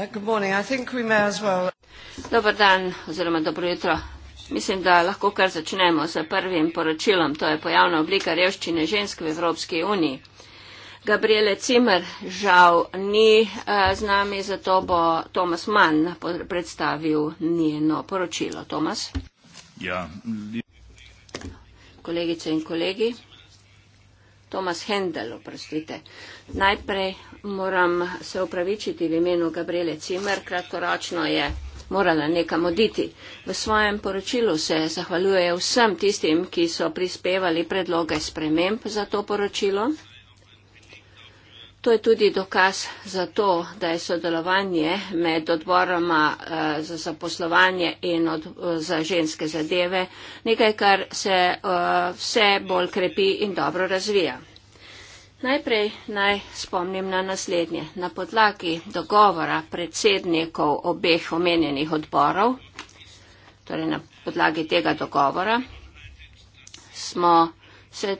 Uh, Dobar dan oziroma dobro jutro. Mislim, da lahko kar začnemo s prvim poročilom, to je pojavna oblika revščine žensk v Evropski uniji. Gabriele Cimer žal ni uh, z nami, zato bo Tomas Mann predstavil njeno poročilo. Tomas? Ja. Kolegice in kolegi. Tomas Hendel, oprostite. Najprej moram se opravičiti v imenu Gabriele Cimer, kratkoročno je morala nekam oditi. V svojem poročilu se zahvaljuje vsem tistim, ki so prispevali predloge sprememb za to poročilo. To je tudi dokaz za to, da je sodelovanje med odboroma eh, za zaposlovanje in od, eh, za ženske zadeve nekaj, kar se eh, vse bolj krepi in dobro razvija. Najprej naj spomnim na naslednje. Na podlagi dogovora predsednikov obeh omenjenih odborov, torej na podlagi tega dogovora, smo se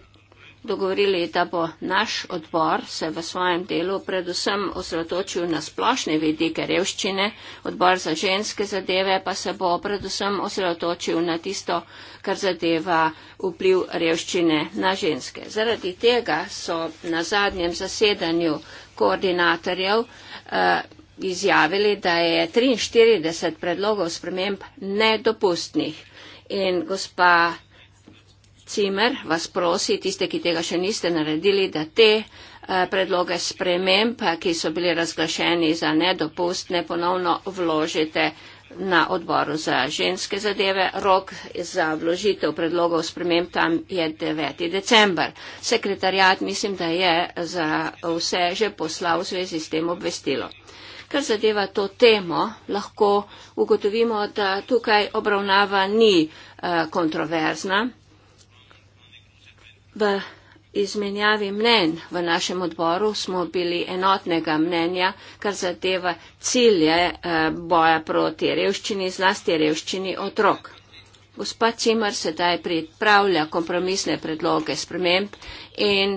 dogovorili, da bo naš odbor se v svojem delu predvsem osredotočil na splošne vidike revščine, odbor za ženske zadeve pa se bo predvsem osredotočil na tisto, kar zadeva vpliv revščine na ženske. Zaradi tega so na zadnjem zasedanju koordinatorjev eh, izjavili, da je 43 predlogov sprememb nedopustnih. In gospa Cimer vas prosi, tiste, ki tega še niste naredili, da te eh, predloge sprememb, ki so bili razglašeni za nedopustne, ponovno vložite na odboru za ženske zadeve. Rok za vložitev predlogov sprememb tam je 9. december. Sekretarjat mislim, da je za vse že poslal v zvezi s tem obvestilo. Kar zadeva to temo, lahko ugotovimo, da tukaj obravnava ni eh, kontroverzna v izmenjavi mnen v našem odboru smo bili enotnega mnenja, kar zadeva cilje eh, boja proti revščini, zlasti revščini otrok. Gospa Cimer sedaj pripravlja kompromisne predloge sprememb in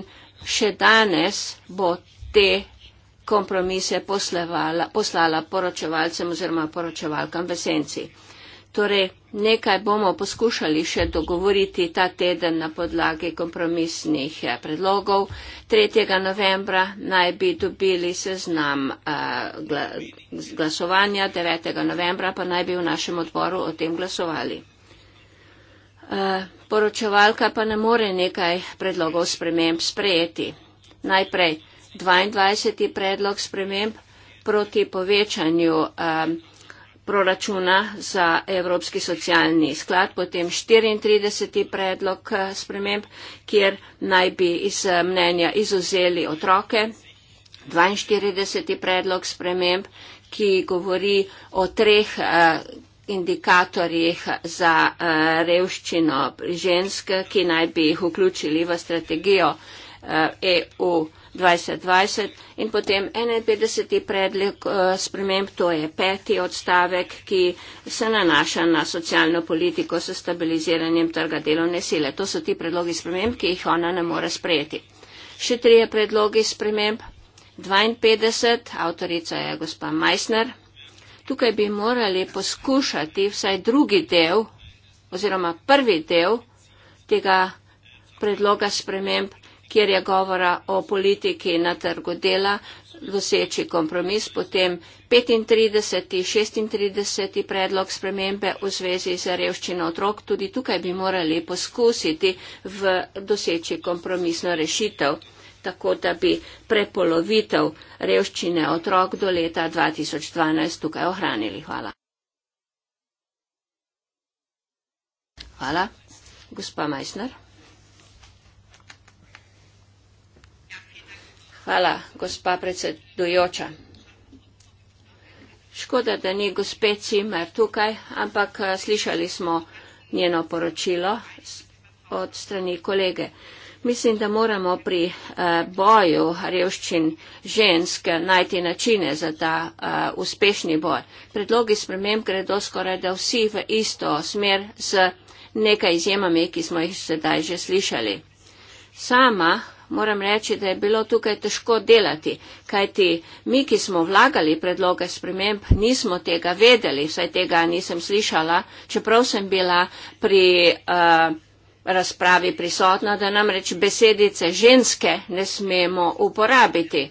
še danes bo te kompromise poslala poročevalcem oziroma poročevalkam v senci. Torej, nekaj bomo poskušali še dogovoriti ta teden na podlagi kompromisnih eh, predlogov. 3. novembra naj bi dobili seznam uh, gla glasovanja, 9. novembra pa naj bi v našem odboru o tem glasovali. Uh, poročevalka pa ne more nekaj predlogov sprememb sprejeti. Najprej 22. predlog sprememb proti povečanju. Uh, proračuna za Evropski socialni sklad, potem 34. predlog eh, sprememb, kjer naj bi iz eh, mnenja izuzeli otroke, 42. predlog sprememb, ki govori o treh eh, indikatorjih za revščino žensk, ki naj bi jih vključili v strategijo EU. E 2020 in potem 51. predlog eh, sprememb, to je peti odstavek, ki se nanaša na socialno politiko s stabiliziranjem trga delovne sile. To so ti predlogi sprememb, ki jih ona ne more sprejeti. Še tri je predlogi sprememb. 52, avtorica je gospa Meissner. Tukaj bi morali poskušati vsaj drugi del oziroma prvi del tega predloga sprememb kjer je govora o politiki na trgu dela, doseči kompromis, potem 35. 36. predlog spremembe v zvezi z revščino otrok, tudi tukaj bi morali poskusiti v doseči kompromisno rešitev, tako da bi prepolovitev revščine otrok do leta 2012 tukaj ohranili. Hvala. Hvala. Gospa Meissner. Hvala, gospa predsedujoča. Škoda, da ni gospe Cimer tukaj, ampak eh, slišali smo njeno poročilo od strani kolege. Mislim, da moramo pri eh, boju revščin žensk najti načine za ta eh, uspešni boj. Predlogi sprememb gredo skoraj da vsi v isto smer z nekaj izjemami, ki smo jih sedaj že slišali. Sama moram reči, da je bilo tukaj težko delati, kajti mi, ki smo vlagali predloge sprememb, nismo tega vedeli, saj tega nisem slišala, čeprav sem bila pri uh, razpravi prisotna, da namreč besedice ženske ne smemo uporabiti.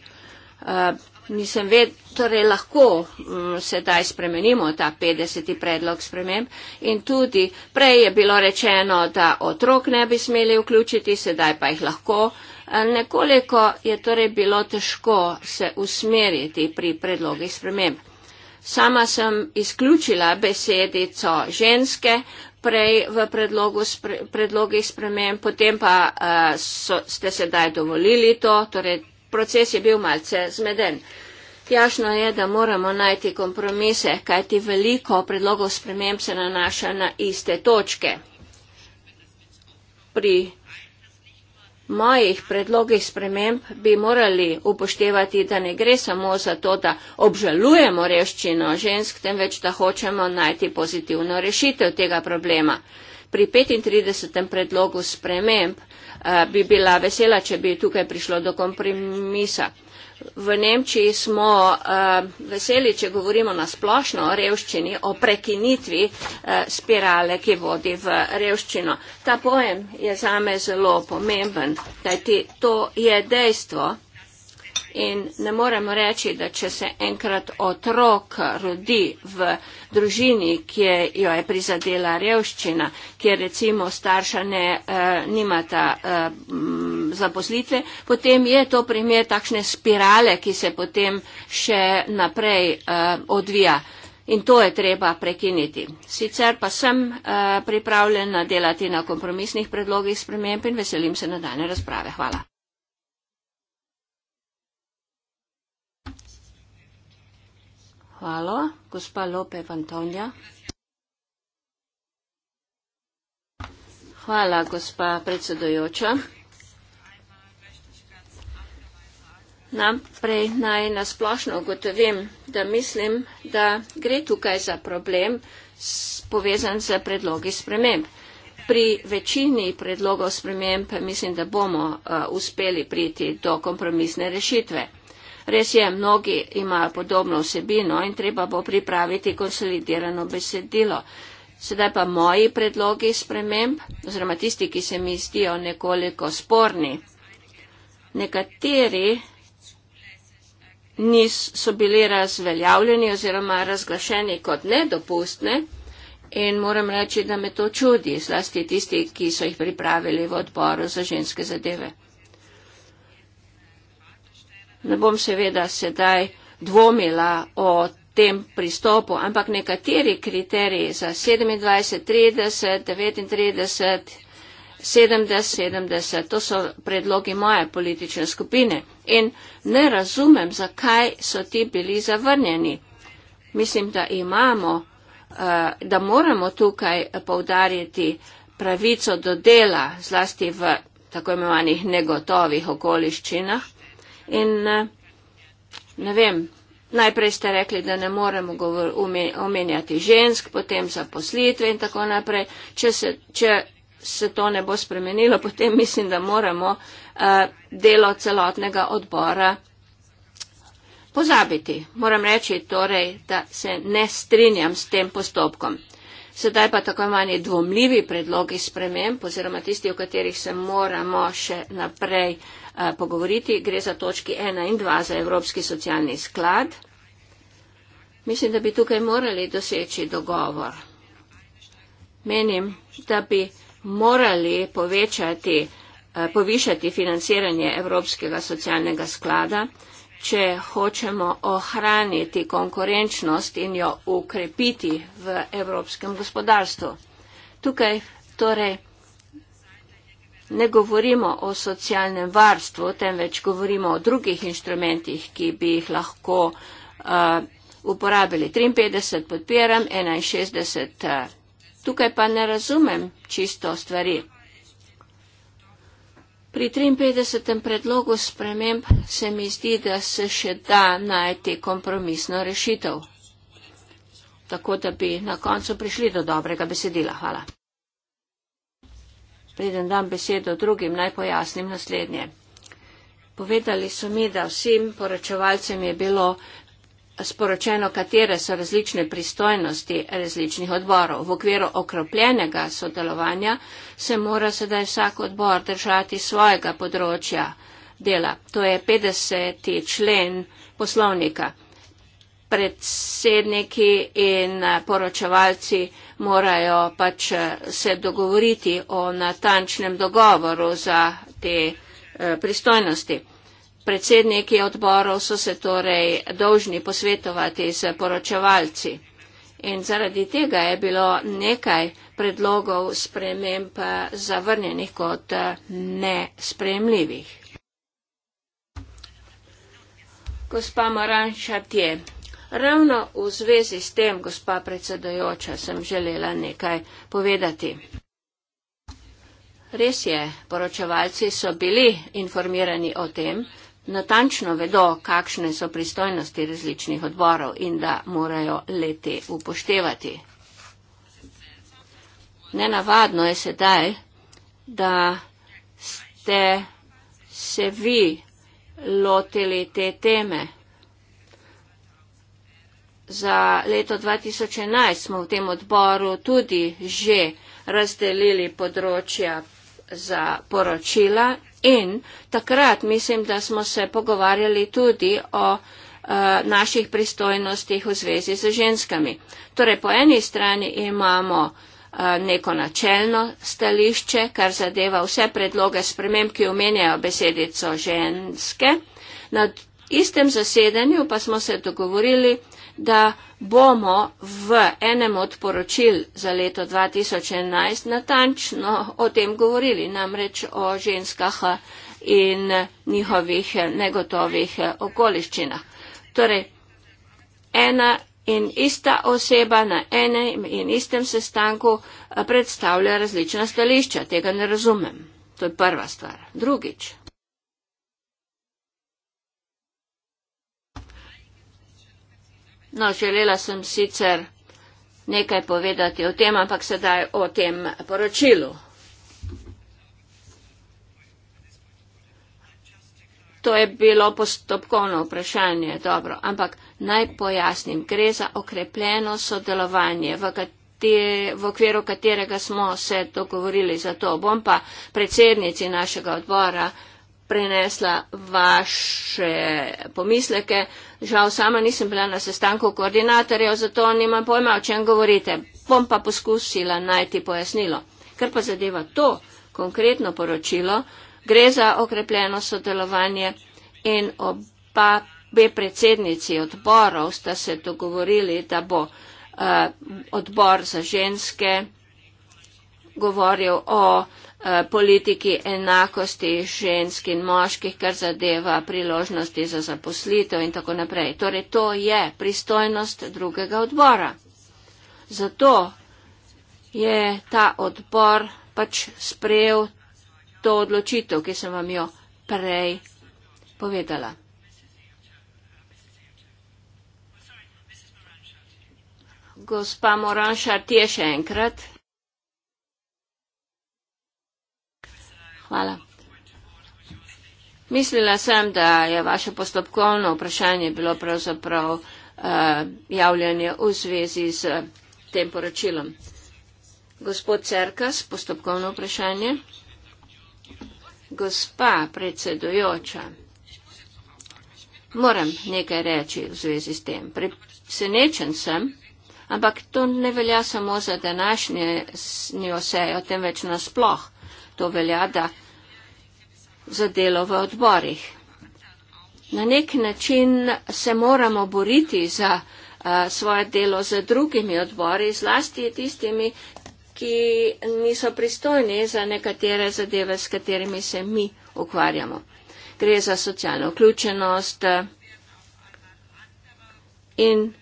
Uh, nisem ved, torej lahko um, sedaj spremenimo ta 50. predlog sprememb in tudi prej je bilo rečeno, da otrok ne bi smeli vključiti, sedaj pa jih lahko. Uh, Nekoliko je torej bilo težko se usmeriti pri predlogih sprememb. Sama sem izključila besedico ženske prej v predlogu spre, predlogih sprememb, potem pa uh, so, ste sedaj dovolili to, torej proces je bil malce zmeden. Jasno je, da moramo najti kompromise, kajti veliko predlogov sprememb se nanaša na iste točke. Pri mojih predlogih sprememb bi morali upoštevati, da ne gre samo za to, da obžalujemo reščino žensk, temveč da hočemo najti pozitivno rešitev tega problema. Pri 35. predlogu sprememb uh, bi bila vesela, če bi tukaj prišlo do kompromisa. V Nemčiji smo uh, veseli, če govorimo na splošno o revščini, o prekinitvi uh, spirale, ki vodi v revščino. Ta pojem je zame zelo pomemben, kajti to je dejstvo in ne moremo reči, da če se enkrat otrok rodi v družini, ki jo je prizadela revščina, kjer recimo starša ne uh, nimata. Uh, m, zaposlitve, potem je to primer takšne spirale, ki se potem še naprej uh, odvija. In to je treba prekiniti. Sicer pa sem uh, pripravljena delati na kompromisnih predlogih sprememb in veselim se nadaljne razprave. Hvala. Hvala. Gospa Lope Vantonja. Hvala, gospa predsedojoča. Najprej naj nasplošno ugotovim, da mislim, da gre tukaj za problem povezan z predlogi sprememb. Pri večini predlogov sprememb mislim, da bomo uh, uspeli priti do kompromisne rešitve. Res je, mnogi imajo podobno vsebino in treba bo pripraviti konsolidirano besedilo. Sedaj pa moji predlogi sprememb, oziroma tisti, ki se mi zdijo nekoliko sporni. Nekateri nis, so bili razveljavljeni oziroma razglašeni kot nedopustne in moram reči, da me to čudi, zlasti tisti, ki so jih pripravili v odboru za ženske zadeve. Ne bom seveda sedaj dvomila o tem pristopu, ampak nekateri kriteriji za 27, 30, 39, 70, 70, to so predlogi moje politične skupine in ne razumem, zakaj so ti bili zavrnjeni. Mislim, da imamo, eh, da moramo tukaj povdarjati pravico do dela, zlasti v tako imenovanih negotovih okoliščinah. In eh, ne vem, najprej ste rekli, da ne moremo govor, omenjati žensk, potem zaposlitve in tako naprej. Če se, če se to ne bo spremenilo, potem mislim, da moramo uh, Eh, delo celotnega odbora pozabiti. Moram reči torej, da se ne strinjam s tem postopkom. Sedaj pa tako manje dvomljivi predlogi sprememb, oziroma tisti, o katerih se moramo še naprej a, eh, pogovoriti, gre za točki 1 in 2 za Evropski socialni sklad. Mislim, da bi tukaj morali doseči dogovor. Menim, da bi morali povečati Eh, povišati financiranje Evropskega socialnega sklada, če hočemo ohraniti konkurenčnost in jo ukrepiti v evropskem gospodarstvu. Tukaj torej ne govorimo o socialnem varstvu, temveč govorimo o drugih inštrumentih, ki bi jih lahko uh, uporabili. 53 podpiram, 61. Uh, eh, tukaj pa ne razumem čisto stvari. Pri 53. predlogu sprememb se mi zdi, da se še da najti kompromisno rešitev. Tako da bi na koncu prišli do dobrega besedila. Hvala. Preden dam besedo drugim, naj pojasnim naslednje. Povedali so mi, da vsem poročevalcem je bilo sporočeno, katere so različne pristojnosti različnih odborov. V okviru okropljenega sodelovanja se mora sedaj vsak odbor držati svojega področja dela. To je 50. člen poslovnika. Predsedniki in eh, poročevalci morajo pač eh, se dogovoriti o natančnem dogovoru za te eh, pristojnosti predsedniki odborov so se torej dolžni posvetovati z poročevalci. In zaradi tega je bilo nekaj predlogov sprememb eh, zavrnjenih kot eh, nespremljivih. Gospa Moran Šatje, ravno v zvezi s tem, gospa predsedojoča, sem želela nekaj povedati. Res je, poročevalci so bili informirani o tem, natančno vedo, kakšne so pristojnosti različnih odborov in da morajo leti upoštevati. Nenavadno je sedaj, da ste se vi lotili te teme. Za leto 2011 smo v tem odboru tudi že razdelili področja za poročila In takrat mislim, da smo se pogovarjali tudi o uh, naših pristojnostih v zvezi z ženskami. Torej, po eni strani imamo uh, neko načelno stališče, kar zadeva vse predloge sprememb, ki omenjajo besedico ženske. Na istem zasedanju pa smo se dogovorili, uh, da bomo v enem od poročil za leto 2011 natančno o tem govorili, namreč o ženskah in njihovih negotovih okoliščinah. Torej, ena in ista oseba na enem in istem sestanku predstavlja različna stališča. Tega ne razumem. To je prva stvar. Drugič. No, želela sem sicer nekaj povedati o tem, ampak sedaj o tem poročilu. To je bilo postopkovno vprašanje, dobro, ampak naj pojasnim, gre za okrepljeno sodelovanje, v, kater, v okviru katerega smo se dogovorili za to. Bom pa predsednici našega odbora prenesla vaše pomisleke. Žal sama nisem bila na sestanku koordinatorjev, zato nimam pojma, o čem govorite. Bom pa poskusila najti pojasnilo. Ker pa zadeva to konkretno poročilo, gre za okrepljeno sodelovanje in oba be predsednici odborov sta se dogovorili, da bo uh, odbor za ženske govoril o eh, politiki enakosti žensk in moških, kar zadeva priložnosti za zaposlitev in tako naprej. Torej, to je pristojnost drugega odbora. Zato je ta odbor pač sprejel to odločitev, ki sem vam jo prej povedala. Gospa Moranšart je še enkrat. Hvala. Mislila sem, da je vaše postopkovno vprašanje bilo pravzaprav uh, javljanje v zvezi z tem poročilom. Gospod Cerkas, postopkovno vprašanje. Gospa predsedujoča, moram nekaj reči v zvezi s tem. Presenečen sem, ampak to ne velja samo za današnjo sejo, temveč nasploh. To velja, da za delo v odborih. Na nek način se moramo boriti za eh, svoje delo z drugimi odbori, zlasti tistimi, ki niso pristojni za nekatere zadeve, s katerimi se mi ukvarjamo. Gre za socialno vključenost eh, in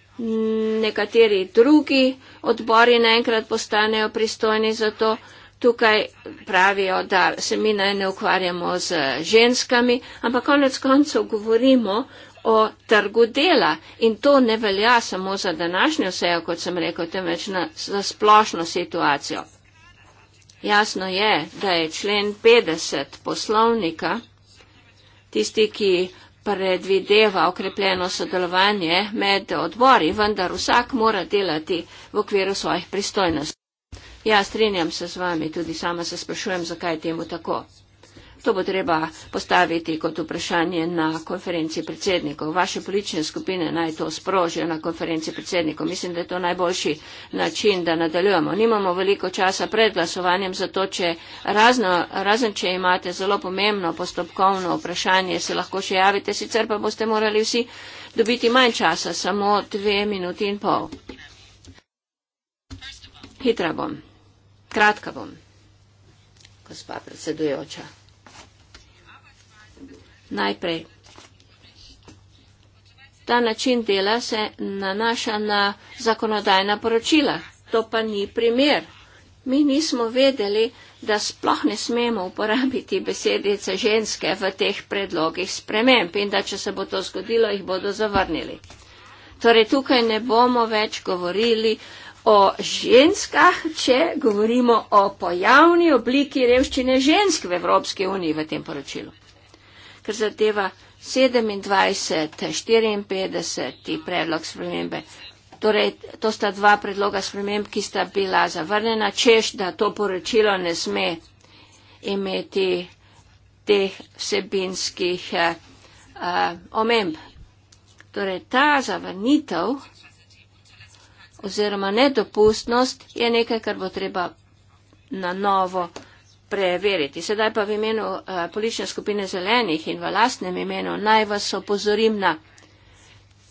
nekateri drugi odbori naenkrat postanejo pristojni za to, tukaj pravijo, da se mi naj ne ukvarjamo z ženskami, ampak konec koncev govorimo o trgu dela in to ne velja samo za današnjo sejo, kot sem rekel, temveč na, za splošno situacijo. Jasno je, da je člen 50 poslovnika, tisti, ki predvideva okrepljeno sodelovanje med odbori, vendar vsak mora delati v okviru svojih pristojnosti. Ja, strinjam se z vami, tudi sama se sprašujem, zakaj je temu tako. To bo treba postaviti kot vprašanje na konferenci predsednikov. Vaše politične skupine naj to sprožijo na konferenci predsednikov. Mislim, da je to najboljši način, da nadaljujemo. Nimamo veliko časa pred glasovanjem, zato če razno, razen če imate zelo pomembno postopkovno vprašanje, se lahko še javite, sicer pa boste morali vsi dobiti manj časa, samo dve minuti in pol. Hitra bom. Kratka bom, gospa predsedujoča. Najprej. Ta način dela se nanaša na zakonodajna poročila. To pa ni primer. Mi nismo vedeli, da sploh ne smemo uporabiti besedice ženske v teh predlogih sprememb in da če se bo to zgodilo, jih bodo zavrnili. Torej tukaj ne bomo več govorili o ženskah, če govorimo o pojavni obliki revščine žensk v Evropski uniji v tem poročilu. Ker zadeva 27, 54 predlog spremembe. Torej, to sta dva predloga sprememb, ki sta bila zavrnjena, češ, da to poročilo ne sme imeti teh vsebinskih uh, omemb. Torej, ta zavrnitev oziroma nedopustnost je nekaj, kar bo treba na novo preveriti. Sedaj pa v imenu eh, politične skupine zelenih in v lastnem imenu naj vas opozorim na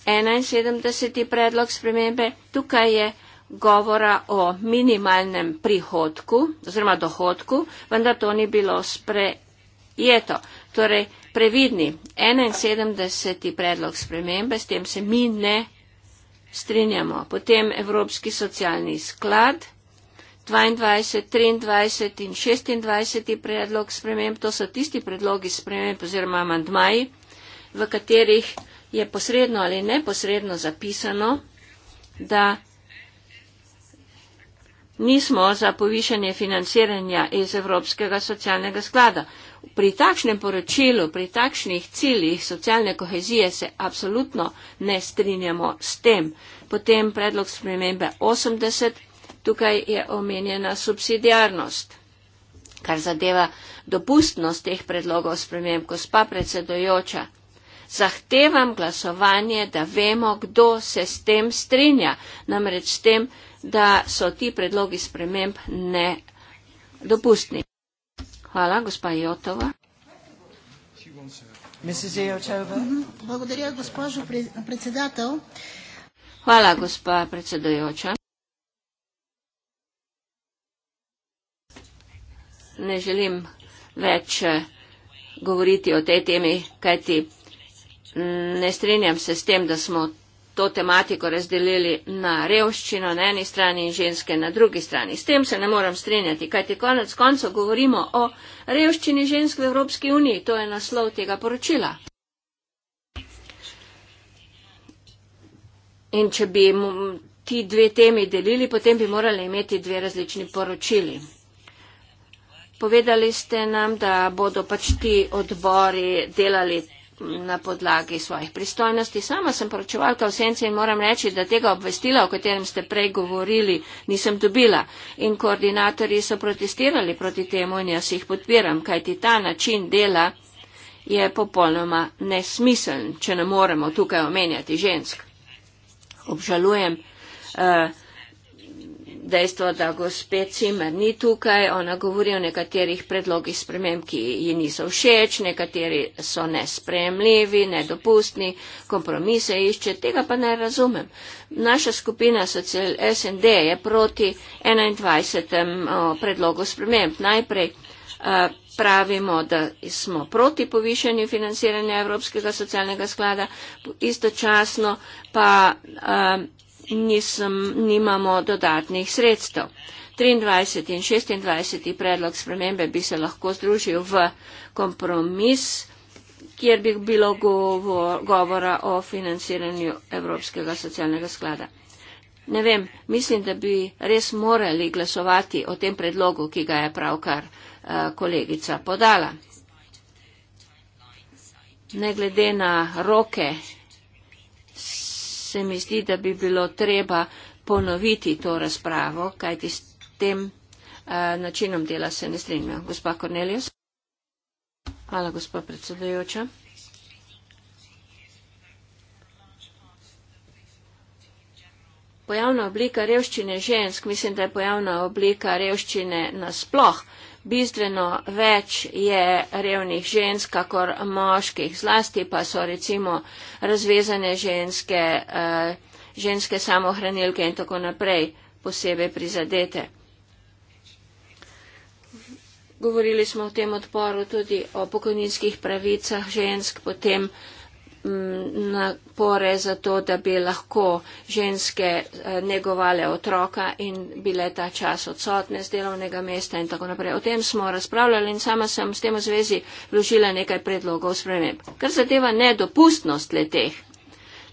71. predlog spremembe. Tukaj je govora o minimalnem prihodku oziroma dohodku, vendar to ni bilo sprejeto. Torej, previdni 71. predlog spremembe, s tem se mi ne strinjamo. Potem Evropski socialni sklad, 22, 23 in 26 predlog sprememb, to so tisti predlogi sprememb oziroma amandmaji, v katerih je posredno ali neposredno zapisano, da nismo za povišanje financiranja iz Evropskega socialnega sklada pri takšnem poročilu, pri takšnih ciljih socialne kohezije se absolutno ne strinjamo s tem. Potem predlog spremembe 80, tukaj je omenjena subsidijarnost, kar zadeva dopustnost teh predlogov sprememb, gospa predsedojoča. Zahtevam glasovanje, da vemo, kdo se s tem strinja, namreč s tem, da so ti predlogi sprememb nedopustni. Hvala. Gospa Jotova. Mhm. Hvala, gospa predsedojoča. Ne želim več eh, govoriti o tej temi, kajti mm, ne strinjam se s tem, da smo to tematiko razdelili na revščino na eni strani in ženske na drugi strani. S tem se ne moram strinjati, kajti konec konca govorimo o revščini žensk v Evropski uniji. To je naslov tega poročila. In če bi ti dve temi delili, potem bi morali imeti dve različni poročili. Povedali ste nam, da bodo pač ti odbori delali na podlagi svojih pristojnosti. Sama sem poročevalka v senci in moram reči, da tega obvestila, o katerem ste prej govorili, nisem dobila. In koordinatorji so protestirali proti temu in jaz jih podpiram, kajti ta način dela je popolnoma nesmiseln, če ne moremo tukaj omenjati žensk. Obžalujem. Uh, dejstvo, da gospe Cimer ni tukaj, ona govori o nekaterih predlogih sprememb, ki ji niso všeč, nekateri so nespremljivi, nedopustni, kompromise išče, tega pa ne razumem. Naša skupina social, SND je proti 21. predlogu sprememb. Najprej pravimo, da smo proti povišanju financiranja Evropskega socialnega sklada, istočasno pa um, nisem, nimamo dodatnih sredstev. 23 in 26 predlog spremembe bi se lahko združil v kompromis, kjer bi bilo govor, govora o financiranju Evropskega socialnega sklada. Ne vem, mislim, da bi res morali glasovati o tem predlogu, ki ga je pravkar eh, kolegica podala. Ne glede na roke, se mi zdi, da bi bilo treba ponoviti to razpravo, kajti s tem uh, načinom dela se ne strinjam. Gospa Cornelius. Hvala, gospa predsedujoča. Pojavna oblika revščine žensk, mislim, da je pojavna oblika revščine nasploh uh, bistveno več je revnih žensk, kakor moških, zlasti pa so recimo razvezane ženske, eh, ženske samohranilke in tako naprej posebej prizadete. Govorili smo v tem odporu tudi o pokojninskih pravicah žensk, potem Mm, napore za to, da bi lahko ženske eh, negovale otroka in bile ta čas odsotne z delovnega mesta in tako naprej. O tem smo razpravljali in sama sem s tem v zvezi vložila nekaj predlogov sprememb. Kar zadeva nedopustnost leteh,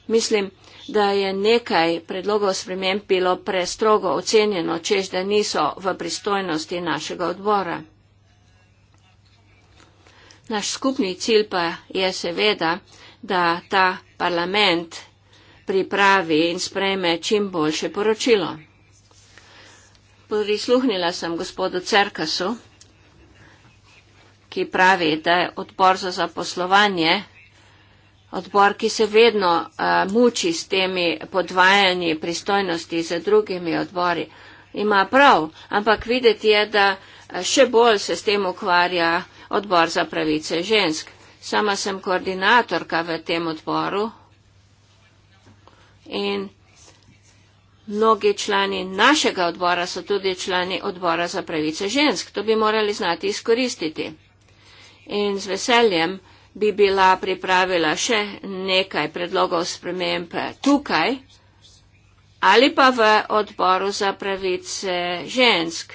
mislim, da je nekaj predlogov sprememb bilo prestrogo ocenjeno, čež da niso v pristojnosti našega odbora. Naš skupni cilj pa je seveda, da ta parlament pripravi in spreme čim boljše poročilo. Prisluhnila sem gospodu Cerkasu, ki pravi, da je odbor za zaposlovanje, odbor, ki se vedno uh, muči s temi podvajanji pristojnosti za drugimi odbori, ima prav, ampak videti je, da eh, še bolj se s tem ukvarja odbor za pravice žensk. Sama sem koordinatorka v tem odboru in mnogi člani našega odbora so tudi člani odbora za pravice žensk. To bi morali znati izkoristiti. In z veseljem bi bila pripravila še nekaj predlogov sprememb tukaj ali pa v odboru za pravice žensk.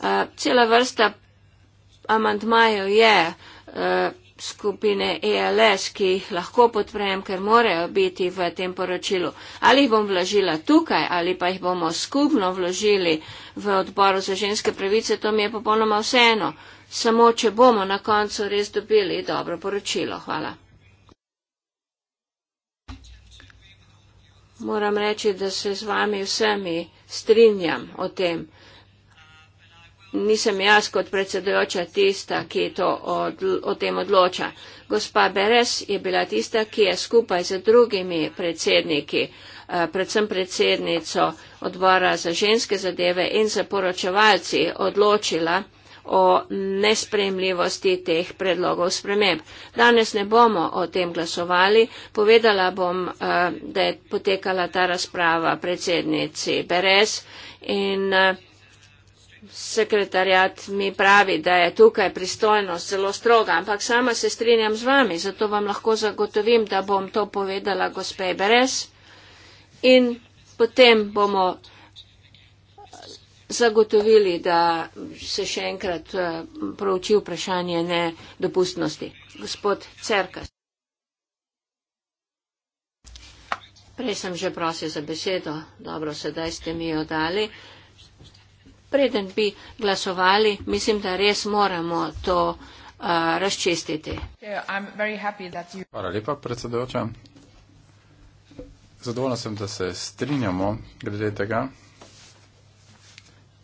Uh, cela vrsta amantmajev je. Uh, skupine ELS, ki jih lahko podprem, ker morejo biti v tem poročilu. Ali jih bom vložila tukaj, ali pa jih bomo skupno vložili v odboru za ženske pravice, to mi je popolnoma vseeno. Samo, če bomo na koncu res dobili dobro poročilo. Hvala. Moram reči, da se z vami vsemi strinjam o tem nisem jaz kot predsedujoča tista, ki to od, o tem odloča. Gospa Beres je bila tista, ki je skupaj z drugimi predsedniki, eh, predvsem predsednico odbora za ženske zadeve in za poročevalci odločila o nespremljivosti teh predlogov sprememb. Danes ne bomo o tem glasovali. Povedala bom, eh, da je potekala ta razprava predsednici Beres in eh, sekretarjat mi pravi, da je tukaj pristojnost zelo stroga, ampak sama se strinjam z vami, zato vam lahko zagotovim, da bom to povedala gospe Beres in potem bomo eh, zagotovili, da se še enkrat eh, prouči vprašanje nedopustnosti. Gospod Cerkas. Prej sem že prosil za besedo, dobro, sedaj ste mi jo dali preden bi glasovali, mislim, da res moramo to uh, razčistiti. You... Hvala lepa, predsedujoča. Zadovoljna sem, da se strinjamo glede tega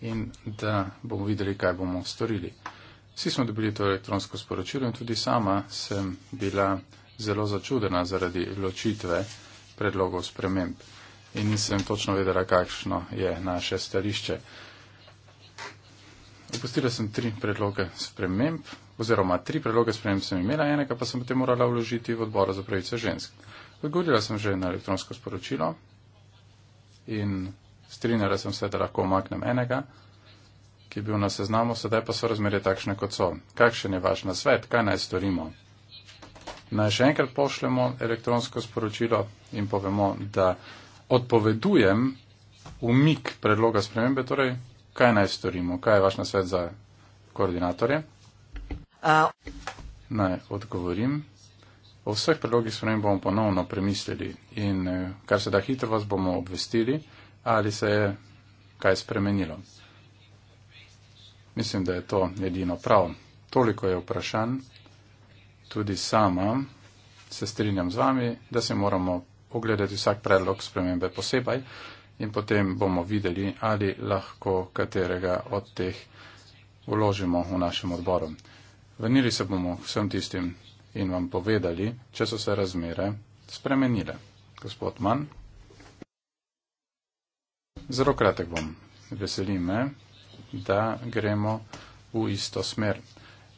in da bomo videli, kaj bomo storili. Vsi smo dobili to elektronsko sporočilo in tudi sama sem bila zelo začudena zaradi ločitve predlogov sprememb in nisem točno vedela, kakšno je naše stališče. Upustila sem tri predloge sprememb, oziroma tri predloge sprememb sem imela, enega pa sem potem morala vložiti v odbor za pravice žensk. Odgovorila sem že na elektronsko sporočilo in strinjala sem se, da lahko omaknem enega, ki je bil na seznamu, sedaj pa so razmere takšne, kot so. Kakšen je vaš nasvet, kaj naj storimo? Naj še enkrat pošljemo elektronsko sporočilo in povemo, da odpovedujem umik predloga spremembe, torej kaj naj storimo, kaj je vaš nasvet za koordinatorje? Naj odgovorim. O vseh predlogih sprememb bomo ponovno premislili in eh, kar se da hitro vas bomo obvestili, ali se je kaj spremenilo. Mislim, da je to edino prav. Toliko je vprašanj, tudi sama se strinjam z vami, da se moramo ogledati vsak predlog spremembe posebej in potem bomo videli, ali lahko katerega od teh vložimo v našem odboru. Vrnili se bomo vsem tistim in vam povedali, če so se razmere spremenile. Gospod Mann. Zelo kratek bom. Veseli me, da gremo v isto smer.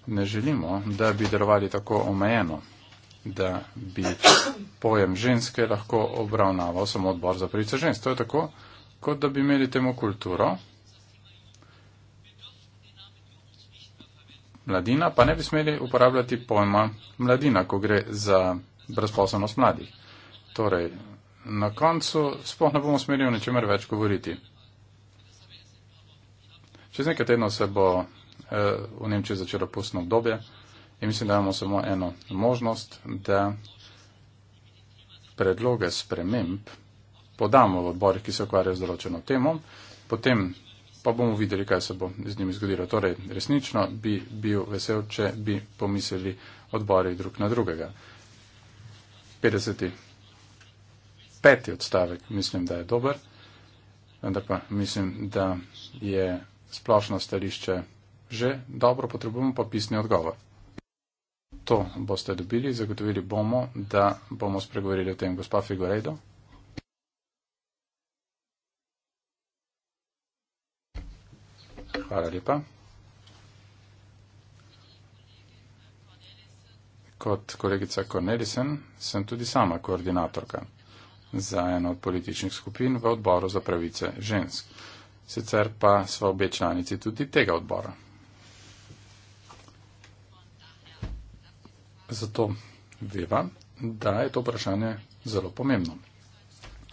Ne želimo, da bi delovali tako omejeno da bi pojem ženske lahko obravnaval samo odbor za pravice žensk. To je tako, kot da bi imeli temu kulturo. Mladina pa ne bi smeli uporabljati pojma mladina, ko gre za brezposobnost mladih. Torej, na koncu sploh ne bomo smeli o ničemer več govoriti. Čez nekaj tedno se bo eh, v Nemčiji začelo pustno obdobje. In mislim, da imamo samo eno možnost, da predloge sprememb podamo v odbore, ki se ukvarjajo z določeno temo, potem pa bomo videli, kaj se bo z njimi zgodilo. Torej, resnično bi bil vesel, če bi pomislili odbori drug na drugega. 55. odstavek mislim, da je dober, vendar pa mislim, da je splošno stališče že dobro, potrebujemo pa pisni odgovor to boste dobili. Zagotovili bomo, da bomo spregovorili o tem. Gospa Figoredo. Hvala lepa. Kot kolegica Cornelisen sem tudi sama koordinatorka za eno od političnih skupin v odboru za pravice žensk. Sicer pa smo obe članici tudi tega odbora. Zato veva, da je to vprašanje zelo pomembno.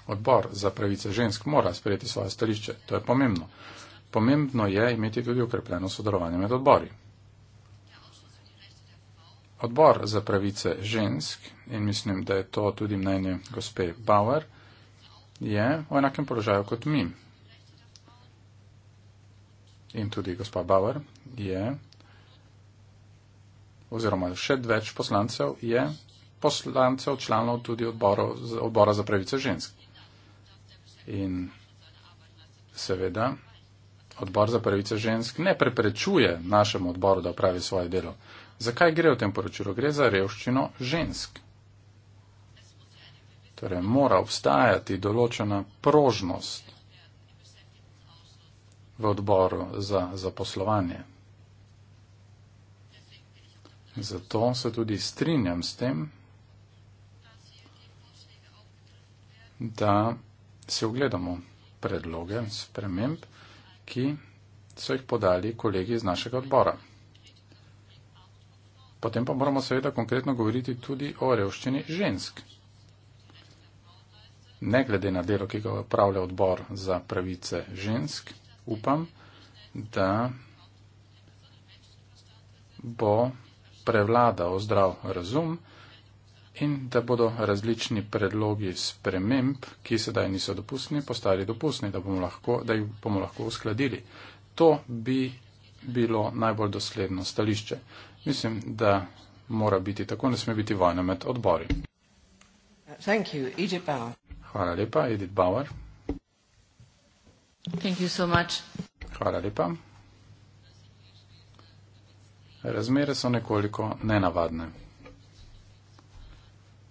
Odbor za pravice žensk mora sprejeti svoje stališče. To je pomembno. Pomembno je imeti tudi ukrepljeno sodelovanje med odbori. Odbor za pravice žensk, in mislim, da je to tudi mnenje gospe Bauer, je v enakem položaju kot mi. In tudi gospa Bauer je oziroma še več poslancev je poslancev članov tudi odboru, odbora za pravice žensk. In seveda, odbor za pravice žensk ne preprečuje našemu odboru, da opravi svoje delo. Zakaj gre v tem poročilu? Gre za revščino žensk. Torej, mora obstajati določena prožnost v odboru za zaposlovanje. Zato se tudi strinjam s tem, da se ogledamo predloge sprememb, ki so jih podali kolegi iz našega odbora. Potem pa moramo seveda konkretno govoriti tudi o revščini žensk. Ne glede na delo, ki ga upravlja odbor za pravice žensk, upam, da bo prevladal zdrav razum in da bodo različni predlogi sprememb, ki sedaj niso dopustni, postali dopustni, da, bomo lahko, da jih bomo lahko uskladili. To bi bilo najbolj dosledno stališče. Mislim, da mora biti tako, ne sme biti vojna med odbori. Thank you, Edith Bauer. Hvala lepa, Edith Bauer. Thank you so much. Hvala lepa. Razmere so nekoliko nenavadne.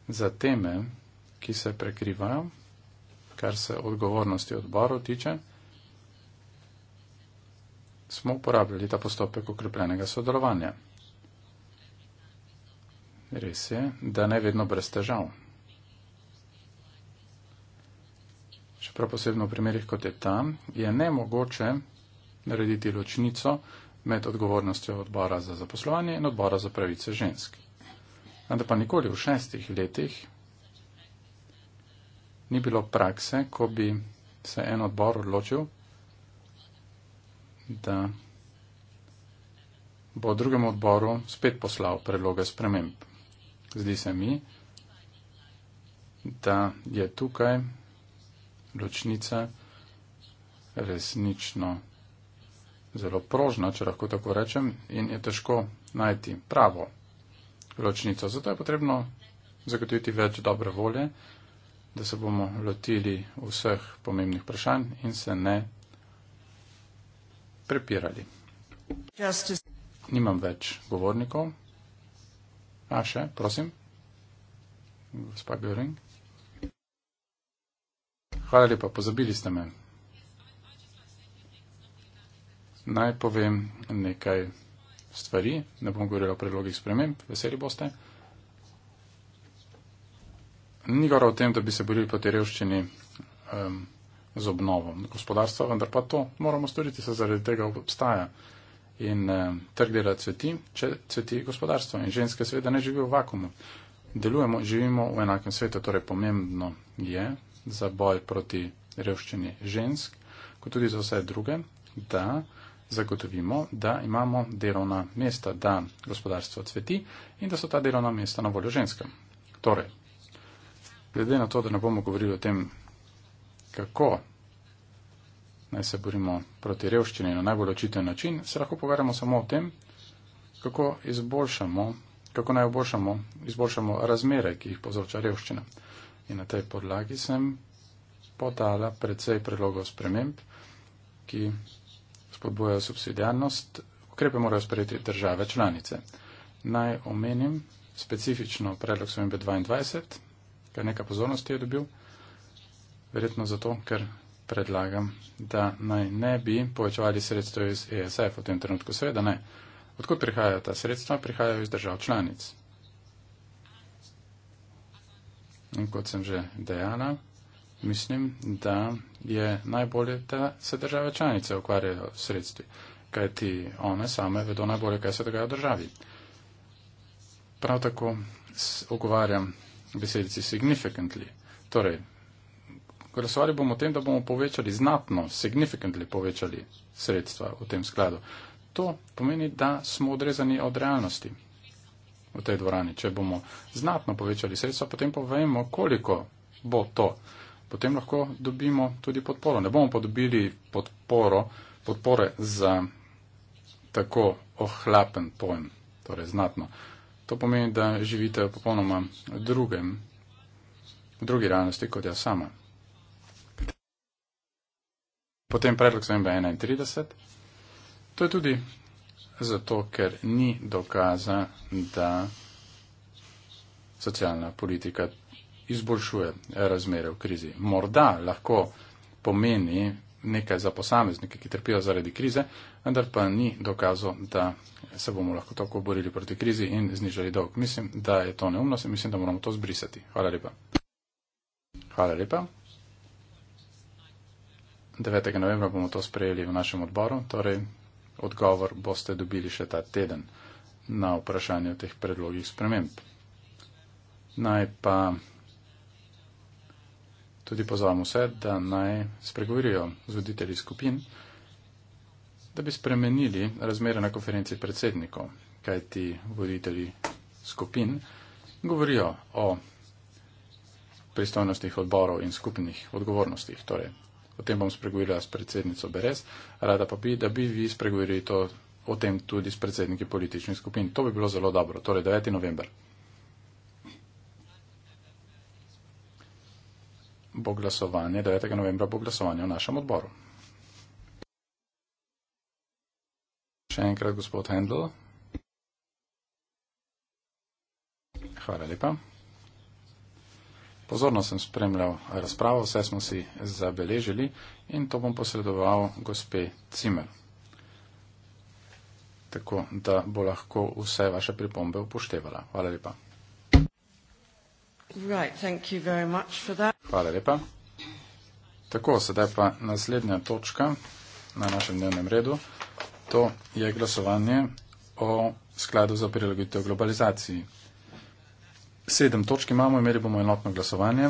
Za teme, ki se prekrivajo, kar se odgovornosti odborov tiče, smo uporabljali ta postopek okrepljenega sodelovanja. Res je, da ne vedno brez težav. Čeprav posebno v primerih kot je tam, je nemogoče narediti ločnico med odgovornostjo odbora za zaposlovanje in odbora za pravice žensk. Vendar pa nikoli v šestih letih ni bilo prakse, ko bi se en odbor odločil, da bo drugemu odboru spet poslal predloge sprememb. Zdi se mi, da je tukaj ločnica resnično zelo prožna, če lahko tako rečem, in je težko najti pravo ločnico. Zato je potrebno zagotoviti več dobre volje, da se bomo lotili vseh pomembnih vprašanj in se ne prepirali. Justice. Nimam več govornikov. A še, prosim. Gospa Göring. Hvala lepa, pozabili ste me. naj povem nekaj stvari, ne bom govoril o predlogih sprememb, veseli boste. Ni govora o tem, da bi se borili proti revščini um, z obnovom gospodarstva, vendar pa to moramo storiti, se zaradi tega obstaja. In um, trg dela cveti, če cveti gospodarstvo. In ženske seveda ne živijo v vakumu. Delujemo, živimo v enakem svetu, torej pomembno je za boj proti revščini žensk, kot tudi za vse druge, da zagotovimo, da imamo delovna mesta, da gospodarstvo cveti in da so ta delovna mesta na voljo ženskem. Torej, glede na to, da ne bomo govorili o tem, kako naj se borimo proti revščini na najbolj očiten način, se lahko pogovarjamo samo o tem, kako izboljšamo, kako naj oboljšamo, izboljšamo razmere, ki jih povzroča revščina. In na tej podlagi sem podala predvsej predlogov sprememb, ki spodbujajo subsidijarnost, ukrepe morajo sprejeti države članice. Naj omenim specifično predlog SMB 22, ker nekaj pozornosti je dobil, verjetno zato, ker predlagam, da naj ne bi povečevali sredstvo iz ESF v tem trenutku. Seveda ne. Odkud prihajajo ta sredstva? Prihajajo iz držav članic. In kot sem že dejala, mislim, da je najbolje, da se države članice ukvarjajo s sredstvi, kajti one same vedo najbolje, kaj se dogaja v državi. Prav tako ogovarjam besedici significantly. Torej, glasovali bomo o tem, da bomo povečali znatno, significantly povečali sredstva v tem skladu. To pomeni, da smo odrezani od realnosti v tej dvorani. Če bomo znatno povečali sredstva, potem povemo, koliko bo to potem lahko dobimo tudi podporo. Ne bomo pa dobili podporo, podpore za tako ohlapen pojem, torej znatno. To pomeni, da živite v popolnoma drugem, v drugi realnosti kot jaz sama. Potem predlog sem 31. To je tudi zato, ker ni dokaza, da socialna politika izboljšuje razmere v krizi. Morda lahko pomeni nekaj za posameznike, ki trpijo zaradi krize, vendar pa ni dokazo, da se bomo lahko tako borili proti krizi in znižali dolg. Mislim, da je to neumnost in mislim, da moramo to zbrisati. Hvala lepa. Hvala lepa. 9. novembra bomo to sprejeli v našem odboru, torej odgovor boste dobili še ta teden na vprašanje o teh predlogih sprememb. Naj pa tudi pozvamo vse, da naj spregovorijo z voditelji skupin, da bi spremenili razmere na konferenci predsednikov, kajti voditelji skupin govorijo o pristojnostih odborov in skupnih odgovornostih. Torej, o tem bom spregovorila s predsednico Beres, rada pa bi, da bi vi spregovorili to o tem tudi s predsedniki političnih skupin. To bi bilo zelo dobro. Torej, 9. november. bo glasovanje, 9. novembra bo glasovanje v našem odboru. Še enkrat gospod Hendl. Hvala lepa. Pozorno sem spremljal razpravo, vse smo si zabeležili in to bom posredoval gospe Cimer. Tako da bo lahko vse vaše pripombe upoštevala. Hvala lepa. Right, thank you very much for that. Hvala lepa. Tako, sedaj pa naslednja točka na našem dnevnem redu. To je glasovanje o skladu za prilagoditev globalizaciji. Sedem točk imamo, imeli bomo enotno glasovanje.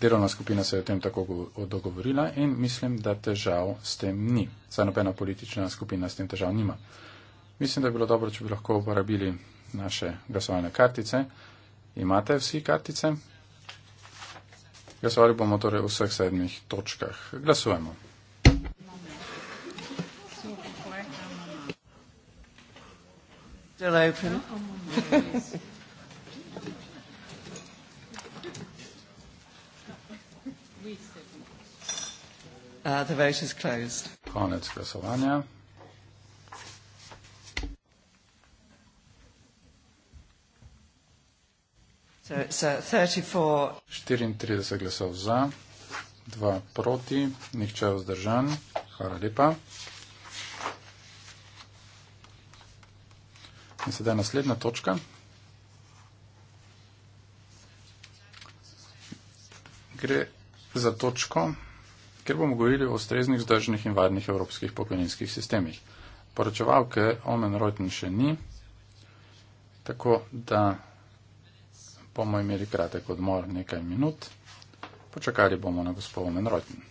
Delovna skupina se je o tem tako dogovorila in mislim, da težav s tem ni. Saj nobena politična skupina s tem težav nima. Mislim, da bi bilo dobro, če bi lahko uporabili naše glasovalne kartice. Imate vsi kartice? Glasovali bomo torej v vseh sedmih točkah. Glasujemo. Uh, Konec glasovanja. 34 uh, glasov za, 2 proti, nihče vzdržan. Hvala lepa. In sedaj naslednja točka. Gre za točko, kjer bomo govorili o ustreznih, zdržnih in varnih evropskih pokojninskih sistemih. Poročevalke Omen Rojten še ni, tako da bomo imeli kratek odmor nekaj minut, počakali bomo na gospod Menrojten.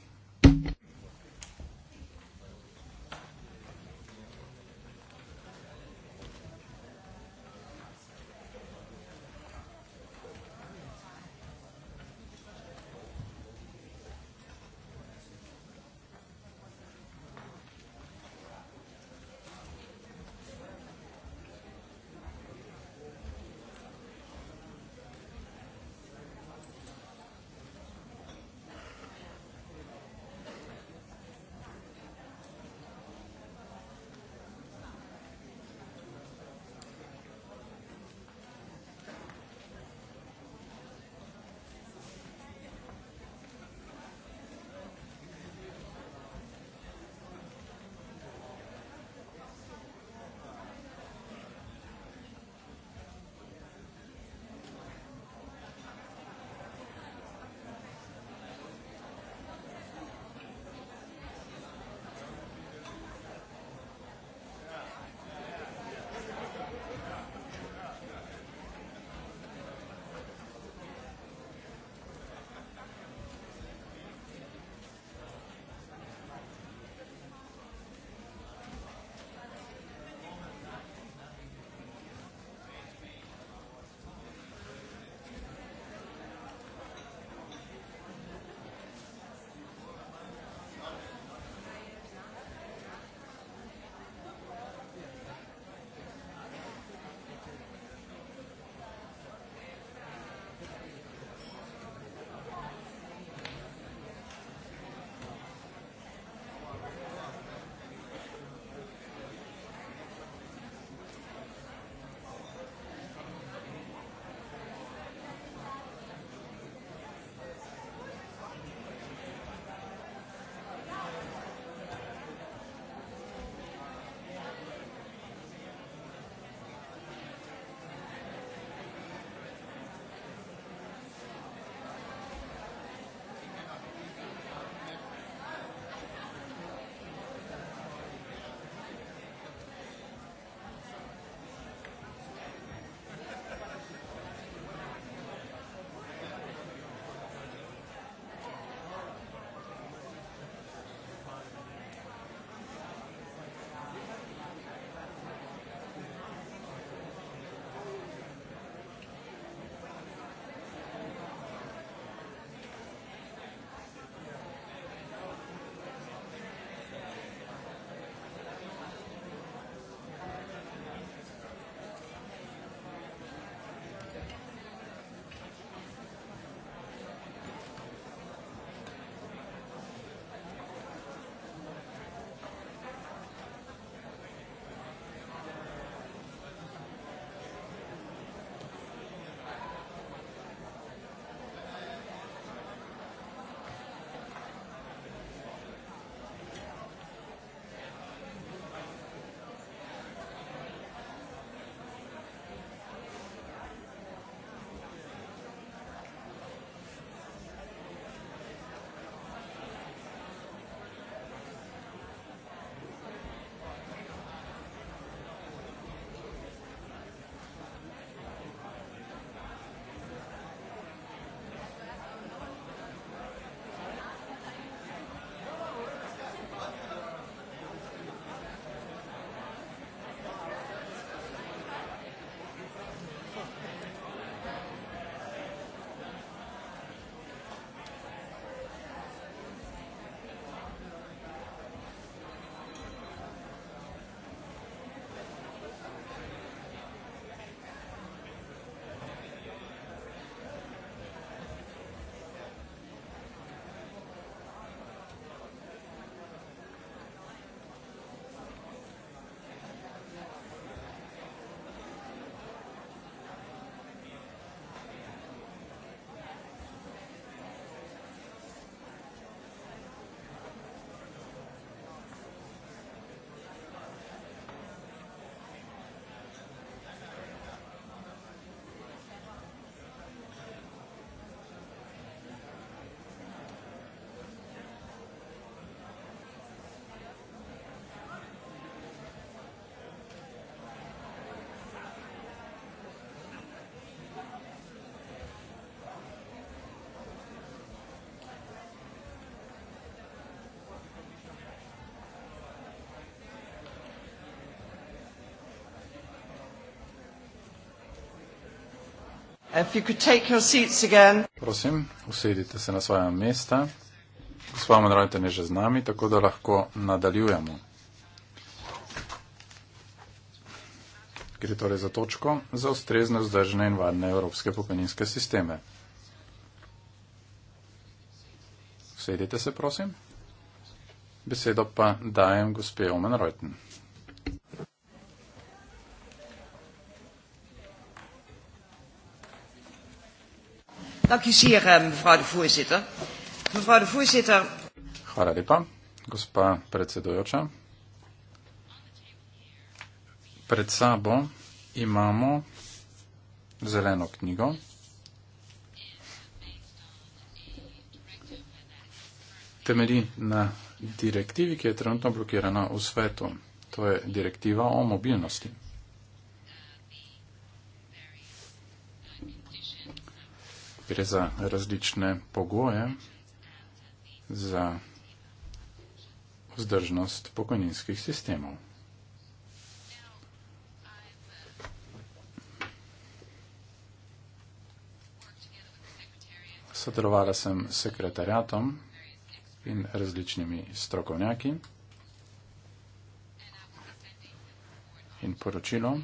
Prosim, usedite se na svoja mesta. Gospod Mandrajten je že z nami, tako da lahko nadaljujemo. Gre torej za točko za ustrezne vzdržne in varne evropske pokojninske sisteme. Usedite se, prosim. Besedo pa dajem gospe Omen Reuten. zeer, eh, mevrouw de voorzitter. Mevrouw de voorzitter. Hvala lepa, gospa predsedujoča. Pred sabo imamo zeleno knjigo. Temeri na direktivi, ki je trenutno blokirana v svetu. To je direktiva o mobilnosti. Gre za različne pogoje za vzdržnost pokojninskih sistemov. Sodelovala sem s sekretariatom in različnimi strokovnjaki in poročilo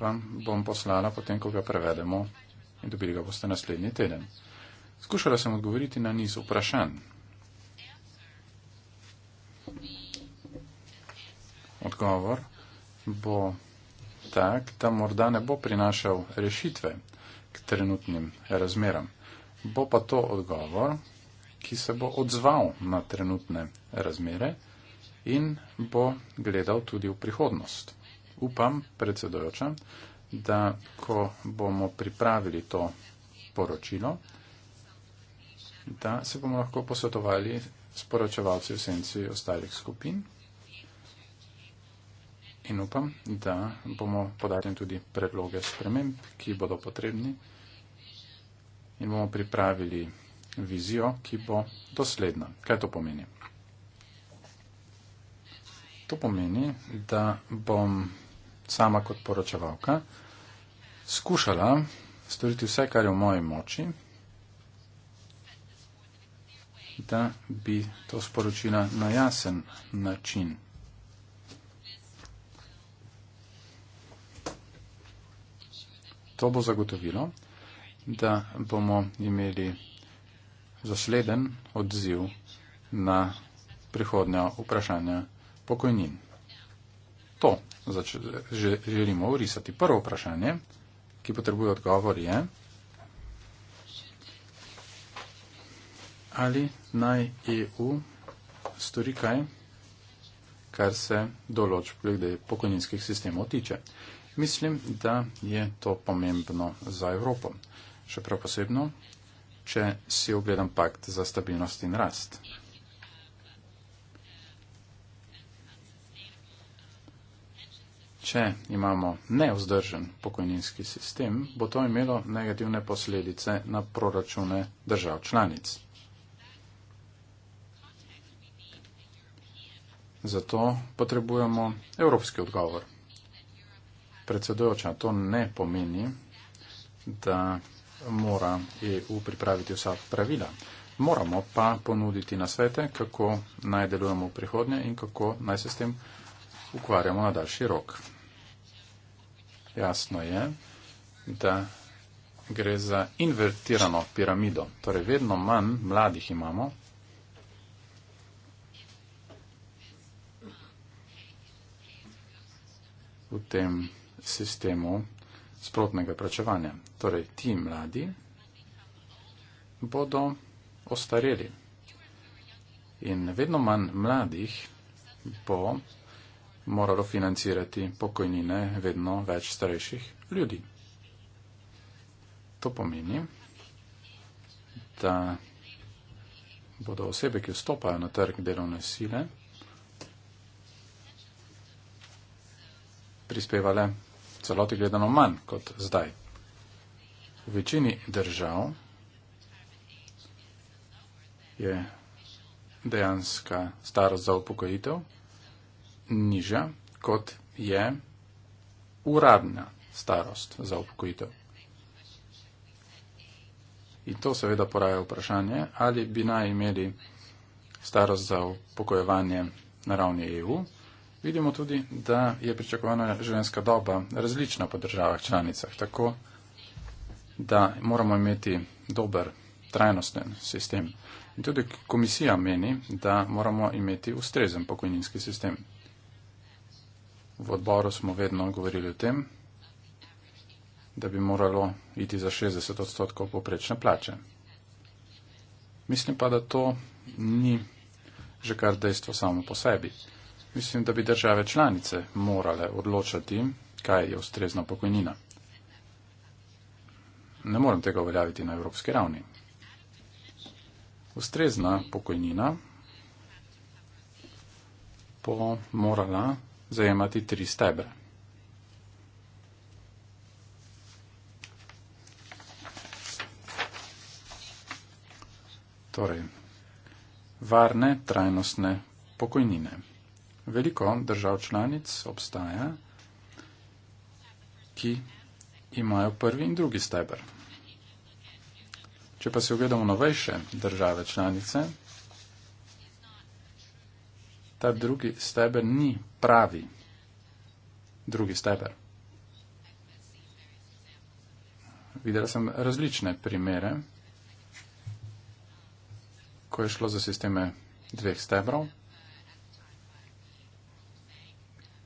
vam bom poslala potem, ko ga prevedemo in dobili ga boste naslednji teden. Skušala sem odgovoriti na niz vprašanj. Odgovor bo tak, da morda ne bo prinašal rešitve k trenutnim razmeram. Bo pa to odgovor, ki se bo odzval na trenutne razmere in bo gledal tudi v prihodnost. Upam, predsedojoča, da ko bomo pripravili to poročilo, da se bomo lahko posvetovali s poročevalci v senci ostalih skupin in upam, da bomo podali tudi predloge sprememb, ki bodo potrebni in bomo pripravili vizijo, ki bo dosledna. Kaj to pomeni? To pomeni, da bom sama kot poročevalka skušala storiti vse, kar je v moji moči, da bi to sporočila na jasen način. To bo zagotovilo, da bomo imeli zasleden odziv na prihodnja vprašanja pokojnin. To zač- že želimo urisati. Prvo vprašanje ki potrebuje odgovor, je, ali naj EU stori kaj, kar se določb glede pokojninskih sistemov tiče. Mislim, da je to pomembno za Evropo. Še prav posebno, če si ogledam pakt za stabilnost in rast. Če imamo neozdržen pokojninski sistem, bo to imelo negativne posledice na proračune držav članic. Zato potrebujemo evropski odgovor. Predsedujoča, to ne pomeni, da mora EU pripraviti vsa pravila. Moramo pa ponuditi na svete, kako naj delujemo v prihodnje in kako naj se s tem ukvarjamo na daljši rok jasno je, da gre za invertirano piramido. Torej, vedno manj mladih imamo. v tem sistemu sprotnega plačevanja. Torej, ti mladi bodo ostareli in vedno manj mladih bo moralo financirati pokojnine vedno več starejših ljudi. To pomeni, da bodo osebe, ki vstopajo na trg delovne sile, prispevale celoti gledano manj kot zdaj. V večini držav je dejanska starost za upokojitev niža, kot je uradna starost za upokojitev. In to seveda poraja vprašanje, ali bi naj imeli starost za upokojevanje na ravni EU. Vidimo tudi, da je pričakovana življenjska doba različna po državah članicah, tako da moramo imeti dober trajnosten sistem. In tudi komisija meni, da moramo imeti ustrezen pokojninski sistem v odboru smo vedno govorili o tem, da bi moralo iti za 60 odstotkov poprečne plače. Mislim pa, da to ni že kar dejstvo samo po sebi. Mislim, da bi države članice morale odločati, kaj je ustrezna pokojnina. Ne morem tega uveljaviti na evropski ravni. Ustrezna pokojnina bo morala zajemati tri stebre. Torej, varne, trajnostne pokojnine. Veliko držav članic obstaja, ki imajo prvi in drugi steber. Če pa se ogledamo novejše države članice, ta drugi steber ni pravi drugi steber. Videla sem različne primere, ko je šlo za sisteme dveh stebrov,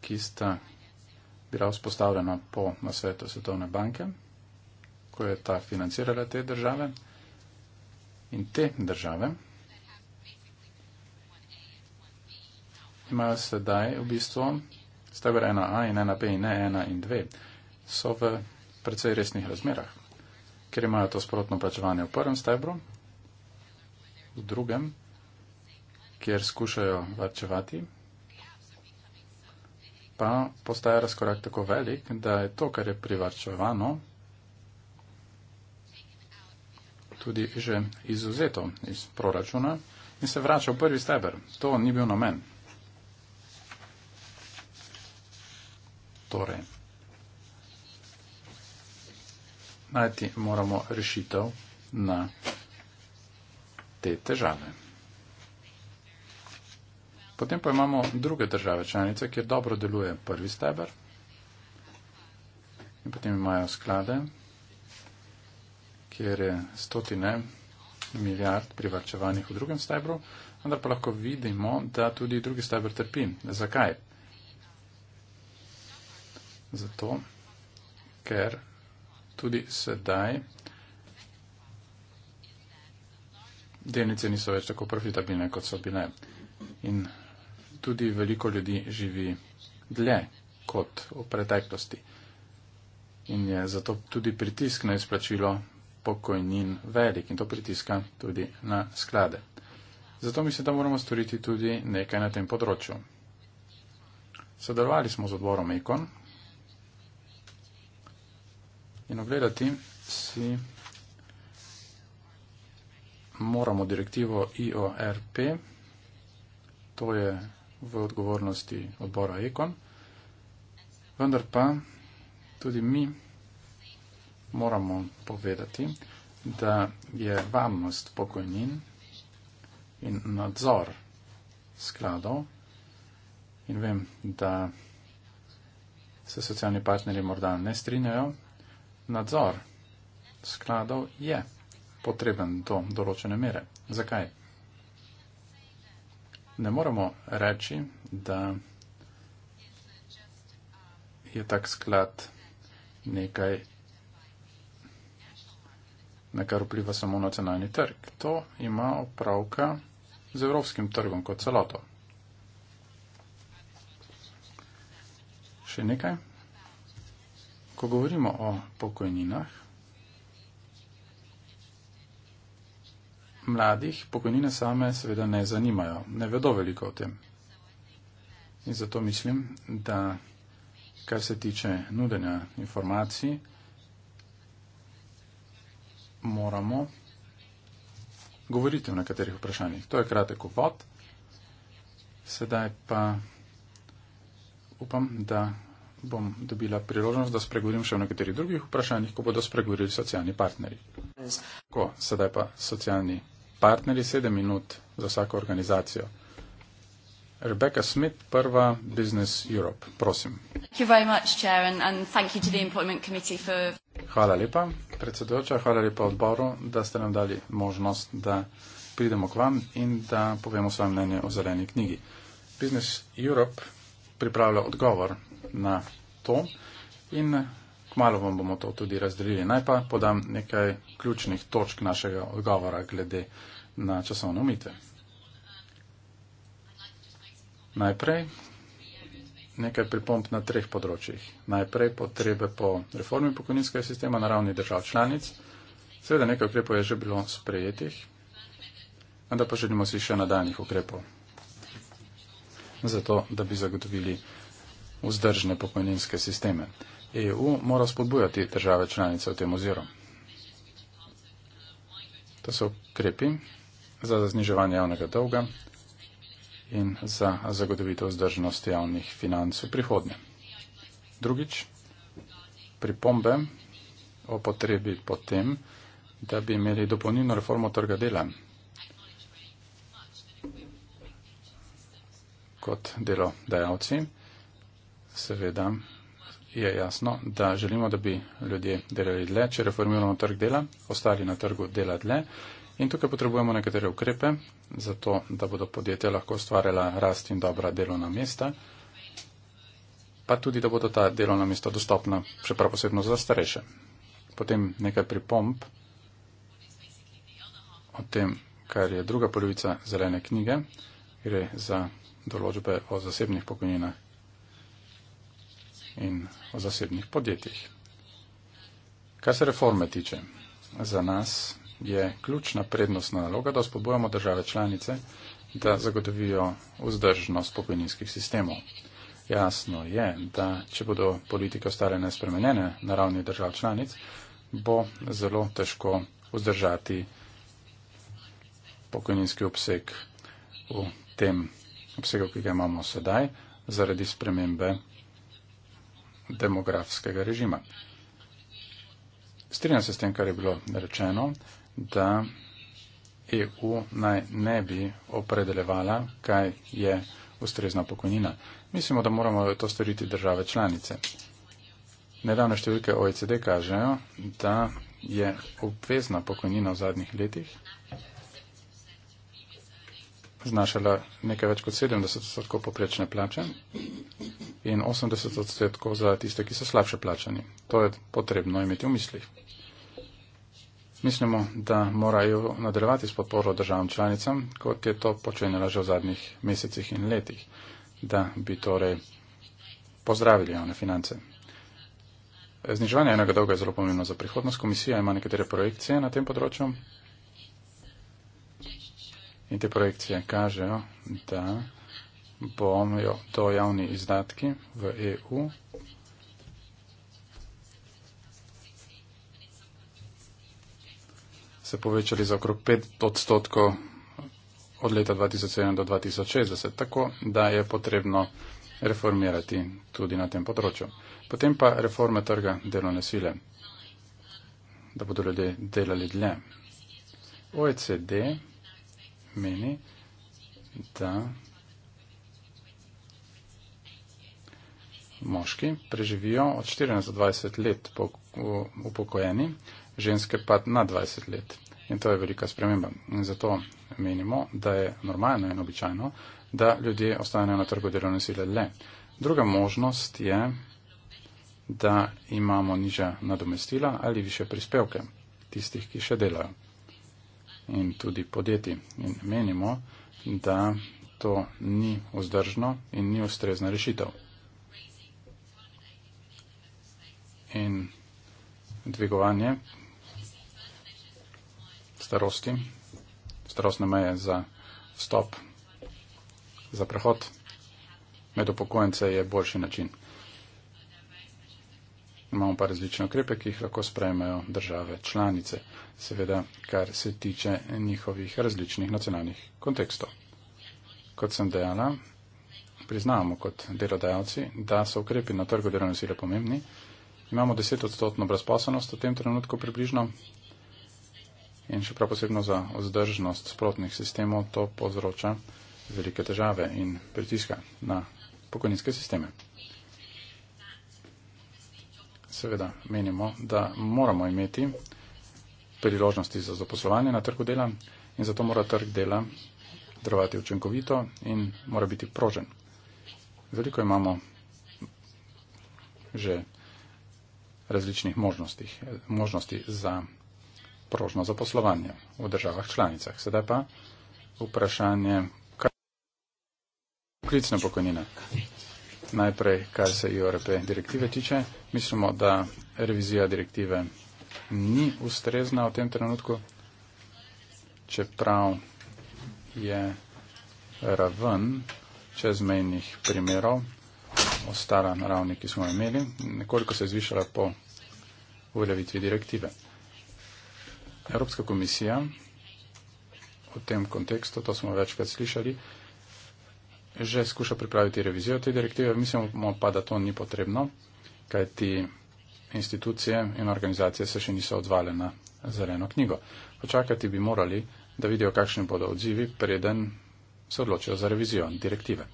ki sta bila vzpostavljena po nasvetu Svetovne banke, ko je ta financirala te države in te države. imajo sedaj v bistvu stebr 1a in 1b in ne 1 in 2, so v precej resnih razmerah, ker imajo to sprotno plačevanje v prvem stebru, v drugem, kjer skušajo varčevati, pa postaja razkorak tako velik, da je to, kar je privarčevano, tudi že izuzeto iz proračuna in se vrača v prvi steber. To ni bil namen. Torej, najti moramo rešitev na te težave. Potem pa imamo druge države članice, kjer dobro deluje prvi steber in potem imajo sklade, kjer je stotine milijard privarčevanih v drugem stebru, vendar pa lahko vidimo, da tudi drugi steber trpi. Zakaj? zato, ker tudi sedaj delnice niso več tako profitabilne, kot so bile. In tudi veliko ljudi živi dlje kot v preteklosti. In je zato tudi pritisk na izplačilo pokojnin velik in to pritiska tudi na sklade. Zato mislim, da moramo storiti tudi nekaj na tem področju. Sodelovali smo z odborom Ekon, In ogledati si moramo direktivo IORP, to je v odgovornosti odbora ECON, vendar pa tudi mi moramo povedati, da je varnost pokojnin in nadzor skladov in vem, da se socialni partnerji morda ne strinjajo, nadzor skladov je potreben do določene mere. Zakaj? Ne moremo reči, da je tak sklad nekaj, na kar vpliva samo nacionalni trg. To ima opravka z evropskim trgom kot celoto. Še nekaj? ko govorimo o pokojninah, mladih pokojnine same seveda ne zanimajo, ne vedo veliko o tem. In zato mislim, da kar se tiče nudenja informacij, moramo govoriti o nekaterih vprašanjih. To je kratek uvod. Sedaj pa upam, da bom dobila priložnost, da spregovorim še o nekaterih drugih vprašanjih, ko bodo spregovorili socialni partnerji. Ko, sedaj pa socialni partnerji, sedem minut za vsako organizacijo. Rebecca Smith, prva Business Europe, prosim. Hvala lepa, predsedujoča, hvala lepa odboru, da ste nam dali možnost, da pridemo k vam in da povemo svoje mnenje o zeleni knjigi. Business Europe pripravlja odgovor na to in kmalo vam bomo to tudi razdelili. Naj pa podam nekaj ključnih točk našega odgovora glede na časovne omite. Najprej nekaj pripomp na treh področjih. Najprej potrebe po reformi pokojninskega sistema na ravni držav članic. Seveda nekaj ukrepov je že bilo sprejetih, vendar pa želimo si še nadaljnih ukrepov. Zato, da bi zagotovili vzdržne pokojninske sisteme. EU mora spodbujati države članice v tem oziru. To so ukrepi za zniževanje javnega dolga in za zagotovitev vzdržnosti javnih financ v prihodnje. Drugič, pripombe o potrebi potem, da bi imeli dopolnilno reformo trga dela kot delo dajalci seveda je jasno, da želimo, da bi ljudje delali dlje, če reformiramo trg dela, ostali na trgu dela dlje. In tukaj potrebujemo nekatere ukrepe, zato da bodo podjetja lahko ustvarjala rast in dobra delovna mesta, pa tudi, da bodo ta delovna mesta dostopna, še prav posebno za starejše. Potem nekaj pripomp o tem, kar je druga polovica zelene knjige, gre za določbe o zasebnih pokojninah in o zasebnih podjetjih. Kar se reforme tiče, za nas je ključna prednostna naloga, da spodbujamo države članice, da zagotovijo vzdržnost pokojninskih sistemov. Jasno je, da če bodo politike ostale nespremenjene na ravni držav članic, bo zelo težko vzdržati pokojninski obseg v tem obsegu, ki ga imamo sedaj, zaradi spremembe demografskega režima. Strinjam se s tem, kar je bilo rečeno, da EU naj ne bi opredeljevala, kaj je ustrezna pokojnina. Mislimo, da moramo to storiti države članice. Nedavne številke OECD kažejo, da je obvezna pokojnina v zadnjih letih znašala nekaj več kot 70 odstotkov poprečne plače in 80 odstotkov za tiste, ki so slabše plačani. To je potrebno imeti v mislih. Mislimo, da morajo nadaljevati s podporo državam članicam, kot je to počenjala že v zadnjih mesecih in letih, da bi torej pozdravili javne finance. Zniževanje enega dolga je zelo pomembno za prihodnost. Komisija ima nekatere projekcije na tem področju interprojekcija kaže, da bomo to javni izdatki v EU se povečali za okrog 5 odstotkov od leta 2007 do 2060, tako da je potrebno reformirati tudi na tem področju. Potem pa reforme trga delovne sile, da bodo ljudje delali dlje. OECD meni, da moški preživijo od 14 do 20 let upokojeni, ženske pa na 20 let. In to je velika sprememba. In zato menimo, da je normalno in običajno, da ljudje ostanejo na trgu delovne sile le. Druga možnost je, da imamo niža nadomestila ali više prispevke tistih, ki še delajo in tudi podjetij. In menimo, da to ni vzdržno in ni ustrezna rešitev. In dvigovanje starosti, starostne meje za vstop, za prehod med upokojence je boljši način imamo pa različne ukrepe, ki jih lahko sprejmejo države članice, seveda, kar se tiče njihovih različnih nacionalnih kontekstov. Kot sem dejala, priznamo kot delodajalci, da so ukrepi na trgu delovne sile pomembni. Imamo 10 odstotno brezposobnost v tem trenutku približno in še prav posebno za vzdržnost sprotnih sistemov to povzroča velike težave in pritiska na pokojninske sisteme seveda menimo, da moramo imeti priložnosti za zaposlovanje na trgu dela in zato mora trg dela drvati učinkovito in mora biti prožen. Veliko imamo že različnih možnosti, možnosti za prožno zaposlovanje v državah članicah. Sedaj pa vprašanje, kaj je poklicne pokojnine najprej, kar se IORP e direktive tiče. Mislimo, da revizija direktive ni ustrezna v tem trenutku, čeprav je raven čezmejnih primerov ostala na ravni, ki smo imeli, nekoliko se je zvišala po uveljavitvi direktive. Evropska komisija v tem kontekstu, to smo večkrat slišali, že skuša pripraviti revizijo te direktive. Mislimo pa, da to ni potrebno, kajti institucije in organizacije se še niso odzvale na zeleno knjigo. Počakati bi morali, da vidijo, kakšni bodo odzivi, preden se odločijo za revizijo direktive.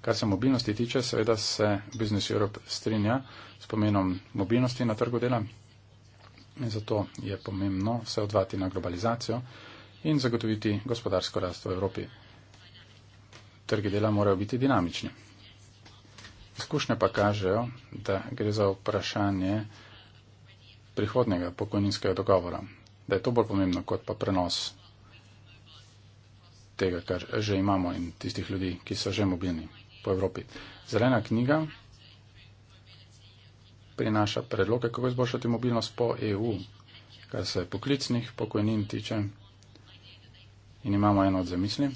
Kar se mobilnosti tiče, seveda se Business Europe strinja s pomenom mobilnosti na trgu dela in zato je pomembno se odvati na globalizacijo in zagotoviti gospodarsko rast v Evropi trgi dela morajo biti dinamični. Izkušnje pa kažejo, da gre za vprašanje prihodnega pokojninskega dogovora, da je to bolj pomembno kot pa prenos tega, kar že imamo in tistih ljudi, ki so že mobilni po Evropi. Zelena knjiga prinaša predloge, kako izboljšati mobilnost po EU, kar se poklicnih pokojnin tiče. In imamo eno od zamisli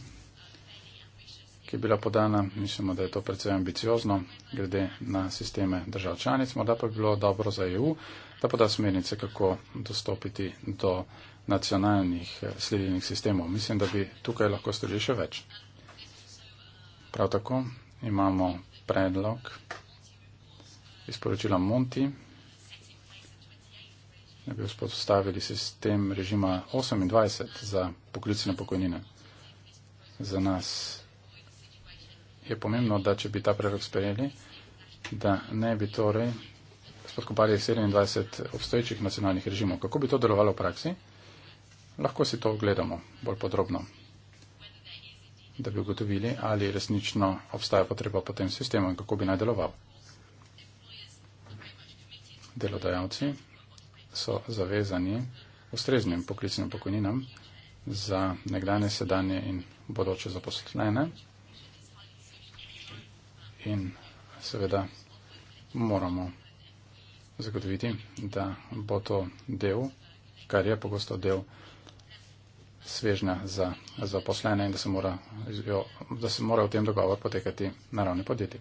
ki je bila podana. Mislimo, da je to predvsem ambiciozno glede na sisteme držav članic, morda pa bi bilo dobro za EU, da poda smernice, kako dostopiti do nacionalnih eh, sledilnih sistemov. Mislim, da bi tukaj lahko storili še več. Prav tako imamo predlog izporočila Monti, da bi vzpostavili sistem režima 28 za poklicne pokojnine. Za nas je pomembno, da če bi ta predlog sprejeli, da ne bi torej spodkopali 27 obstoječih nacionalnih režimov. Kako bi to delovalo v praksi? Lahko si to ogledamo bolj podrobno, da bi ugotovili, ali resnično obstaja potreba po tem sistemu in kako bi naj deloval. Delodajalci so zavezani ustreznim poklicnim pokojninam za nekdanje, sedanje in bodoče zaposlene in seveda moramo zagotoviti, da bo to del, kar je pogosto del svežnja za zaposlene in da se mora, da se mora v tem dogovor potekati na ravni podjetij.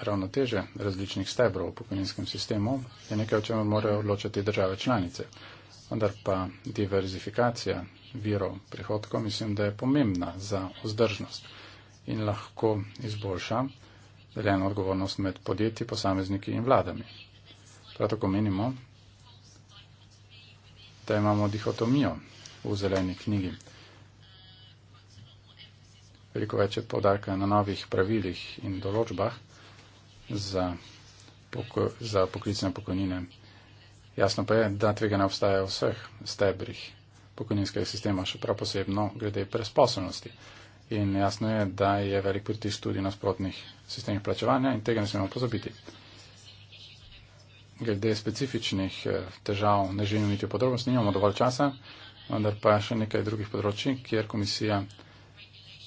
Ravnoteže različnih stebrov v pokojninskem sistemu je nekaj, o čemer morajo odločati države članice. Vendar pa diverzifikacija virov prihodkov mislim, da je pomembna za vzdržnost in lahko izboljša deljeno odgovornost med podjetji, posamezniki in vladami. Prav tako menimo, da imamo dihotomijo v zeleni knjigi. Veliko več je podarka na novih pravilih in določbah za, poko za poklicne pokojnine. Jasno pa je, da tvega ne obstaja v vseh stebrih pokojninskega sistema, še prav posebno glede presposobnosti. In jasno je, da je velik pritisk tudi na sprotnih sistemih plačevanja in tega ne smemo pozabiti. Glede specifičnih eh, težav ne želim niti v podrobnosti, nimamo dovolj časa, vendar pa še nekaj drugih področji, kjer komisija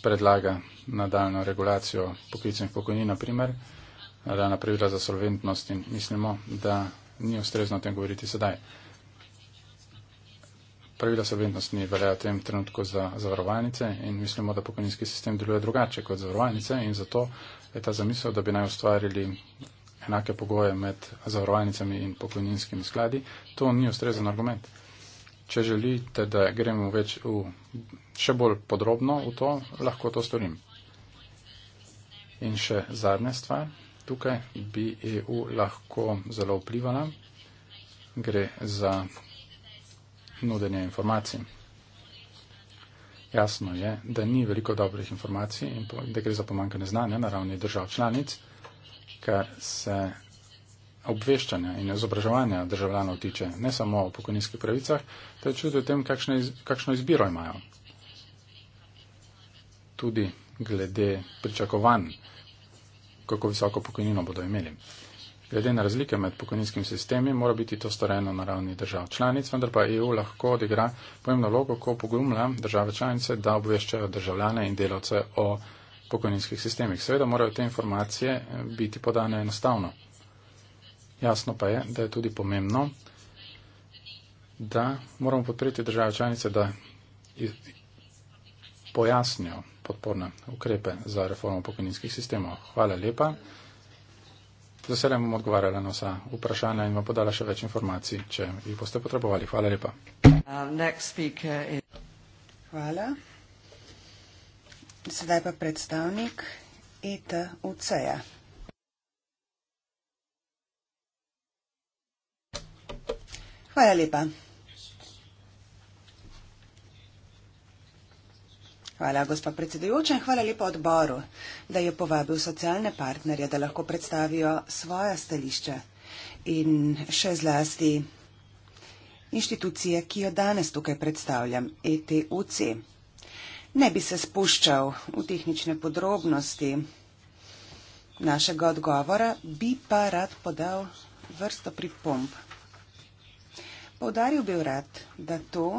predlaga nadaljno regulacijo poklicnih pokojnin, naprimer, nadaljna pravila za solventnost in mislimo, da ni ustrezno o tem govoriti sedaj pravila solventnostni veljajo v tem trenutku za zavarovalnice in mislimo, da pokojninski sistem deluje drugače kot zavarovalnice in zato je ta zamisel, da bi naj ustvarili enake pogoje med zavarovalnicami in pokojninskimi skladi, to ni ustrezen argument. Če želite, da gremo več v, še bolj podrobno v to, lahko to storim. In še zadnja stvar, tukaj bi EU lahko zelo vplivala. Gre za nudenja informacij. Jasno je, da ni veliko dobrih informacij in da gre za pomankanje znanja na ravni držav članic, kar se obveščanja in izobraževanja državljanov tiče ne samo o pokojninskih pravicah, te tudi o tem, kakšne, kakšno izbiro imajo. Tudi glede pričakovanj, kako visoko pokojnino bodo imeli. Glede na razlike med pokojninskim sistemi mora biti to storjeno na ravni držav članic, vendar pa EU lahko odigra pomembno logo, ko pogumlja države članice, da obveščajo državljane in delavce o pokojninskih sistemih. Seveda morajo te informacije eh, biti podane enostavno. Jasno pa je, da je tudi pomembno, da moramo podpreti države članice, da pojasnijo podporne ukrepe za reformo pokojninskih sistemov. Hvala lepa. Z veseljem bom odgovarjala na vsa vprašanja in vam podala še več informacij, če jih boste potrebovali. Hvala lepa. Uh, Hvala. Sedaj pa predstavnik ETUC-ja. Hvala lepa. Hvala, gospa predsedujoča, in hvala lepa odboru, da je povabil socialne partnerje, da lahko predstavijo svoja stališča in še zlasti inštitucije, ki jo danes tukaj predstavljam, ETUC. Ne bi se spuščal v tehnične podrobnosti našega odgovora, bi pa rad podal vrsto pripomp. Povdaril bi rad, da to,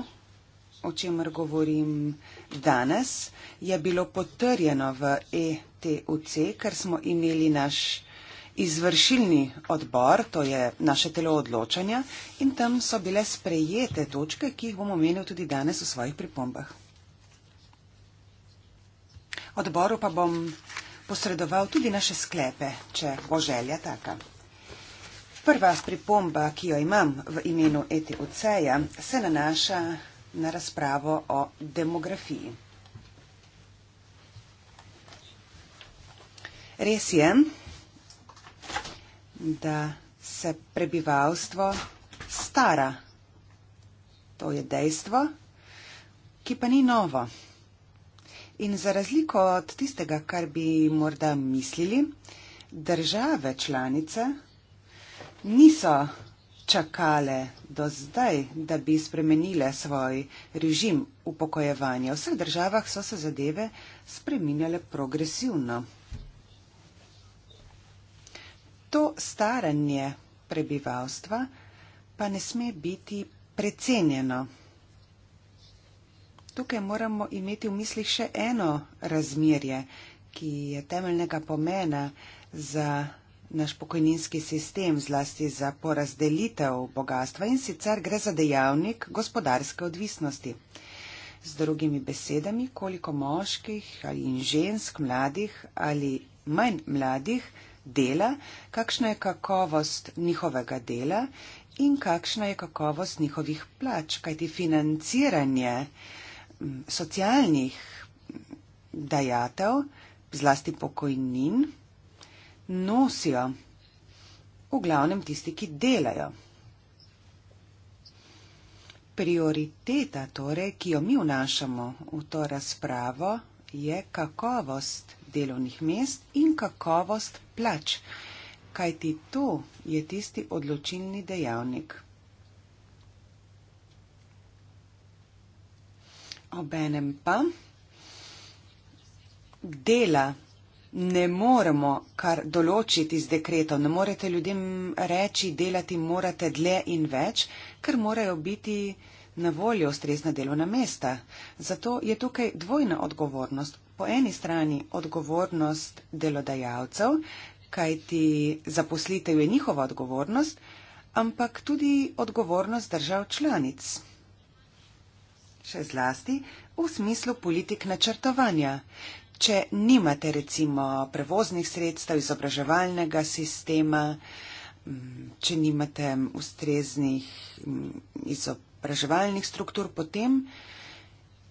o čemer govorim, Danes je bilo potrjeno v ETUC, ker smo imeli naš izvršilni odbor, to je naše telo odločanja, in tam so bile sprejete točke, ki jih bom omenil tudi danes v svojih pripombah. Odboru pa bom posredoval tudi naše sklepe, če bo želja taka. Prva pripomba, ki jo imam v imenu ETUC-ja, se nanaša na razpravo o demografiji. Res je, da se prebivalstvo stara. To je dejstvo, ki pa ni novo. In za razliko od tistega, kar bi morda mislili, države članice niso čakale do zdaj, da bi spremenile svoj režim upokojevanja. V vseh državah so se zadeve spreminjale progresivno. To staranje prebivalstva pa ne sme biti precenjeno. Tukaj moramo imeti v mislih še eno razmerje, ki je temeljnega pomena za naš pokojninski sistem, zlasti za porazdelitev bogatstva in sicer gre za dejavnik gospodarske odvisnosti. Z drugimi besedami, koliko moških ali žensk, mladih ali manj mladih dela, kakšna je kakovost njihovega dela in kakšna je kakovost njihovih plač, kajti financiranje socialnih dajatev, zlasti pokojnin, nosijo, v glavnem tisti, ki delajo. Prioriteta torej, ki jo mi vnašamo v to razpravo, je kakovost delovnih mest in kakovost plač, kajti to je tisti odločilni dejavnik. Obenem pa dela ne moremo kar določiti z dekretom. Ne morete ljudem reči, delati morate dlje in več, ker morajo biti na voljo ustrezna delovna mesta. Zato je tukaj dvojna odgovornost. Po eni strani odgovornost delodajalcev, kajti zaposlitev je njihova odgovornost, ampak tudi odgovornost držav članic. Še zlasti v smislu politik načrtovanja če nimate recimo prevoznih sredstev, izobraževalnega sistema, mm, če nimate ustreznih mm, izobraževalnih struktur, potem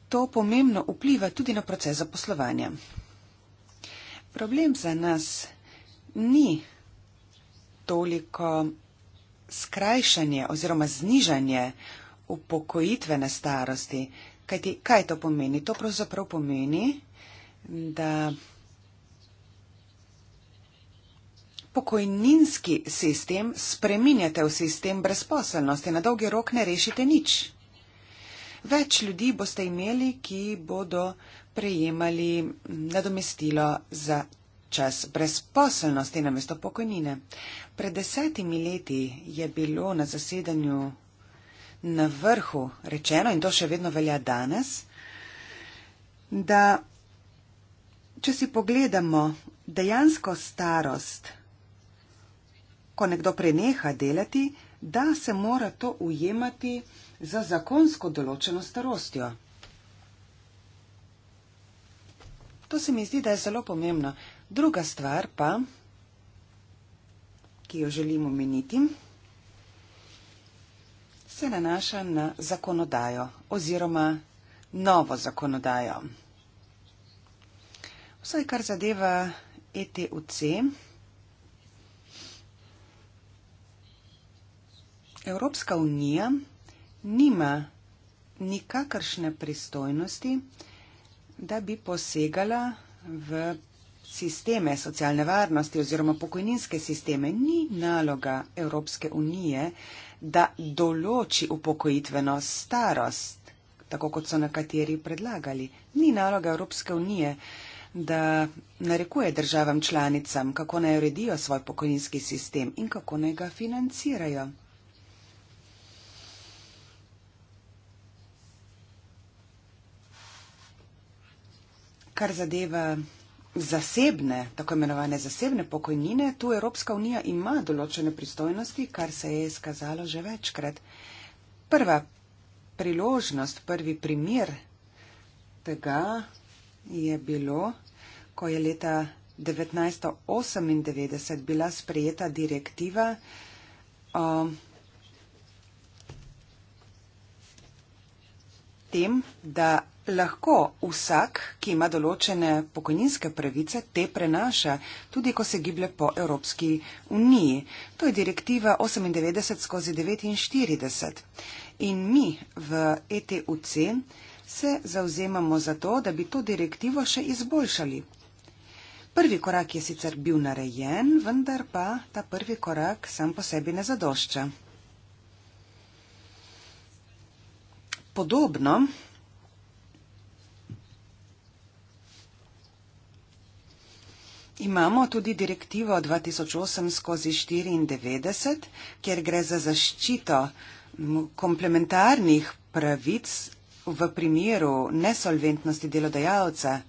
to pomembno vpliva tudi na proces zaposlovanja. Problem za nas ni toliko skrajšanje oziroma znižanje upokojitvene starosti. Kajti, kaj to pomeni? To pravzaprav pomeni, da pokojninski sistem spreminjate v sistem brezposelnosti. Na dolgi rok ne rešite nič. Več ljudi boste imeli, ki bodo prejemali nadomestilo za čas brezposelnosti namesto pokojnine. Pred desetimi leti je bilo na zasedanju na vrhu rečeno, in to še vedno velja danes, da če si pogledamo dejansko starost, ko nekdo preneha delati, da se mora to ujemati za zakonsko določeno starostjo. To se mi zdi, da je zelo pomembno. Druga stvar pa, ki jo želim omeniti, se nanaša na zakonodajo oziroma novo zakonodajo. Vsaj kar zadeva ETUC, Evropska unija nima nikakršne pristojnosti, da bi posegala v sisteme socialne varnosti oziroma pokojninske sisteme. Ni naloga Evropske unije, da določi upokojitveno starost, tako kot so nekateri predlagali. Ni naloga Evropske unije, da narekuje državam članicam, kako naj uredijo svoj pokojninski sistem in kako naj ga financirajo. Kar zadeva zasebne, tako imenovane zasebne pokojnine, tu Evropska unija ima določene pristojnosti, kar se je izkazalo že večkrat. Prva priložnost, prvi primer tega je bilo, ko je leta 1998 bila sprejeta direktiva o um, tem, da lahko vsak, ki ima določene pokojninske pravice, te prenaša, tudi ko se giblje po Evropski uniji. To je direktiva 98 skozi 49. In mi v ETUC se zauzemamo za to, da bi to direktivo še izboljšali. Prvi korak je sicer bil narejen, vendar pa ta prvi korak sam po sebi ne zadošča. Podobno imamo tudi direktivo 2008-94, kjer gre za zaščito komplementarnih pravic v primeru nesolventnosti delodajalca.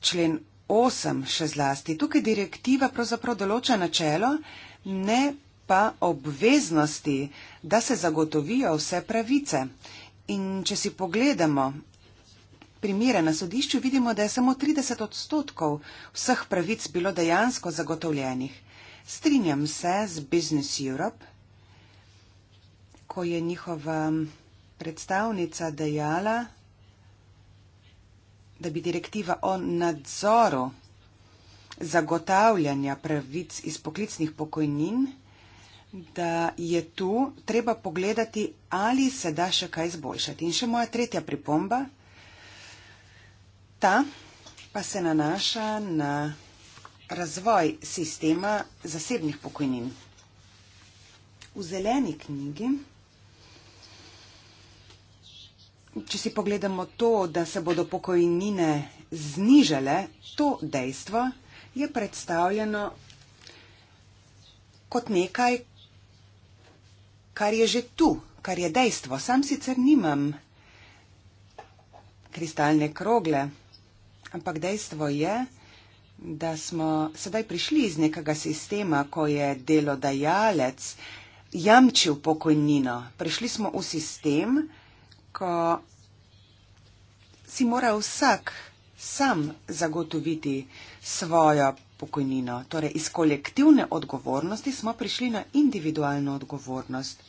Člen 8 še zlasti. Tukaj direktiva pravzaprav določa načelo, ne pa obveznosti, da se zagotovijo vse pravice. In če si pogledamo primere na sodišču, vidimo, da je samo 30 odstotkov vseh pravic bilo dejansko zagotovljenih. Strinjam se z Business Europe, ko je njihova predstavnica dejala, da bi direktiva o nadzoru zagotavljanja pravic iz poklicnih pokojnin, da je tu treba pogledati, ali se da še kaj izboljšati. In še moja tretja pripomba, ta pa se nanaša na razvoj sistema zasebnih pokojnin. V zeleni knjigi če si pogledamo to, da se bodo pokojnine znižale, to dejstvo je predstavljeno kot nekaj, kar je že tu, kar je dejstvo. Sam sicer nimam kristalne krogle, ampak dejstvo je, da smo sedaj prišli iz nekega sistema, ko je delodajalec jamčil pokojnino. Prišli smo v sistem, ko si mora vsak sam zagotoviti svojo pokojnino. Torej, iz kolektivne odgovornosti smo prišli na individualno odgovornost.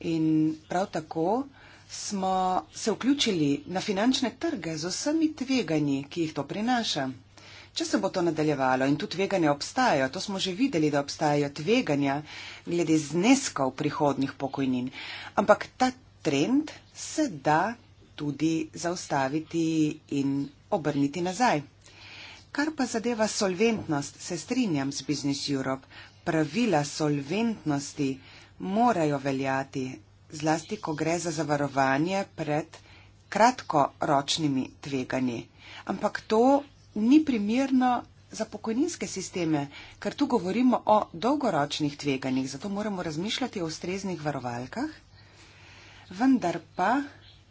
In prav tako smo se vključili na finančne trge z vsemi tveganji, ki jih to prinaša. Če se bo to nadaljevalo in tu tveganja obstajajo, to smo že videli, da obstajajo tveganja glede zneskov prihodnih pokojnin. Ampak ta trend se da tudi zaustaviti in obrniti nazaj. Kar pa zadeva solventnost, se strinjam z Business Europe, pravila solventnosti morajo veljati, zlasti ko gre za zavarovanje pred kratkoročnimi tveganji. Ampak to ni primirno za pokojninske sisteme, ker tu govorimo o dolgoročnih tveganjih, zato moramo razmišljati o ustreznih varovalkah vendar pa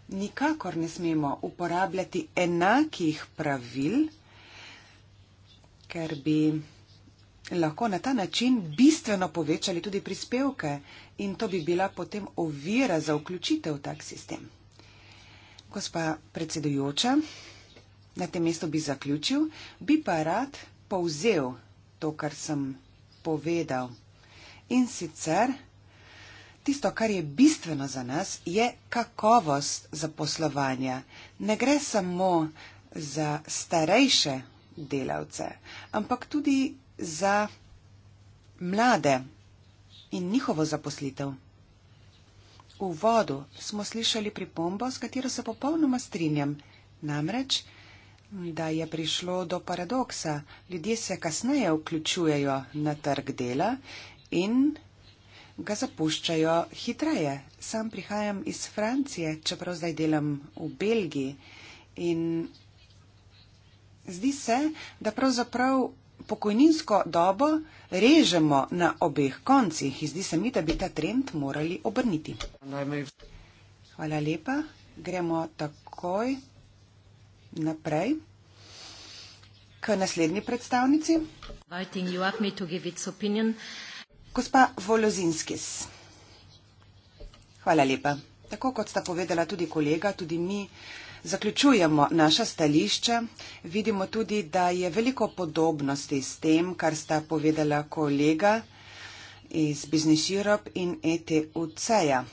nikakor ne smemo uporabljati enakih pravil, ker bi lahko na ta način bistveno povečali tudi prispevke in to bi bila potem ovira za vključitev v tak sistem. Gospa predsedujoča, na tem mestu bi zaključil, bi pa rad povzel to, kar sem povedal. In sicer Tisto, kar je bistveno za nas, je kakovost zaposlovanja. Ne gre samo za starejše delavce, ampak tudi za mlade in njihovo zaposlitev. V vodu smo slišali pripombo, s katero se popolnoma strinjam, namreč, da je prišlo do paradoksa. Ljudje se kasneje vključujejo na trg dela in ga zapuščajo hitreje. Sam prihajam iz Francije, čeprav zdaj delam v Belgiji. In zdi se, da pravzaprav pokojninsko dobo režemo na obeh koncih. Zdi se mi, da bi ta trend morali obrniti. Hvala lepa. Gremo takoj naprej. K naslednji predstavnici. Gospa Volozinskis, hvala lepa. Tako kot sta povedala tudi kolega, tudi mi zaključujemo naša stališča. Vidimo tudi, da je veliko podobnosti s tem, kar sta povedala kolega iz Business Europe in ETUC-ja.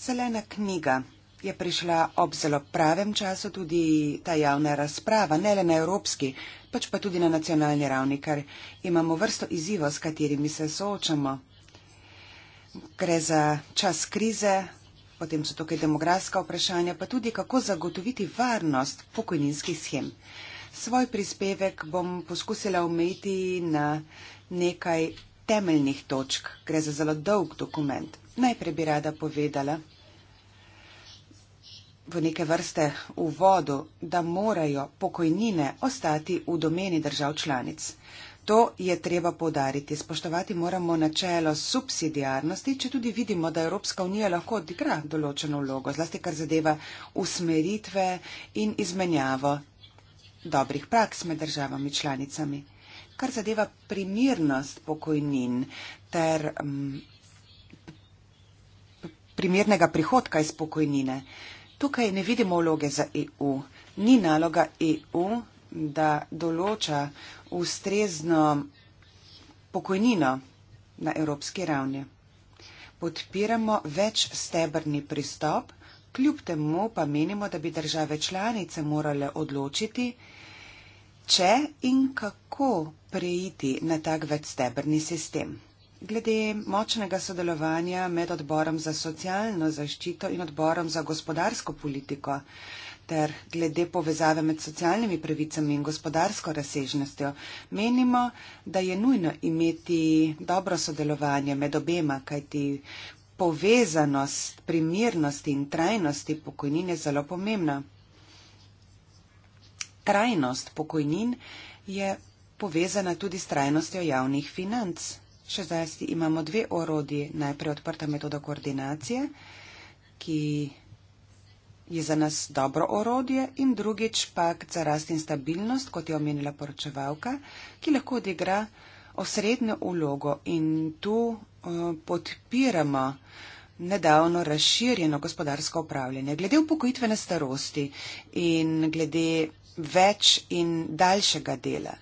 Zelena knjiga je prišla ob zelo pravem času tudi ta javna razprava, ne le na evropski, pač pa tudi na nacionalni ravni, ker imamo vrsto izzivov, s katerimi se soočamo. Gre za čas krize, potem so tukaj demografska vprašanja, pa tudi kako zagotoviti varnost pokojninskih schem. Svoj prispevek bom poskusila omejiti na nekaj temeljnih točk. Gre za zelo dolg dokument. Najprej bi rada povedala, v neke vrste uvodu, da morajo pokojnine ostati v domeni držav članic. To je treba podariti. Spoštovati moramo načelo subsidijarnosti, če tudi vidimo, da Evropska unija lahko odigra določeno vlogo, zlasti kar zadeva usmeritve in izmenjavo dobrih praks med državami članicami. Kar zadeva primirnost pokojnin ter mm, primernega prihodka iz pokojnine. Tukaj ne vidimo vloge za EU. Ni naloga EU, da določa ustrezno pokojnino na evropski ravni. Podpiramo več stebrni pristop, kljub temu pa menimo, da bi države članice morale odločiti, če in kako preiti na tak več stebrni sistem. Glede močnega sodelovanja med odborom za socialno zaščito in odborom za gospodarsko politiko ter glede povezave med socialnimi pravicami in gospodarsko razsežnostjo, menimo, da je nujno imeti dobro sodelovanje med obema, kajti povezanost, primernost in trajnost pokojnin je zelo pomembna. Trajnost pokojnin je povezana tudi s trajnostjo javnih financ še zdaj imamo dve orodji. Najprej odprta metoda koordinacije, ki je za nas dobro orodje in drugič pakt za rast in stabilnost, kot je omenila poročevalka, ki lahko odigra osrednjo ulogo in tu uh, podpiramo nedavno razširjeno gospodarsko upravljanje. Glede upokojitvene starosti in glede več in daljšega dela.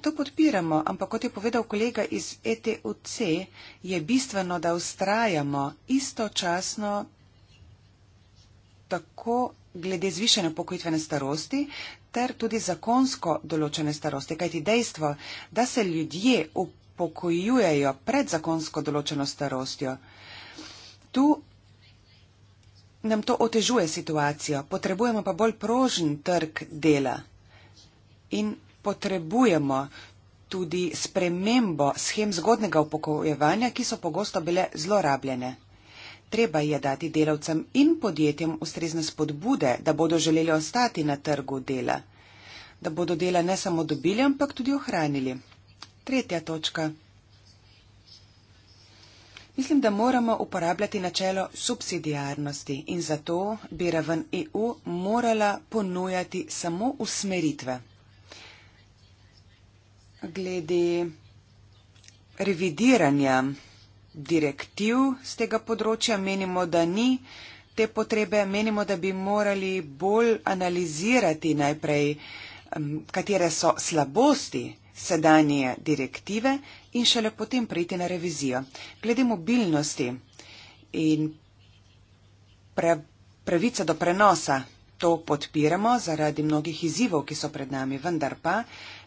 To podpiramo, ampak kot je povedal kolega iz ETUC, je bistveno, da ustrajamo istočasno tako glede zvišene pokojitvene starosti, ter tudi zakonsko določene starosti. Kajti dejstvo, da se ljudje upokojujejo pred zakonsko določeno starostjo, tu nam to otežuje situacijo. Potrebujemo pa bolj prožen trg dela. In potrebujemo tudi spremembo schem zgodnega upokojevanja, ki so pogosto bile zlorabljene. Treba je dati delavcem in podjetjem ustrezne spodbude, da bodo želeli ostati na trgu dela, da bodo dela ne samo dobili, ampak tudi ohranili. Tretja točka. Mislim, da moramo uporabljati načelo subsidijarnosti in zato bi raven EU morala ponujati samo usmeritve glede revidiranja direktiv z tega področja. Menimo, da ni te potrebe. Menimo, da bi morali bolj analizirati najprej, katere so slabosti sedanje direktive in šele potem priti na revizijo. Glede mobilnosti in pre, pravice do prenosa, to podpiramo zaradi mnogih izzivov, ki so pred nami, vendar pa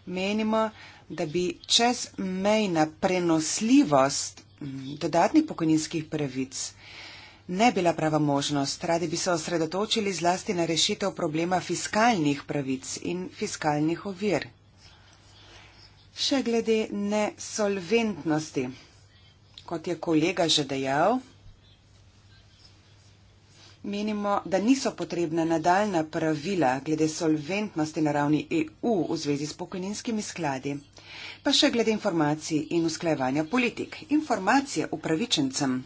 menimo, da bi čezmejna prenosljivost dodatnih pokojninskih pravic ne bila prava možnost. Radi bi se osredotočili zlasti na rešitev problema fiskalnih pravic in fiskalnih ovir. Še glede nesolventnosti. Kot je kolega že dejal, menimo, da niso potrebna nadaljna pravila glede solventnosti na ravni EU v zvezi s pokojninskimi skladi, pa še glede informacij in usklajevanja politik. Informacije upravičencem.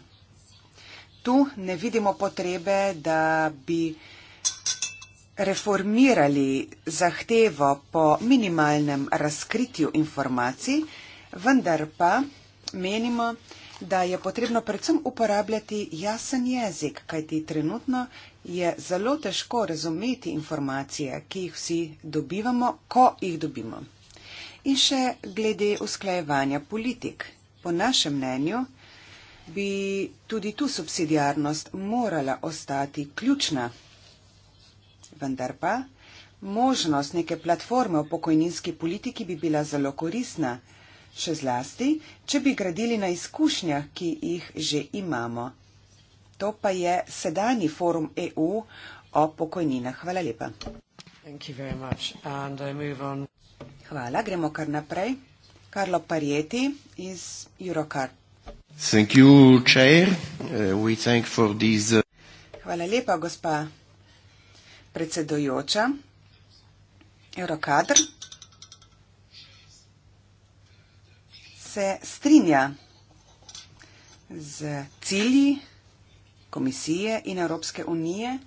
Tu ne vidimo potrebe, da bi reformirali zahtevo po minimalnem razkritju informacij, vendar pa menimo, da da je potrebno predvsem uporabljati jasen jezik, kajti trenutno je zelo težko razumeti informacije, ki jih vsi dobivamo, ko jih dobimo. In še glede usklajevanja politik. Po našem mnenju bi tudi tu subsidijarnost morala ostati ključna. Vendar pa možnost neke platforme v pokojninski politiki bi bila zelo koristna, še zlasti, če bi gradili na izkušnjah, ki jih že imamo. To pa je sedanji forum EU o pokojninah. Hvala lepa. Hvala, gremo kar naprej. Karlo Parieti iz Eurocard. You, uh, this, uh... Hvala lepa, gospa predsedojoča. Eurocard. se strinja z cilji komisije in Evropske unije,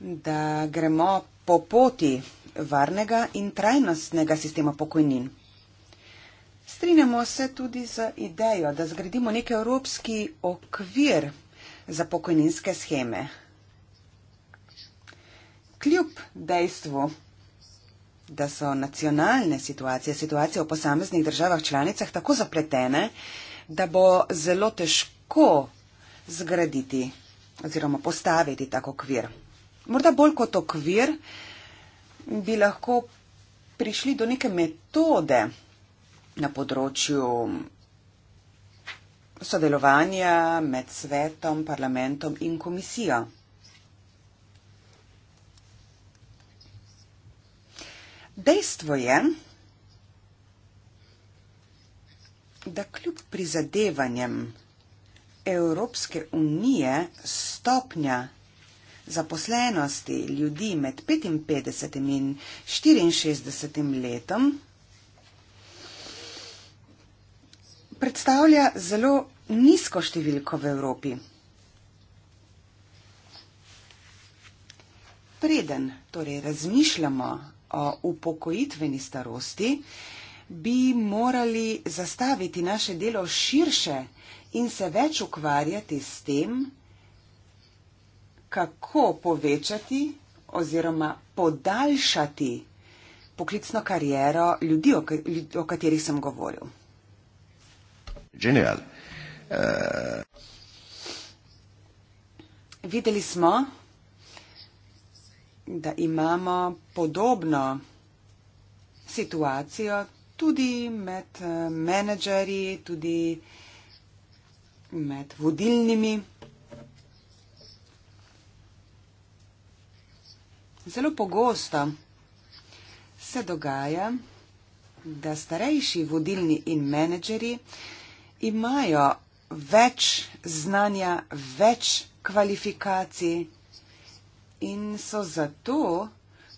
da gremo po poti varnega in trajnostnega sistema pokojnin. Strinjamo se tudi z idejo, da zgradimo nek evropski okvir za pokojninske scheme. Kljub dejstvu, da so nacionalne situacije, situacije v posameznih državah članicah tako zapletene, da bo zelo težko zgraditi oziroma postaviti tak okvir. Morda bolj kot okvir bi lahko prišli do neke metode na področju sodelovanja med svetom, parlamentom in komisijo. Dejstvo je, da kljub prizadevanjem Evropske unije stopnja zaposlenosti ljudi med 55 in 64 letom predstavlja zelo nizko številko v Evropi. Preden torej razmišljamo upokojitveni starosti, bi morali zastaviti naše delo širše in se več ukvarjati s tem, kako povečati oziroma podaljšati poklicno kariero ljudi, o katerih sem govoril. General, uh... Videli smo, da imamo podobno situacijo tudi med eh, menedžerji, tudi med vodilnimi. Zelo pogosto se dogaja, da starejši vodilni in menedžeri imajo več znanja, več kvalifikacij in so zato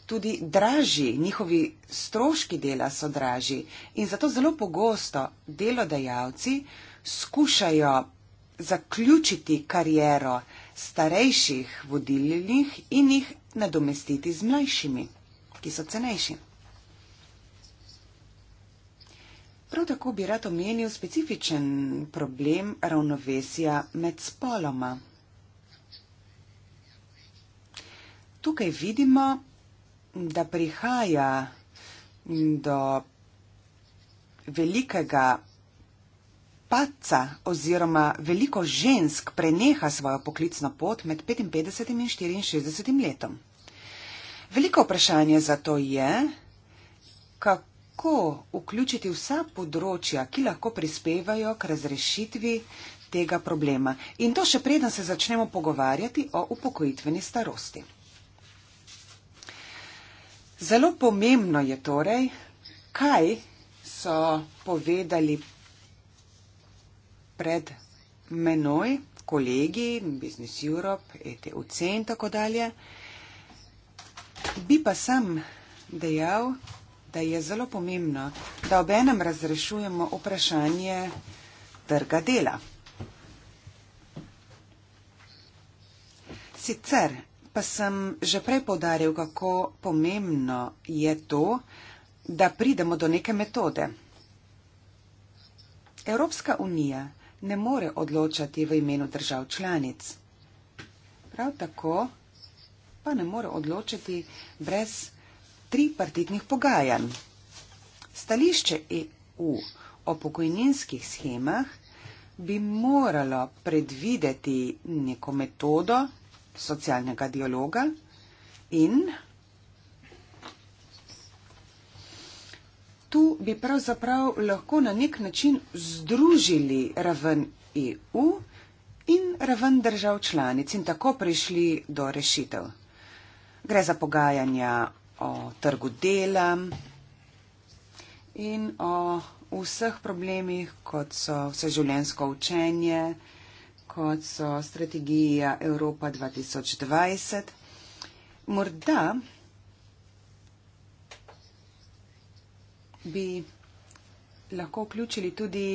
tudi dražji, njihovi stroški dela so dražji in zato zelo pogosto delodajalci skušajo zaključiti kariero starejših vodilnih in jih nadomestiti z mlajšimi, ki so cenejši. Prav tako bi rad omenil specifičen problem ravnovesja med spoloma. Tukaj vidimo, da prihaja do velikega paca oziroma veliko žensk preneha svojo poklicno pot med 55 in 64 letom. Veliko vprašanje zato je, kako vključiti vsa področja, ki lahko prispevajo k razrešitvi tega problema. In to še preden se začnemo pogovarjati o upokojitveni starosti. Zelo pomembno je torej, kaj so povedali pred menoj kolegi Business Europe, ETUC in tako dalje. Bi pa sem dejal, da je zelo pomembno, da obenem razrešujemo vprašanje trga dela. Sicer pa sem že prej povdaril, kako pomembno je to, da pridemo do neke metode. Evropska unija ne more odločati v imenu držav članic. Prav tako pa ne more odločati brez tripartitnih pogajanj. Stališče EU o pokojninskih schemah bi moralo predvideti neko metodo, socialnega dialoga in tu bi pravzaprav lahko na nek način združili raven EU in raven držav članic in tako prišli do rešitev. Gre za pogajanja o trgu dela in o vseh problemih, kot so vseživljensko učenje, kot so strategija Evropa 2020. Morda bi lahko vključili tudi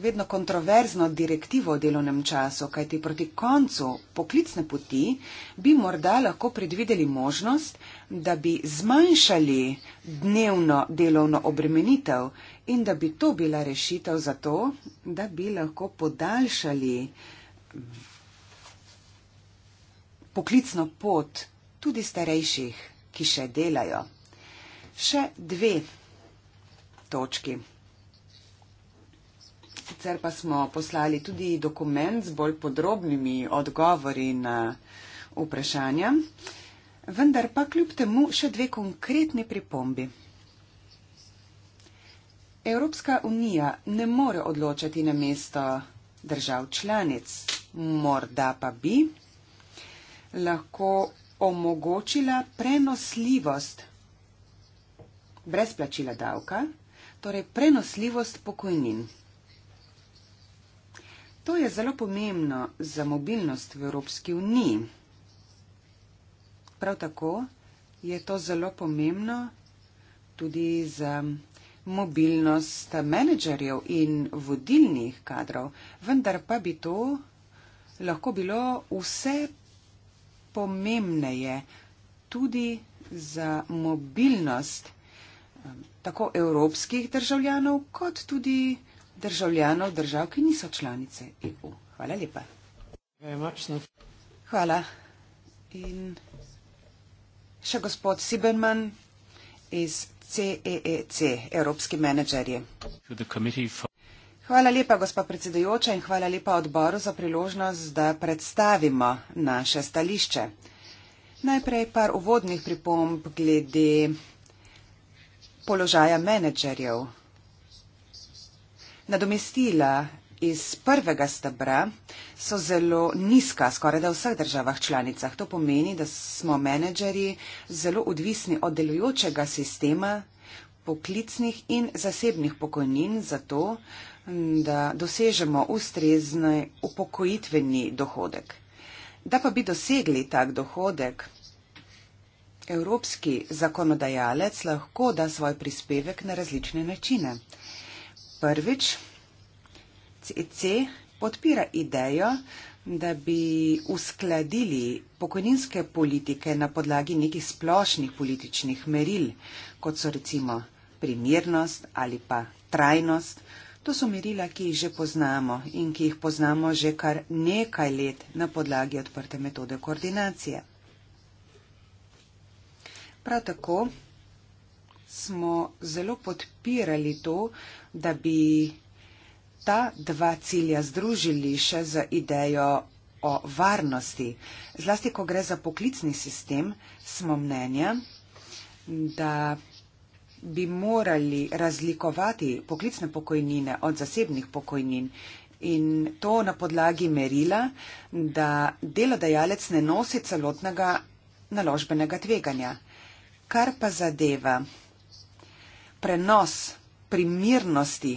vedno kontroverzno direktivo o delovnem času, kajti proti koncu poklicne poti bi morda lahko predvideli možnost, da bi zmanjšali dnevno delovno obremenitev in da bi to bila rešitev za to, da bi lahko podaljšali poklicno pot tudi starejših, ki še delajo. Še dve točki. Sicer pa smo poslali tudi dokument z bolj podrobnimi odgovori na vprašanja vendar pa kljub temu še dve konkretni pripombi. Evropska unija ne more odločati na mesto držav članic, morda pa bi lahko omogočila prenosljivost brez plačila davka, torej prenosljivost pokojnin. To je zelo pomembno za mobilnost v Evropski uniji. Prav tako je to zelo pomembno tudi za mobilnost menedžerjev in vodilnih kadrov, vendar pa bi to lahko bilo vse pomembneje tudi za mobilnost um, tako evropskih državljanov, kot tudi državljanov držav, ki niso članice EU. Hvala lepa. Hvala. In Še gospod Siberman iz CEEC, e e Evropski menedžerji. Hvala lepa, gospod predsedujoča, in hvala lepa odboru za priložnost, da predstavimo naše stališče. Najprej par uvodnih pripomb glede položaja menedžerjev. Nadomestila iz prvega stebra so zelo nizka, skoraj da v vseh državah članicah. To pomeni, da smo menedžeri zelo odvisni od delujočega sistema poklicnih in zasebnih pokojnin za to, da dosežemo ustrezni upokojitveni dohodek. Da pa bi dosegli tak dohodek, evropski zakonodajalec lahko da svoj prispevek na različne načine. Prvič, CC podpira idejo, da bi uskladili pokojninske politike na podlagi nekih splošnih političnih meril, kot so recimo primernost ali pa trajnost. To so merila, ki jih že poznamo in ki jih poznamo že kar nekaj let na podlagi odprte metode koordinacije. Prav tako smo zelo podpirali to, da bi ta dva cilja združili še z idejo o varnosti. Zlasti, ko gre za poklicni sistem, smo mnenja, da bi morali razlikovati poklicne pokojnine od zasebnih pokojnin in to na podlagi merila, da delodajalec ne nosi celotnega naložbenega tveganja. Kar pa zadeva prenos primirnosti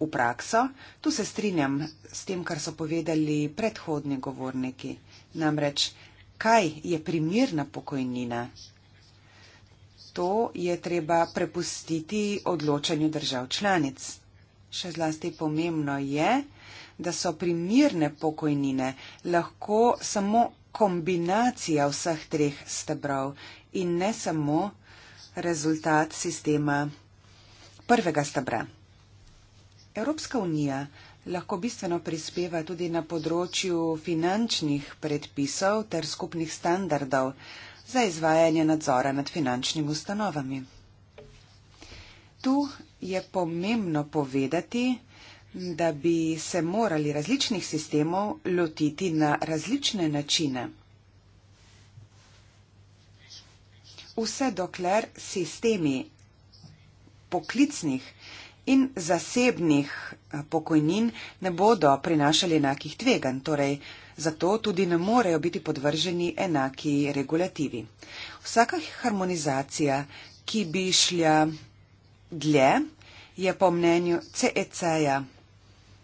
v prakso. Tu se strinjam s tem, kar so povedali predhodni govorniki. Namreč, kaj je primirna pokojnina? To je treba prepustiti odločanju držav članic. Še zlasti pomembno je, da so primirne pokojnine lahko samo kombinacija vseh treh stebrov in ne samo rezultat sistema prvega stebra. Evropska unija lahko bistveno prispeva tudi na področju finančnih predpisov ter skupnih standardov za izvajanje nadzora nad finančnimi ustanovami. Tu je pomembno povedati, da bi se morali različnih sistemov lotiti na različne načine. Vse dokler sistemi poklicnih in zasebnih eh, pokojnin ne bodo prinašali enakih tvegan, torej zato tudi ne morejo biti podvrženi enaki regulativi. Vsaka harmonizacija, ki bi šla dlje, je po mnenju CEC-ja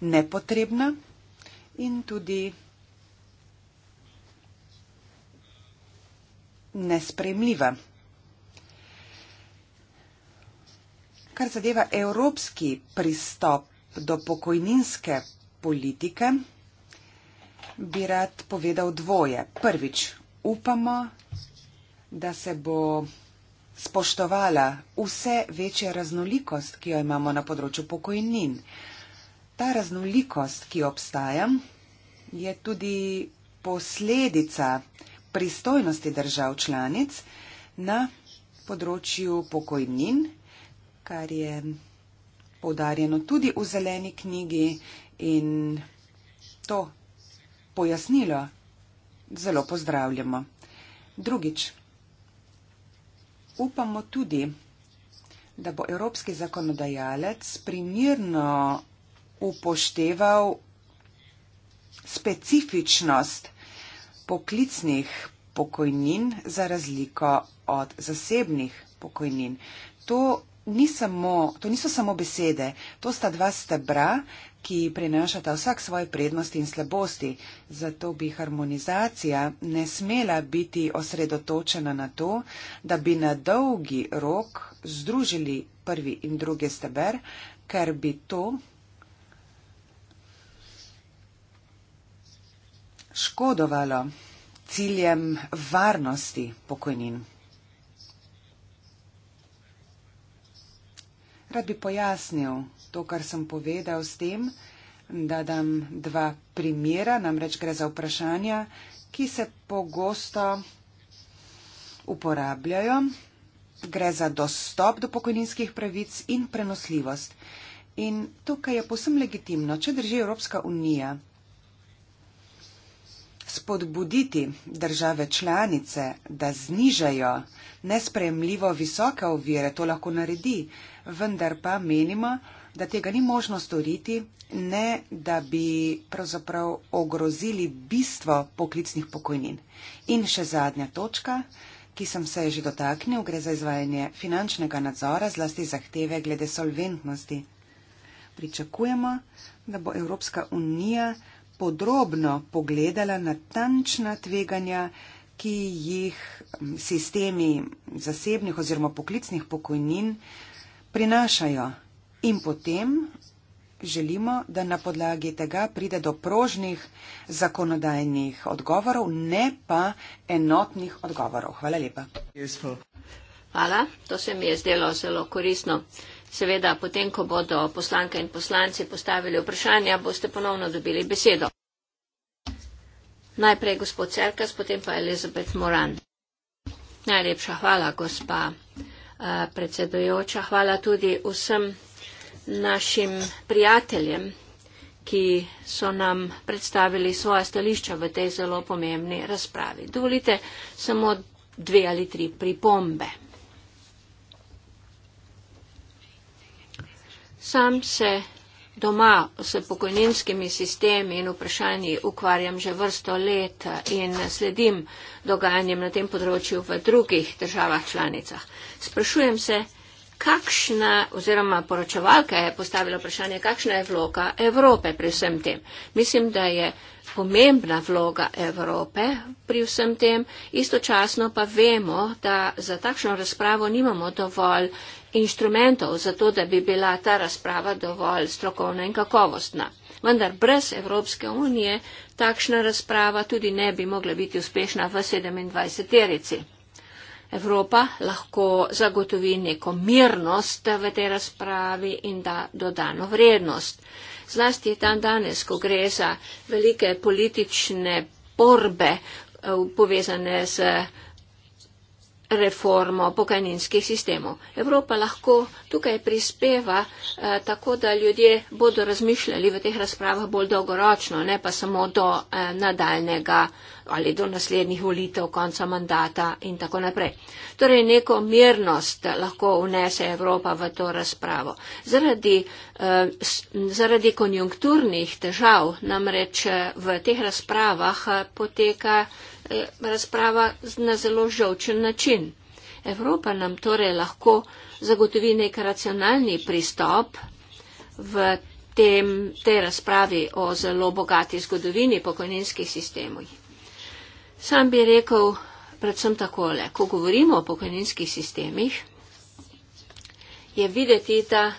nepotrebna in tudi nespremljiva. kar zadeva evropski pristop do pokojninske politike, bi rad povedal dvoje. Prvič, upamo, da se bo spoštovala vse večja raznolikost, ki jo imamo na področju pokojnin. Ta raznolikost, ki obstaja, je tudi posledica pristojnosti držav članic na področju pokojnin kar je povdarjeno tudi v zeleni knjigi in to pojasnilo zelo pozdravljamo. Drugič, upamo tudi, da bo evropski zakonodajalec primirno upošteval specifičnost poklicnih pokojnin za razliko od zasebnih pokojnin. To ni samo, to niso samo besede, to sta dva stebra, ki prinašata vsak svoje prednosti in slabosti. Zato bi harmonizacija ne smela biti osredotočena na to, da bi na dolgi rok združili prvi in drugi steber, ker bi to škodovalo ciljem varnosti pokojnin. Rad bi pojasnil to, kar sem povedal s tem, da dam dva primera, namreč gre za vprašanja, ki se pogosto uporabljajo. Gre za dostop do pokojninskih pravic in prenosljivost. In tukaj je posem legitimno, če drži Evropska unija spodbuditi države članice, da znižajo nespremljivo visoke ovire, to lahko naredi, vendar pa menimo, da tega ni možno storiti, ne da bi pravzaprav ogrozili bistvo poklicnih pokojnin. In še zadnja točka, ki sem se že dotaknil, gre za izvajanje finančnega nadzora, zlasti zahteve glede solventnosti. Pričakujemo, da bo Evropska unija podrobno pogledala natančna tveganja, ki jih sistemi zasebnih oziroma poklicnih pokojnin prinašajo. In potem želimo, da na podlagi tega pride do prožnih zakonodajnih odgovorov, ne pa enotnih odgovorov. Hvala lepa. Hvala, to se mi je zdelo zelo koristno. Seveda, potem, ko bodo poslanke in poslanci postavili vprašanja, boste ponovno dobili besedo. Najprej gospod Cerkas, potem pa Elizabeth Moran. Najlepša hvala, gospa eh, predsedujoča. Hvala tudi vsem našim prijateljem, ki so nam predstavili svoja stališča v tej zelo pomembni razpravi. Dovolite samo dve ali tri pripombe. Sam se doma s pokojninskimi sistemi in vprašanji ukvarjam že vrsto let in sledim dogajanjem na tem področju v drugih državah članicah. Sprašujem se, kakšna oziroma poročevalka je postavila vprašanje, kakšna je vloga Evrope pri vsem tem. Mislim, da je pomembna vloga Evrope pri vsem tem, istočasno pa vemo, da za takšno razpravo nimamo dovolj inštrumentov za to, da bi bila ta razprava dovolj strokovna in kakovostna. Vendar brez Evropske unije takšna razprava tudi ne bi mogla biti uspešna v 27-terici. Evropa lahko zagotovi neko mirnost v tej razpravi in da dodano vrednost. Zlasti je tam danes, ko gre za velike politične porbe eh, povezane z reformo pokajninskih sistemov. Evropa lahko tukaj prispeva eh, tako, da ljudje bodo razmišljali v teh razpravah bolj dolgoročno, ne pa samo do eh, nadaljnega ali do naslednjih volitev, konca mandata in tako naprej. Torej neko mirnost lahko vnese Evropa v to razpravo. Zaradi, eh, zaradi konjunkturnih težav namreč eh, v teh razpravah eh, poteka razprava na zelo žovčen način. Evropa nam torej lahko zagotovi nek racionalni pristop v tem, tej razpravi o zelo bogati zgodovini pokojninskih sistemov. Sam bi rekel predvsem takole, ko govorimo o pokojninskih sistemih, je videti, da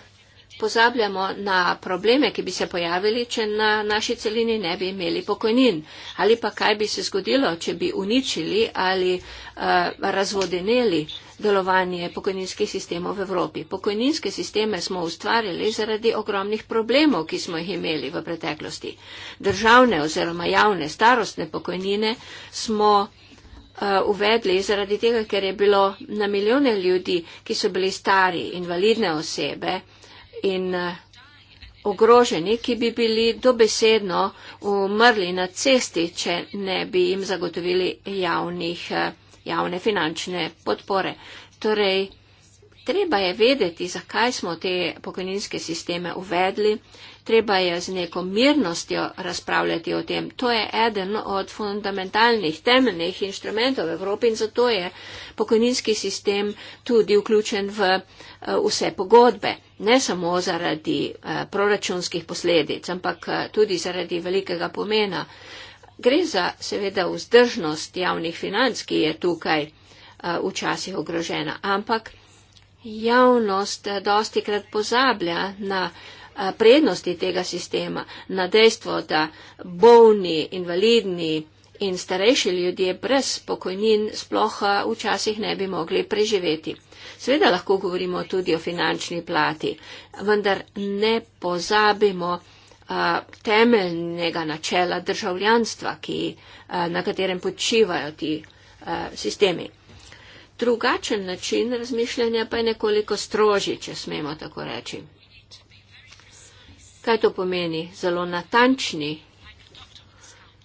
pozabljamo na probleme, ki bi se pojavili, če na naši celini ne bi imeli pokojnin. Ali pa kaj bi se zgodilo, če bi uničili ali uh, razvodeneli delovanje pokojninskih sistemov v Evropi. Pokojninske sisteme smo ustvarili zaradi ogromnih problemov, ki smo jih imeli v preteklosti. Državne oziroma javne starostne pokojnine smo eh, uvedli zaradi tega, ker je bilo na milijone ljudi, ki so bili stari, invalidne osebe, in eh, ogroženi, ki bi bili dobesedno umrli na cesti, če ne bi jim zagotovili javnih, eh, javne finančne podpore. Torej, treba je vedeti, zakaj smo te pokojninske sisteme uvedli, treba je z neko mirnostjo razpravljati o tem. To je eden od fundamentalnih temeljnih inštrumentov v Evropi in zato je pokojninski sistem tudi vključen v eh, vse pogodbe ne samo zaradi eh, proračunskih posledic, ampak eh, tudi zaradi velikega pomena. Gre za seveda vzdržnost javnih financ, ki je tukaj eh, včasih ogrožena, ampak javnost eh, dosti krat pozablja na eh, prednosti tega sistema, na dejstvo, da bolni, invalidni in starejši ljudje brez pokojnin sploh eh, včasih ne bi mogli preživeti. Seveda lahko govorimo tudi o finančni plati, vendar ne pozabimo a, temeljnega načela državljanstva, ki, a, na katerem počivajo ti a, sistemi. Drugačen način razmišljanja pa je nekoliko strožji, če smemo tako reči. Kaj to pomeni? Zelo natančni.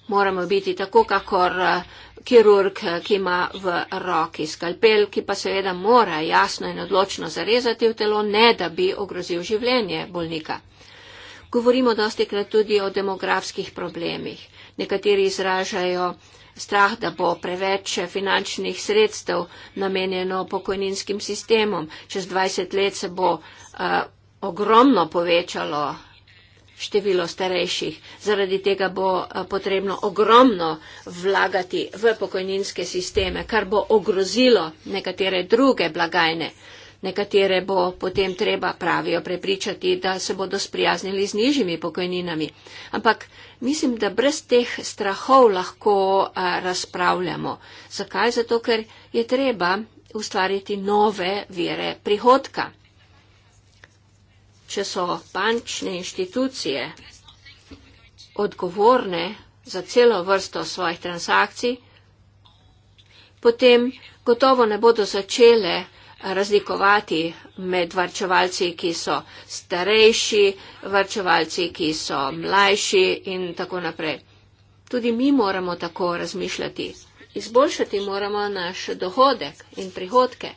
Moramo biti tako, kakor. A, kirurg, ki ima v roki skalpel, ki pa seveda mora jasno in odločno zarezati v telo, ne da bi ogrozil življenje bolnika. Govorimo dosti krat tudi o demografskih problemih. Nekateri izražajo strah, da bo preveč finančnih sredstev namenjeno pokojninskim sistemom. Čez 20 let se bo uh, ogromno povečalo uh, število starejših. Zaradi tega bo eh, potrebno ogromno vlagati v pokojninske sisteme, kar bo ogrozilo nekatere druge blagajne. Nekatere bo potem treba pravijo prepričati, da se bodo sprijaznili z nižjimi pokojninami. Ampak mislim, da brez teh strahov lahko a, eh, razpravljamo. Zakaj? Zato, ker je treba ustvariti nove vire prihodka če so bančne inštitucije odgovorne za celo vrsto svojih transakcij, potem gotovo ne bodo začele razlikovati med varčevalci, ki so starejši, varčevalci, ki so mlajši in tako naprej. Tudi mi moramo tako razmišljati. Izboljšati moramo naš dohodek in prihodke.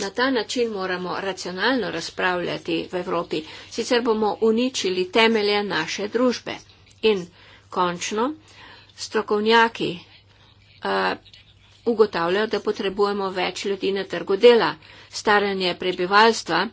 Na ta način moramo racionalno razpravljati v Evropi, sicer bomo uničili temelje naše družbe. In končno, strokovnjaki uh, ugotavljajo, da potrebujemo več ljudi na trgu dela. Staranje prebivalstva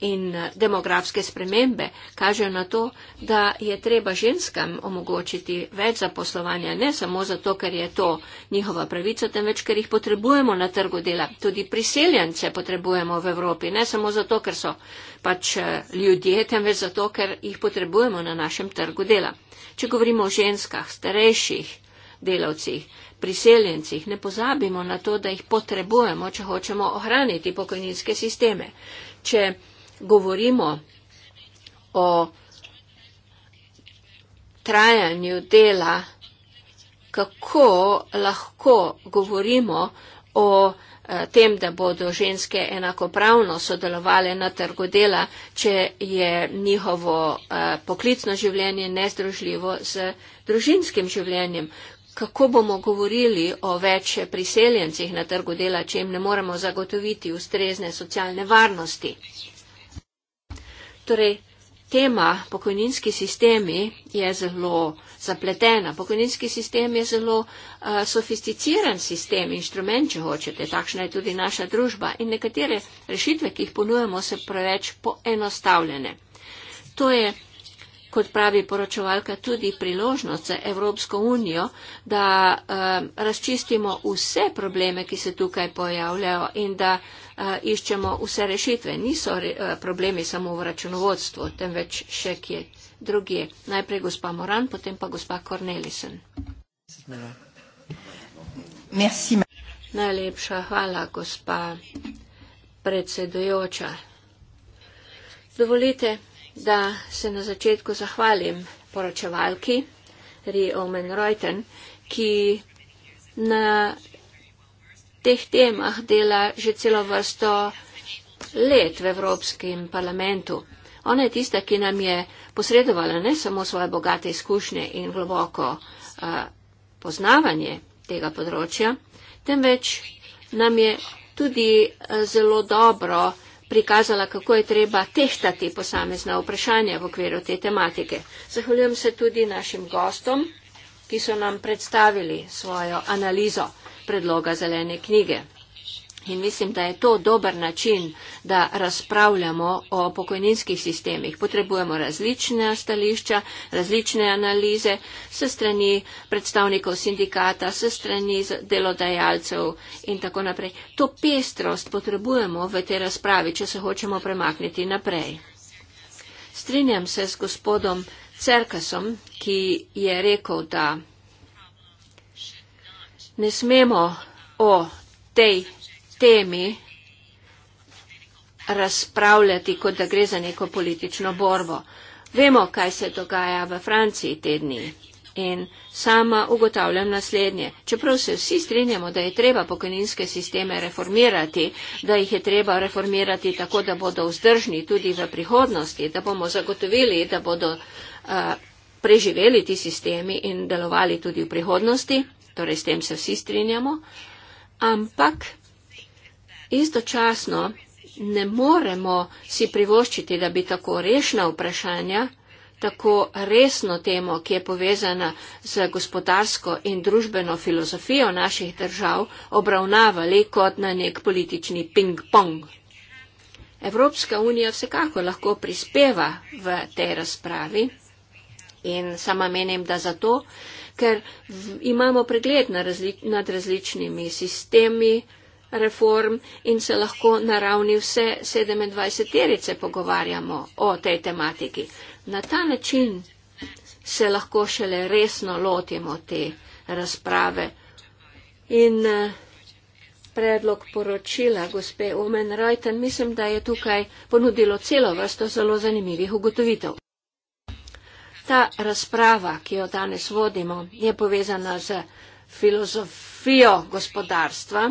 in demografske spremembe kažejo na to, da je treba ženskam omogočiti več zaposlovanja, ne samo zato, ker je to njihova pravica, temveč ker jih potrebujemo na trgu dela. Tudi priseljence potrebujemo v Evropi, ne samo zato, ker so pač eh, ljudje, temveč zato, ker jih potrebujemo na našem trgu dela. Če govorimo o ženskah, starejših delavcih, priseljencih, ne pozabimo na to, da jih potrebujemo, če hočemo ohraniti pokojninske sisteme če govorimo o trajanju dela, kako lahko govorimo o eh, tem, da bodo ženske enakopravno sodelovali na trgu dela, če je njihovo eh, poklicno življenje nezdružljivo z družinskim življenjem kako bomo govorili o več priseljencih na trgu dela, če jim ne moremo zagotoviti ustrezne socialne varnosti. Torej, tema pokojninski sistemi je zelo zapletena. Pokojninski sistem je zelo uh, sofisticiran sistem, inštrument, če hočete. Takšna je tudi naša družba in nekatere rešitve, ki jih ponujemo, so preveč poenostavljene. To je kot pravi poročevalka, tudi priložnost za Evropsko unijo, da uh, razčistimo vse probleme, ki se tukaj pojavljajo in da uh, iščemo vse rešitve. Niso re, uh, problemi samo v računovodstvu, temveč še kje drugje. Najprej gospa Moran, potem pa gospa Kornelisen. Najlepša hvala, gospa predsedujoča. Dovolite, da se na začetku zahvalim poročevalki Ri Omen Reuten, ki na teh temah dela že celo vrsto let v Evropskem parlamentu. Ona je tista, ki nam je posredovala ne samo svoje bogate izkušnje in globoko uh, poznavanje tega področja, temveč nam je tudi uh, zelo dobro uh, prikazala, kako je treba tehtati posamezna vprašanja v okviru te tematike. Zahvaljujem se tudi našim gostom, ki so nam predstavili svojo analizo predloga zelene knjige. In mislim, da je to dober način, da razpravljamo o pokojninskih sistemih. Potrebujemo različne stališča, različne analize, se strani predstavnikov sindikata, se strani delodajalcev in tako naprej. To pestrost potrebujemo v tej razpravi, če se hočemo premakniti naprej. Strinjam se s gospodom Cerkasom, ki je rekel, da ne smemo o tej temi razpravljati, kot da gre za neko politično borbo. Vemo, kaj se dogaja v Franciji te dni. In sama ugotavljam naslednje. Čeprav se vsi strinjamo, da je treba pokojninske sisteme reformirati, da jih je treba reformirati tako, da bodo vzdržni tudi v prihodnosti, da bomo zagotovili, da bodo uh, preživeli ti sistemi in delovali tudi v prihodnosti, torej s tem se vsi strinjamo, ampak istočasno ne moremo si privoščiti, da bi tako rešna vprašanja, tako resno temo, ki je povezana z gospodarsko in družbeno filozofijo naših držav, obravnavali kot na nek politični ping-pong. Evropska unija vsekako lahko prispeva v tej razpravi in sama menim, da zato, ker imamo pregled nad različnimi sistemi, reform in se lahko na ravni vse 27-erice pogovarjamo o tej tematiki. Na ta način se lahko šele resno lotimo te razprave. In eh, predlog poročila gospe Omen Reuten mislim, da je tukaj ponudilo celo vrsto zelo zanimivih ugotovitev. Ta razprava, ki jo danes vodimo, je povezana z filozofijo gospodarstva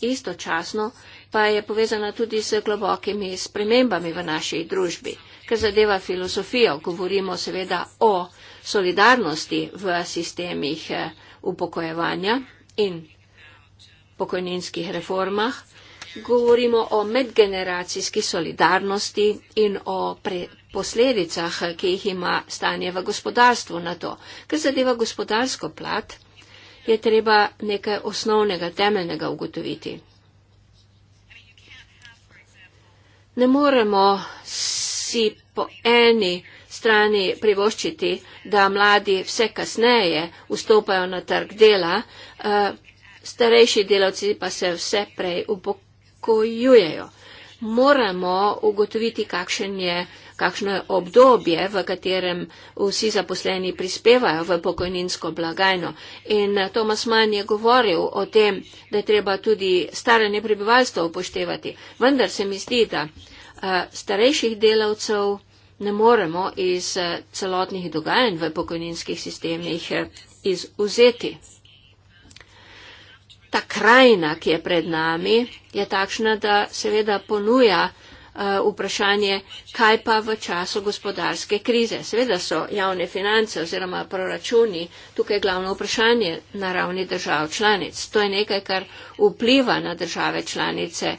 istočasno pa je povezana tudi s globokimi spremembami v naši družbi. Ker zadeva filozofijo, govorimo seveda o solidarnosti v sistemih eh, upokojevanja in pokojninskih reformah, govorimo o medgeneracijski solidarnosti in o posledicah, ki jih ima stanje v gospodarstvu na to. Ker zadeva gospodarsko plat, je treba nekaj osnovnega, temeljnega ugotoviti. Ne moremo si po eni strani privoščiti, da mladi vse kasneje vstopajo na trg dela, eh, starejši delavci pa se vse prej upokojujejo. Moramo ugotoviti, kakšen je kakšno je obdobje, v katerem vsi zaposleni prispevajo v pokojninsko blagajno. In eh, Tomas Mann je govoril o tem, da je treba tudi staranje prebivalstva upoštevati. Vendar se mi zdi, da eh, starejših delavcev ne moremo iz eh, celotnih dogajanj v pokojninskih sistemih izuzeti. Ta krajina, ki je pred nami, je takšna, da seveda ponuja Eh, vprašanje, kaj pa v času gospodarske krize. Seveda so javne finance oziroma proračuni tukaj glavno vprašanje na ravni držav članic. To je nekaj, kar vpliva na države članice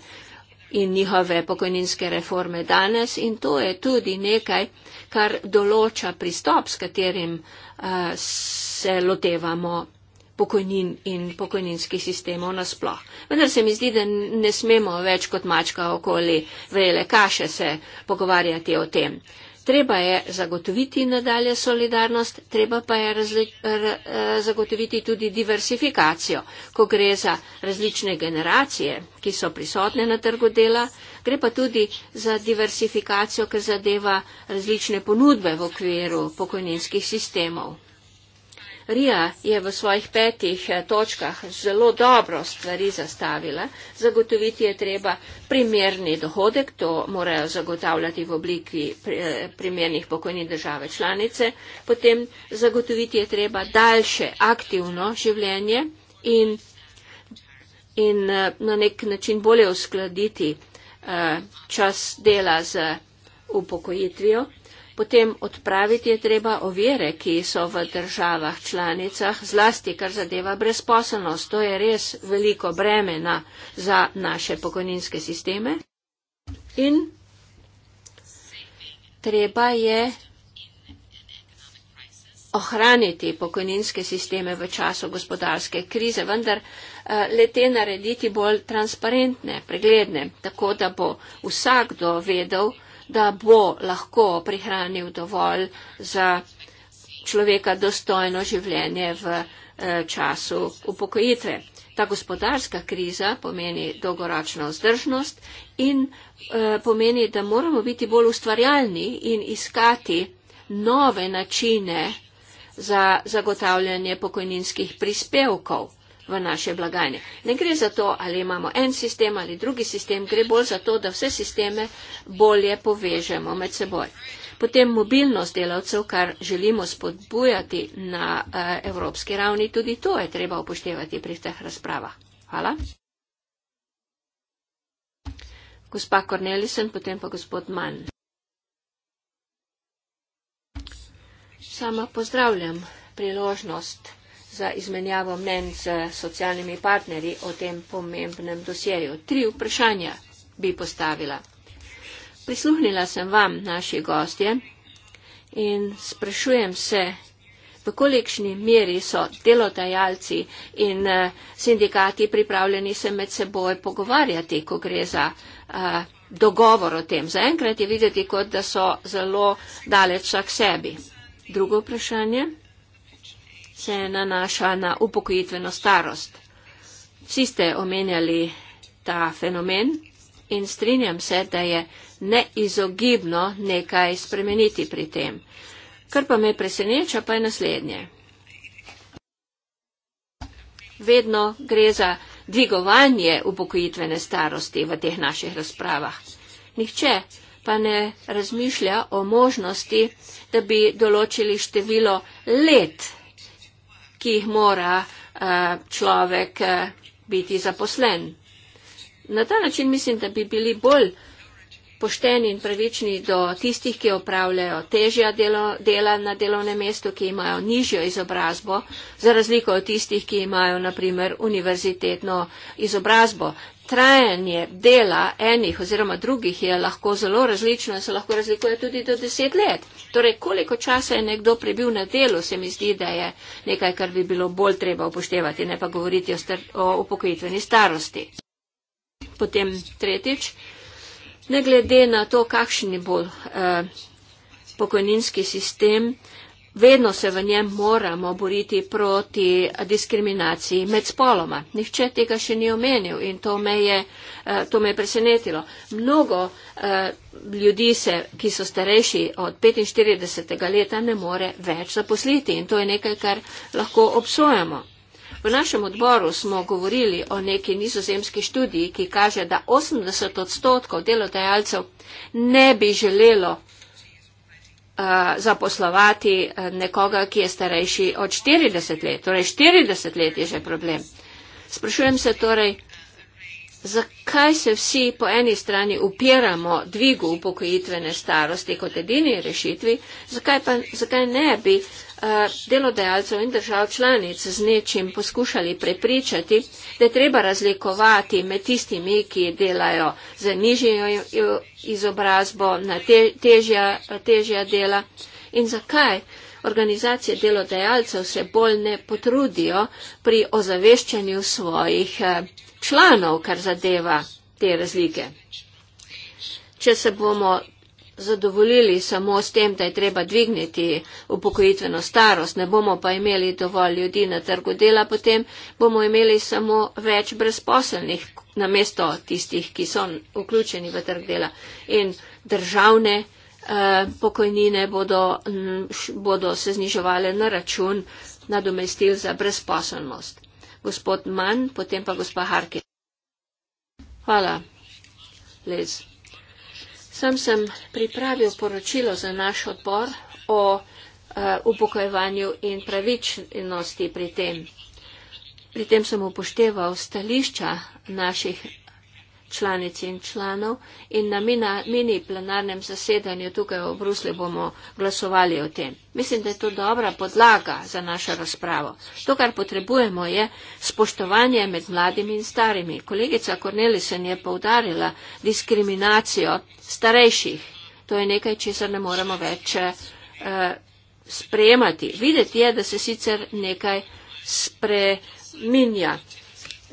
in njihove pokojninske reforme danes in to je tudi nekaj, kar določa pristop, s katerim uh, se lotevamo pokojnin in pokojninskih sistemov nasploh. Vendar se mi zdi, da ne smemo več kot mačka okoli vele kaše se pogovarjati o tem. Treba je zagotoviti nadalje solidarnost, treba pa je razli, r, e, zagotoviti tudi diversifikacijo, ko gre za različne generacije, ki so prisotne na trgu dela, gre pa tudi za diversifikacijo, ker zadeva različne ponudbe v okviru pokojninskih sistemov. Rija je v svojih petih eh, točkah zelo dobro stvari zastavila. Zagotoviti je treba primerni dohodek, to morajo zagotavljati v obliki eh, primernih pokojnin države članice. Potem zagotoviti je treba daljše aktivno življenje in, in eh, na nek način bolje uskladiti čas dela z upokojitvijo. Potem odpraviti je treba ovire, ki so v državah članicah, zlasti kar zadeva brezposelnost. To je res veliko bremena za naše pokojninske sisteme. In treba je ohraniti pokojninske sisteme v času gospodarske krize, vendar eh, le te narediti bolj transparentne, pregledne, tako da bo vsakdo vedel, da bo lahko prihranil dovolj za človeka dostojno življenje v eh, času upokojitve. Ta gospodarska kriza pomeni dolgoročno vzdržnost in eh, pomeni, da moramo biti bolj ustvarjalni in iskati nove načine za zagotavljanje pokojninskih prispevkov v naše blagajne. Ne gre za to, ali imamo en sistem ali drugi sistem, gre bolj za to, da vse sisteme bolje povežemo med seboj. Potem mobilnost delavcev, kar želimo spodbujati na eh, evropski ravni, tudi to je treba upoštevati pri teh razpravah. Hvala. Gospa Kornelisen, potem pa gospod Mann. Sama pozdravljam priložnost za izmenjavo mnen z socialnimi partnerji o tem pomembnem dosjeju. Tri vprašanja bi postavila. Prisluhnila sem vam, naši gostje, in sprašujem se, v kolikšni meri so delodajalci in eh, sindikati pripravljeni se med seboj pogovarjati, ko gre za a, eh, dogovor o tem. Zaenkrat je videti, kot da so zelo daleč vsak sebi. Drugo vprašanje se nanaša na upokojitveno starost. Vsi ste omenjali ta fenomen in strinjam se, da je neizogibno nekaj spremeniti pri tem. Kar pa me preseneča, pa je naslednje. Vedno gre za dvigovanje upokojitvene starosti v teh naših razpravah. Nihče pa ne razmišlja o možnosti, da bi določili število let ki jih mora eh, človek eh, biti zaposlen. Na ta način mislim, da bi bili bolj pošteni in pravični do tistih, ki opravljajo težja delo, dela na delovnem mestu, ki imajo nižjo izobrazbo, za razliko od tistih, ki imajo, naprimer, univerzitetno izobrazbo trajanje dela enih oziroma drugih je lahko zelo različno in se lahko razlikuje tudi do deset let. Torej, koliko časa je nekdo prebil na delu, se mi zdi, da je nekaj, kar bi bilo bolj treba upoštevati, ne pa govoriti o, star o upokojitveni starosti. Potem tretjič, ne glede na to, kakšen je bolj eh, pokojninski sistem, eh, Vedno se v njem moramo boriti proti diskriminaciji med spoloma. Nihče tega še ni omenil in to me je, eh, to me je presenetilo. Mnogo eh, ljudi, se, ki so starejši od 45. leta, ne more več zaposliti in to je nekaj, kar lahko obsojamo. V našem odboru smo govorili o neki nizozemski študiji, ki kaže, da 80 odstotkov delodajalcev ne bi želelo zaposlovati nekoga, ki je starejši od 40 let. Torej, 40 let je že problem. Sprašujem se torej, zakaj se vsi po eni strani upiramo dvigu upokojitvene starosti kot edini rešitvi, zakaj, pa, zakaj ne bi Eh, delodajalcev in držav članic z nečim poskušali prepričati, da je treba razlikovati med tistimi, ki delajo za nižjo izobrazbo na te, težja, težja dela in zakaj organizacije delodajalcev se bolj ne potrudijo pri ozaveščanju svojih eh, članov, kar zadeva te razlike. Če se bomo zadovoljili samo s tem, da je treba dvigniti upokojitveno starost, ne bomo pa imeli dovolj ljudi na trgu dela, potem bomo imeli samo več brezposelnih na mesto tistih, ki so vključeni v trg dela. In državne eh, pokojnine bodo, bodo se zniževale na račun nadomestil za brezposelnost. Gospod Mann, potem pa gospa Harki. Hvala. Liz. Sam sem pripravil poročilo za naš odbor o uh, upokojevanju in pravičnosti pri tem. Pri tem sem upošteval stališča naših članic in članov in na mina, mini plenarnem zasedanju tukaj v Bruslju bomo glasovali o tem. Mislim, da je to dobra podlaga za našo razpravo. To, kar potrebujemo, je spoštovanje med mladimi in starimi. Kolegica Kornelisen je povdarila diskriminacijo starejših. To je nekaj, česar ne moremo več eh, sprejemati. Videti je, da se sicer nekaj spreminja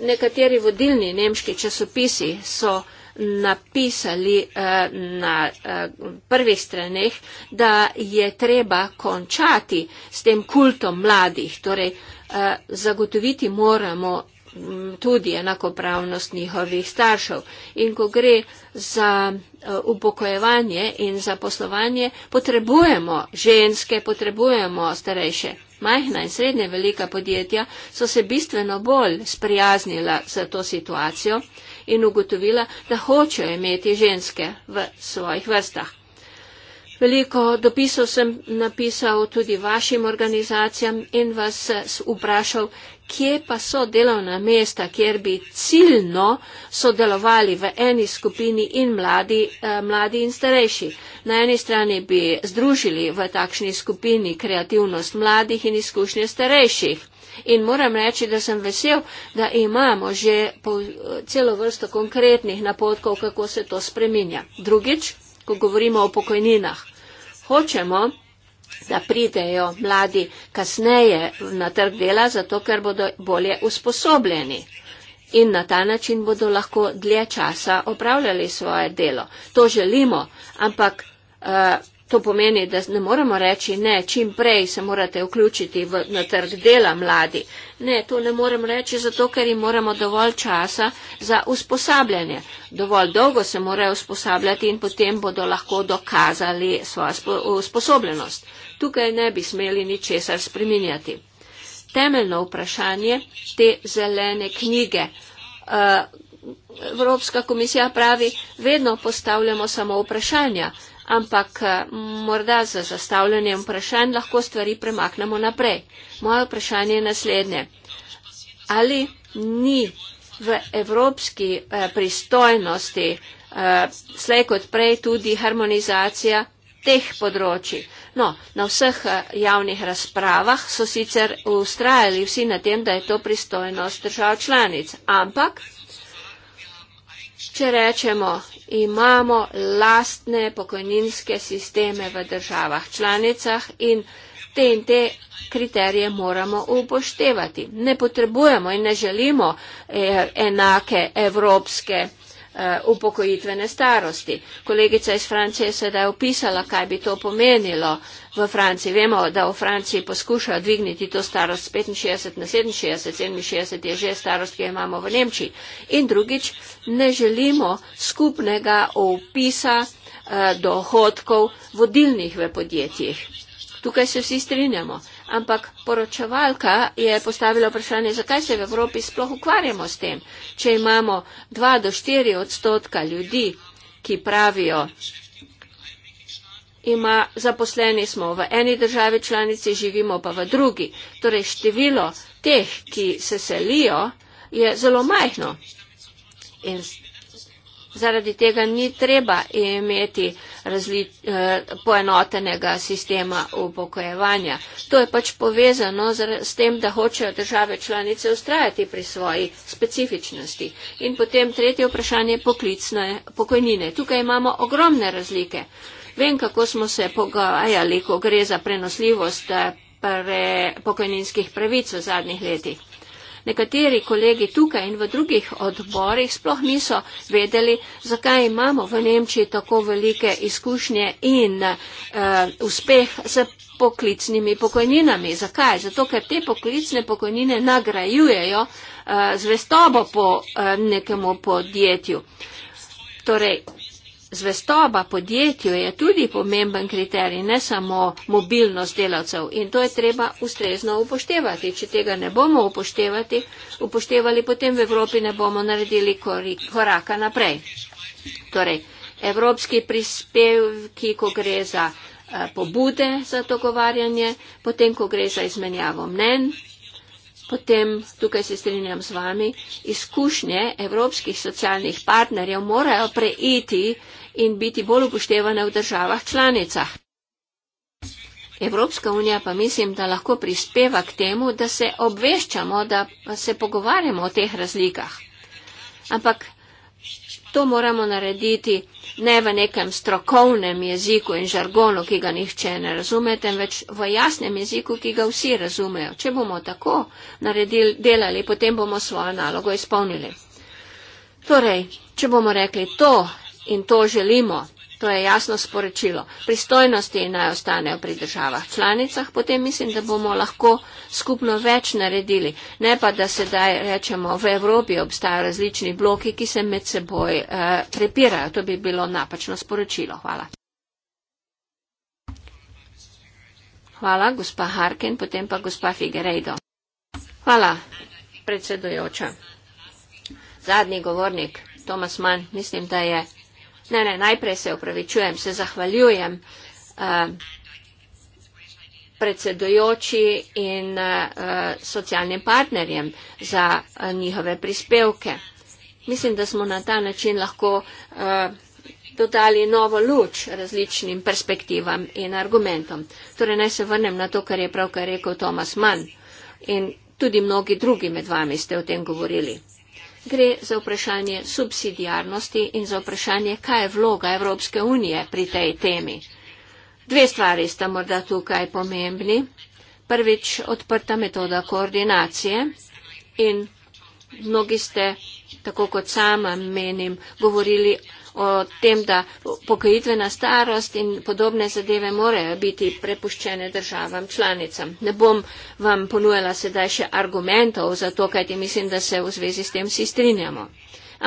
nekateri vodilni nemški časopisi so napisali eh, na eh, prvih straneh, da je treba končati s tem kultom mladih, torej eh, zagotoviti moramo mm, tudi enakopravnost njihovih staršev. In ko gre za uh, upokojevanje in za poslovanje, potrebujemo ženske, potrebujemo starejše. Majhna in srednje velika podjetja so se bistveno bolj sprijaznila za to situacijo in ugotovila, da hočejo imeti ženske v svojih vrstah. Veliko dopisov sem napisal tudi vašim organizacijam in vas vprašal, kje pa so delovna mesta, kjer bi ciljno sodelovali v eni skupini in mladi, eh, mladi in starejši. Na eni strani bi združili v takšni skupini kreativnost mladih in izkušnje starejših. In moram reči, da sem vesel, da imamo že celo vrsto konkretnih napotkov, kako se to spreminja. Drugič, ko govorimo o pokojninah hočemo, da pridejo mladi kasneje na trg dela, zato ker bodo bolje usposobljeni. In na ta način bodo lahko dlje časa opravljali svoje delo. To želimo, ampak. Uh, To pomeni, da ne moremo reči, ne, čim prej se morate vključiti v, na trg dela mladi. Ne, to ne morem reči, zato ker jim moramo dovolj časa za usposabljanje. Dovolj dolgo se morajo usposabljati in potem bodo lahko dokazali svojo usposobljenost. Tukaj ne bi smeli ničesar spreminjati. Temeljno vprašanje te zelene knjige. Uh, Evropska komisija pravi, vedno postavljamo samo vprašanja ampak eh, morda z zastavljanjem vprašanj lahko stvari premaknemo naprej. Moje vprašanje je naslednje. Ali ni v evropski eh, pristojnosti eh, slej kot prej tudi harmonizacija teh področji? No, na vseh javnih razpravah so sicer ustrajali vsi na tem, da je to pristojnost držav članic, ampak če rečemo, imamo lastne pokojninske sisteme v državah članicah in te in te kriterije moramo upoštevati. Ne potrebujemo in ne želimo eh, enake evropske. Eh, upokojitvene starosti. Kolegica iz Francije se da je opisala, kaj bi to pomenilo v Franciji. Vemo, da v Franciji poskušajo dvigniti to starost z 65 na 67, 67 je že starost, ki jo imamo v Nemčiji. In drugič, ne želimo skupnega opisa eh, dohodkov vodilnih v podjetjih. Tukaj se vsi strinjamo ampak poročevalka je postavila vprašanje, zakaj se v Evropi sploh ukvarjamo s tem, če imamo 2 do 4 odstotka ljudi, ki pravijo, ima zaposleni smo v eni državi članici, živimo pa v drugi. Torej število teh, ki se selijo, je zelo majhno. In Zaradi tega ni treba imeti razli, eh, poenotenega sistema upokojevanja. To je pač povezano z, z tem, da hočejo države članice ustrajati pri svoji specifičnosti. In potem tretje vprašanje je poklicne pokojnine. Tukaj imamo ogromne razlike. Vem, kako smo se pogajali, ko gre za prenosljivost eh, pre, pokojninskih pravic v zadnjih letih nekateri kolegi tukaj in v drugih odborih sploh niso vedeli, zakaj imamo v Nemčiji tako velike izkušnje in uh, uspeh z poklicnimi pokojninami. Zakaj? Zato, ker te poklicne pokojnine nagrajujejo uh, zvestobo po uh, nekemu podjetju. Torej, Zvestoba podjetju je tudi pomemben kriterij, ne samo mobilnost delavcev in to je treba ustrezno upoštevati. Če tega ne bomo upoštevati, upoštevali, potem v Evropi ne bomo naredili koraka naprej. Torej, evropski prispevki, ko gre za eh, pobude za dogovarjanje, potem, ko gre za izmenjavo mnen, potem, tukaj se strinjam z vami, izkušnje evropskih socialnih partnerjev morajo preiti in biti bolj upoštevane v državah članicah. Evropska unija pa mislim, da lahko prispeva k temu, da se obveščamo, da se pogovarjamo o teh razlikah. Ampak to moramo narediti ne v nekem strokovnem jeziku in žargonu, ki ga nihče ne razume, temveč v jasnem jeziku, ki ga vsi razumejo. Če bomo tako naredili, delali, potem bomo svojo nalogo izpolnili. Torej, če bomo rekli to, in to želimo. To je jasno sporočilo. Pristojnosti naj ostanejo pri državah članicah, potem mislim, da bomo lahko skupno več naredili. Ne pa, da sedaj rečemo, v Evropi obstajajo različni bloki, ki se med seboj eh, prepirajo. To bi bilo napačno sporočilo. Hvala. Hvala, gospa Harkin, potem pa gospa Figerejdo. Hvala, predsedujoča. Zadnji govornik, Tomas Mann, mislim, da je. Ne, ne, najprej se upravičujem, se zahvaljujem eh, predsedojoči in eh, socialnim partnerjem za eh, njihove prispevke. Mislim, da smo na ta način lahko dodali novo luč različnim perspektivam in argumentom. Torej, naj se vrnem na to, kar je pravkar rekel Tomas Mann in tudi mnogi drugi med vami ste o tem govorili gre za vprašanje subsidijarnosti in za vprašanje, kaj je vloga Evropske unije pri tej temi. Dve stvari sta morda tukaj pomembni. Prvič, odprta metoda koordinacije in mnogi ste, tako kot sama menim, govorili o o tem, da pokojitvena starost in podobne zadeve morejo biti prepuščene državam članicam. Ne bom vam ponujala sedaj še argumentov za to, kajti mislim, da se v zvezi s tem vsi strinjamo.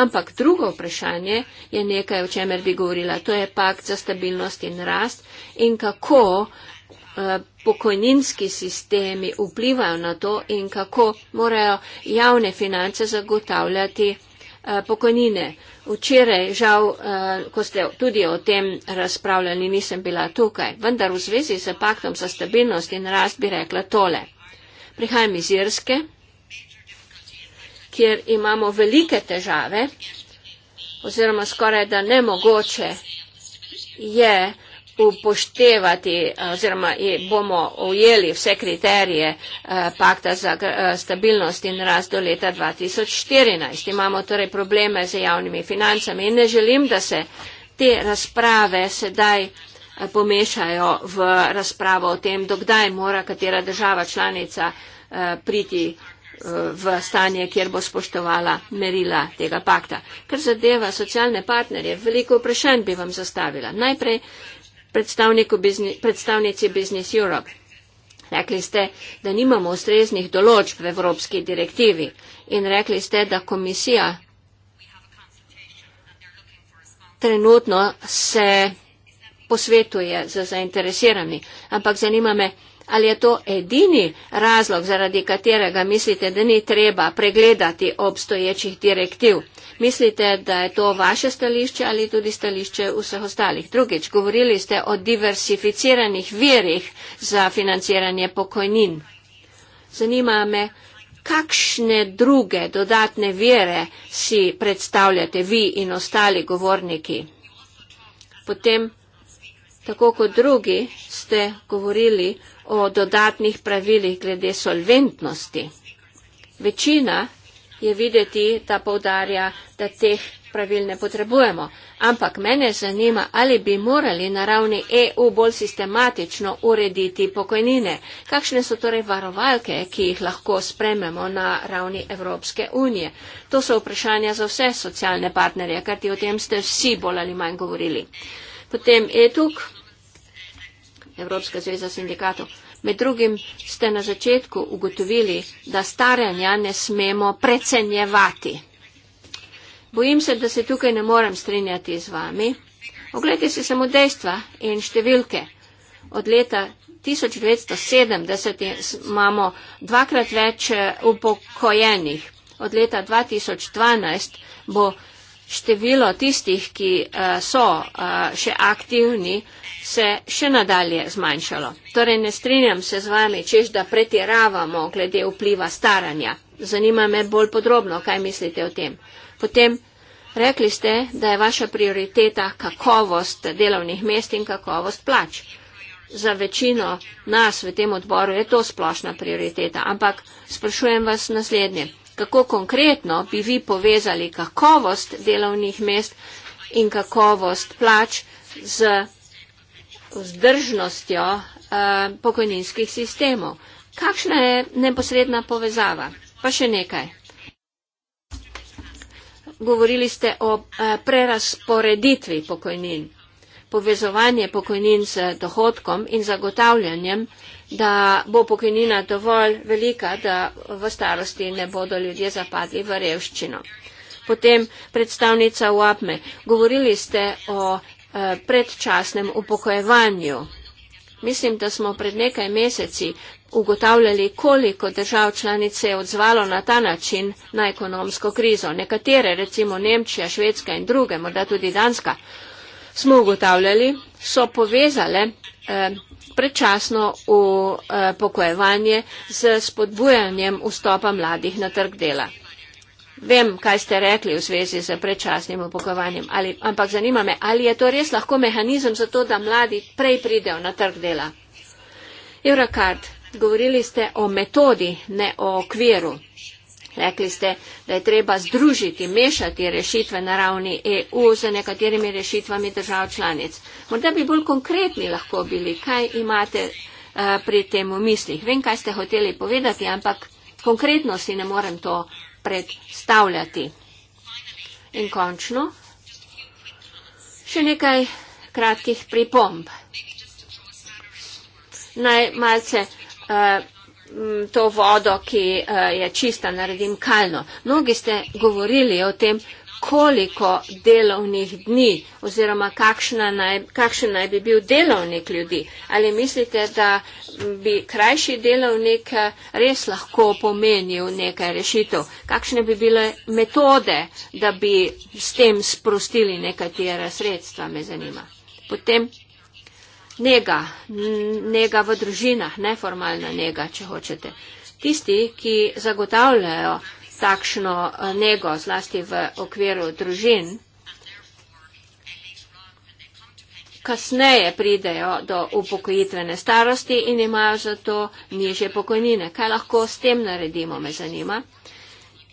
Ampak drugo vprašanje je nekaj, o čemer bi govorila, to je pakt za stabilnost in rast in kako eh, pokojninski sistemi vplivajo na to in kako morajo javne finance zagotavljati Eh, pokojnine. Včeraj, žal, eh, ko ste tudi o tem razpravljali, nisem bila tukaj, vendar v zvezi s paktom za stabilnost in rast bi rekla tole. Prihajam iz Irske, kjer imamo velike težave, oziroma skoraj da nemogoče je upoštevati eh, oziroma bomo ujeli vse kriterije eh, pakta za eh, stabilnost in rast do leta 2014. Imamo torej probleme z javnimi financami in ne želim, da se te razprave sedaj pomešajo v razpravo o tem, dokdaj mora katera država članica priti v stanje, kjer bo spoštovala merila tega pakta. Ker zadeva socialne partnerje, veliko vprašanj bi vam zastavila. Najprej predstavnici Business Europe. Rekli ste, da nimamo ustreznih določb v Evropski direktivi in rekli ste, da komisija trenutno se posvetuje z zainteresirani. Ampak zanima me, ali je to edini razlog, zaradi katerega mislite, da ni treba pregledati obstoječih direktiv. Mislite, da je to vaše stališče ali tudi stališče vseh ostalih? Drugič, govorili ste o diversificiranih virih za financiranje pokojnin. Zanima me, kakšne druge dodatne vire si predstavljate vi in ostali govorniki? Potem, tako kot drugi, ste govorili o dodatnih pravilih glede solventnosti. Večina je videti, da povdarja, da teh pravil ne potrebujemo. Ampak mene zanima, ali bi morali na ravni EU bolj sistematično urediti pokojnine. Kakšne so torej varovalke, ki jih lahko sprememo na ravni Evropske unije? To so vprašanja za vse socialne partnerje, kar ti o tem ste vsi bolj ali manj govorili. Potem je tukaj Evropska zveza sindikatov. Med drugim ste na začetku ugotovili, da staranja ne smemo precenjevati. Bojim se, da se tukaj ne morem strinjati z vami. Oglejte si samo dejstva in številke. Od leta 1970 imamo dvakrat več upokojenih. Od leta 2012 bo število tistih, ki eh, so eh, še aktivni, se še nadalje zmanjšalo. Torej, ne strinjam se z vami, češ da pretiravamo glede vpliva staranja. Zanima me bolj podrobno, kaj mislite o tem. Potem, rekli ste, da je vaša prioriteta kakovost delovnih mest in kakovost plač. Za večino nas v tem odboru je to splošna prioriteta, ampak sprašujem vas naslednje kako konkretno bi vi povezali kakovost delovnih mest in kakovost plač z vzdržnostjo eh, pokojninskih sistemov. Kakšna je neposredna povezava? Pa še nekaj. Govorili ste o eh, prerasporeditvi pokojnin, povezovanje pokojnin s dohodkom in zagotavljanjem eh, da bo pokojnina dovolj velika, da v starosti ne bodo ljudje zapadli v revščino. Potem predstavnica UAPME, govorili ste o eh, predčasnem upokojevanju. Mislim, da smo pred nekaj meseci ugotavljali, koliko držav članice je odzvalo na ta način na ekonomsko krizo. Nekatere, recimo Nemčija, Švedska in druge, morda tudi Danska, smo ugotavljali, so povezale eh, predčasno upokojevanje eh, z spodbujanjem vstopa mladih na trg dela. Vem, kaj ste rekli v zvezi z predčasnim upokojevanjem, ampak zanima me, ali je to res lahko mehanizem za to, da mladi prej pridejo na trg dela. Eurokart, govorili ste o metodi, ne o okviru. Rekli ste, da je treba združiti, mešati rešitve na ravni EU z nekaterimi rešitvami držav članic. Morda bi bolj konkretni lahko bili, kaj imate uh, pri tem v mislih. Vem, kaj ste hoteli povedati, ampak konkretno si ne morem to predstavljati. In končno, še nekaj kratkih pripomb. Naj malce. Uh, Mm, to vodo, ki eh, je čista, naredim kalno. Mnogi ste govorili o tem, koliko delovnih dni oziroma naj, kakšen naj bi bil delovnik ljudi. Ali mislite, da bi krajši delovnik eh, res lahko pomenil nekaj rešitev? Kakšne bi bile metode, da bi s tem sprostili nekatera sredstva, me zanima. Potem nega, nega v družinah, neformalna nega, če hočete. Tisti, ki zagotavljajo takšno eh, nego, zlasti v okviru družin, kasneje pridejo do upokojitvene starosti in imajo zato nižje pokojnine. Kaj lahko s tem naredimo, me zanima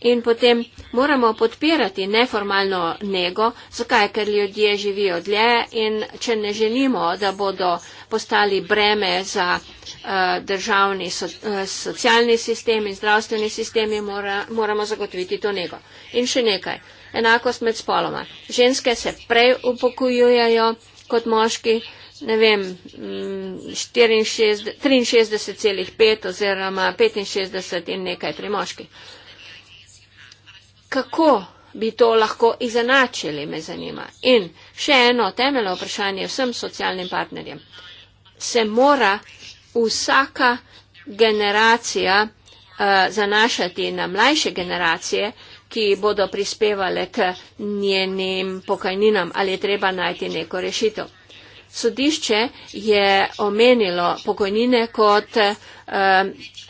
in potem moramo podpirati neformalno nego, zakaj, ker ljudje živijo dlje in če ne želimo, da bodo postali breme za uh, državni so, uh, socialni sistem in zdravstveni sistem, mora, moramo zagotoviti to nego. In še nekaj, enakost med spoloma. Ženske se prej upokojujejo kot moški, ne vem, 63,5 mm, oziroma 65 in nekaj pri moških kako bi to lahko izenačili, me zanima. In še eno temeljno vprašanje vsem socialnim partnerjem. Se mora vsaka generacija uh, zanašati na mlajše generacije, ki bodo prispevale k njenim pokojninam ali je treba najti neko rešitev. Sodišče je omenilo pokojnine kot uh,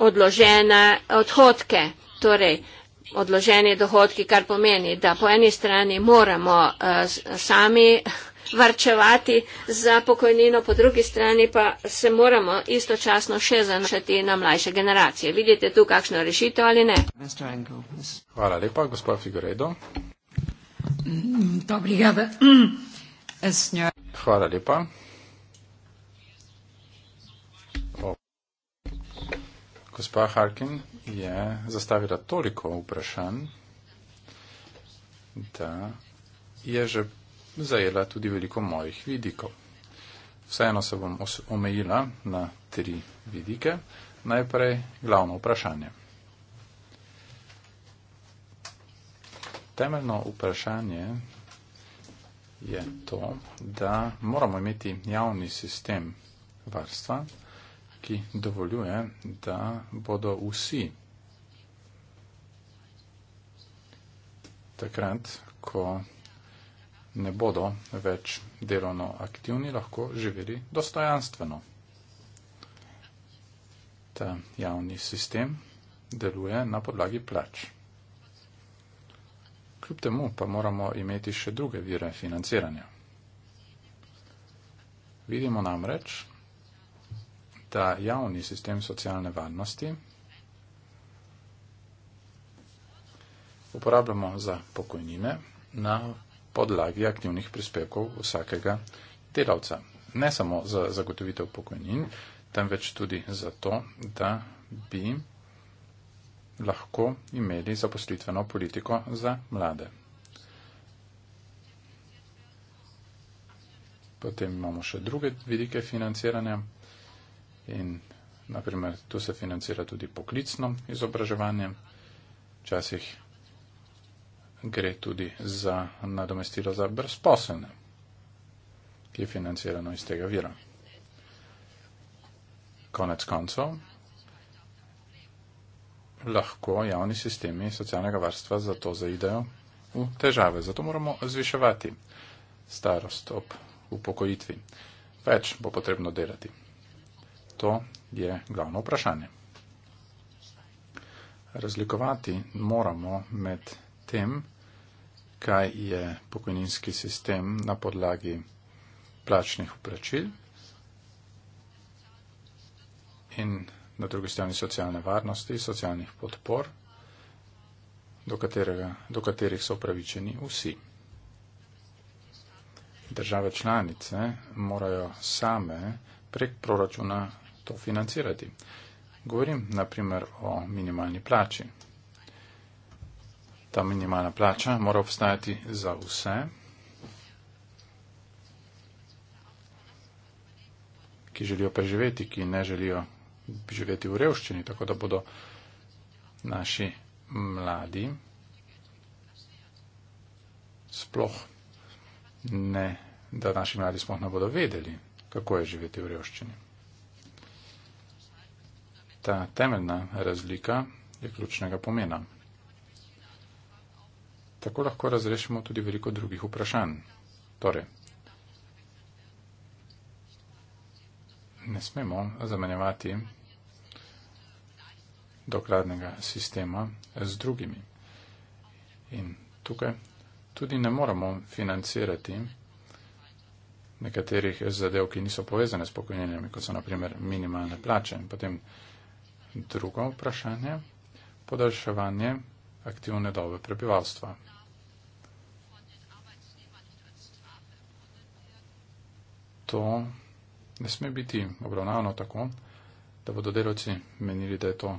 odložene odhodke. Torej, uh, odloženi dohodki, kar pomeni, da po eni strani moramo uh, sami varčevati za pokojnino, po drugi strani pa se moramo istočasno še zanašati na mlajše generacije. Vidite tu kakšno rešitev ali ne? Hvala lepa, gospod Figuredo. Hvala lepa. Gospa Harkin je zastavila toliko vprašanj, da je že zajela tudi veliko mojih vidikov. Vseeno se bom omejila na tri vidike. Najprej glavno vprašanje. Temeljno vprašanje je to, da moramo imeti javni sistem varstva, ki dovoljuje, da bodo vsi takrat, ko ne bodo več delovno aktivni, lahko živeli dostojanstveno. Ta javni sistem deluje na podlagi plač. Kljub temu pa moramo imeti še druge vire financiranja. Vidimo namreč, ta javni sistem socialne varnosti uporabljamo za pokojnine na podlagi aktivnih prispevkov vsakega delavca. Ne samo za zagotovitev pokojnin, temveč tudi za to, da bi lahko imeli zaposlitveno politiko za mlade. Potem imamo še druge vidike financiranja. In naprimer, tu se financira tudi poklicno izobraževanje, včasih gre tudi za nadomestilo za brezposelne, ki je financirano iz tega vira. Konec koncev lahko javni sistemi socialnega varstva zato zaidejo v težave. Zato moramo zviševati starost ob upokojitvi. Več bo potrebno delati. To je glavno vprašanje. Razlikovati moramo med tem, kaj je pokojninski sistem na podlagi plačnih uprečil in na drugi strani socialne varnosti, socialnih podpor, do, katerega, do katerih so upravičeni vsi. Države članice morajo same prek proračuna to financirati. Govorim naprimer o minimalni plači. Ta minimalna plača mora obstajati za vse, ki želijo preživeti, ki ne želijo živeti v revščini, tako da bodo naši mladi sploh ne, da naši mladi sploh ne bodo vedeli, kako je živeti v revščini. Ta temeljna razlika je ključnega pomena. Tako lahko razrešimo tudi veliko drugih vprašanj. Torej, ne smemo zamenjevati dokladnega sistema z drugimi. In tukaj tudi ne moramo financirati nekaterih zadev, ki niso povezane s pokojninami, kot so naprimer minimalne plače in potem Drugo vprašanje. Podaljševanje aktivne dobe prebivalstva. To ne sme biti obravnavno tako, da bodo delovci menili, da je to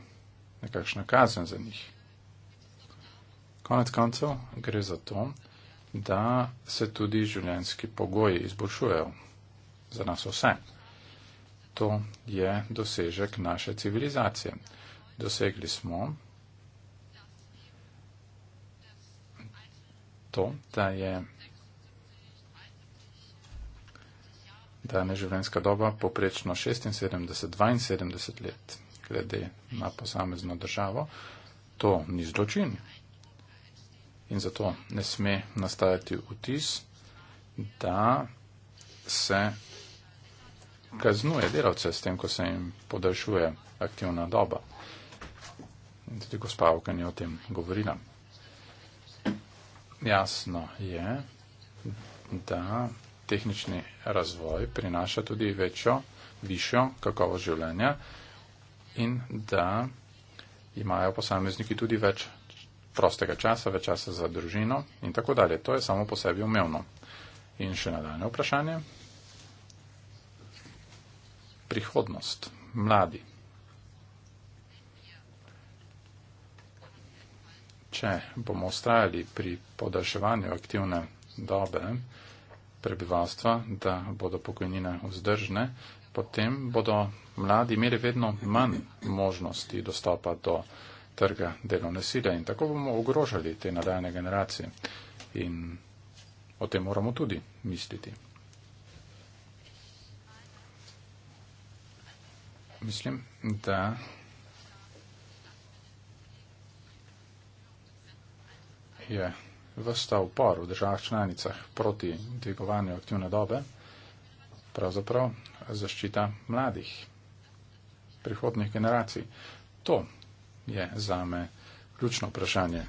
nekakšna kazen za njih. Konec koncev gre za to, da se tudi življenjski pogoji izboljšujejo za nas vse to je dosežek naše civilizacije. Dosegli smo to, da je danes življenjska doba poprečno 76-72 let glede na posamezno državo. To ni zločin in zato ne sme nastajati vtis, da se kaznuje delavce s tem, ko se jim podaljšuje aktivna doba. In tudi gospa Okan je o tem govorila. Jasno je, da tehnični razvoj prinaša tudi večjo, višjo kakovo življenja in da imajo posamezniki tudi več prostega časa, več časa za družino in tako dalje. To je samo po sebi umevno. In še nadaljne vprašanje prihodnost, mladi. Če bomo ustrajali pri podaljševanju aktivne dobe prebivalstva, da bodo pokojnine vzdržne, potem bodo mladi imeli vedno manj možnosti dostopa do trga delovne sile in tako bomo ogrožali te nadaljne generacije. In o tem moramo tudi misliti. mislim, da je vrsta upor v državah članicah proti dvigovanju aktivne dobe, pravzaprav zaščita mladih, prihodnih generacij. To je zame ključno vprašanje.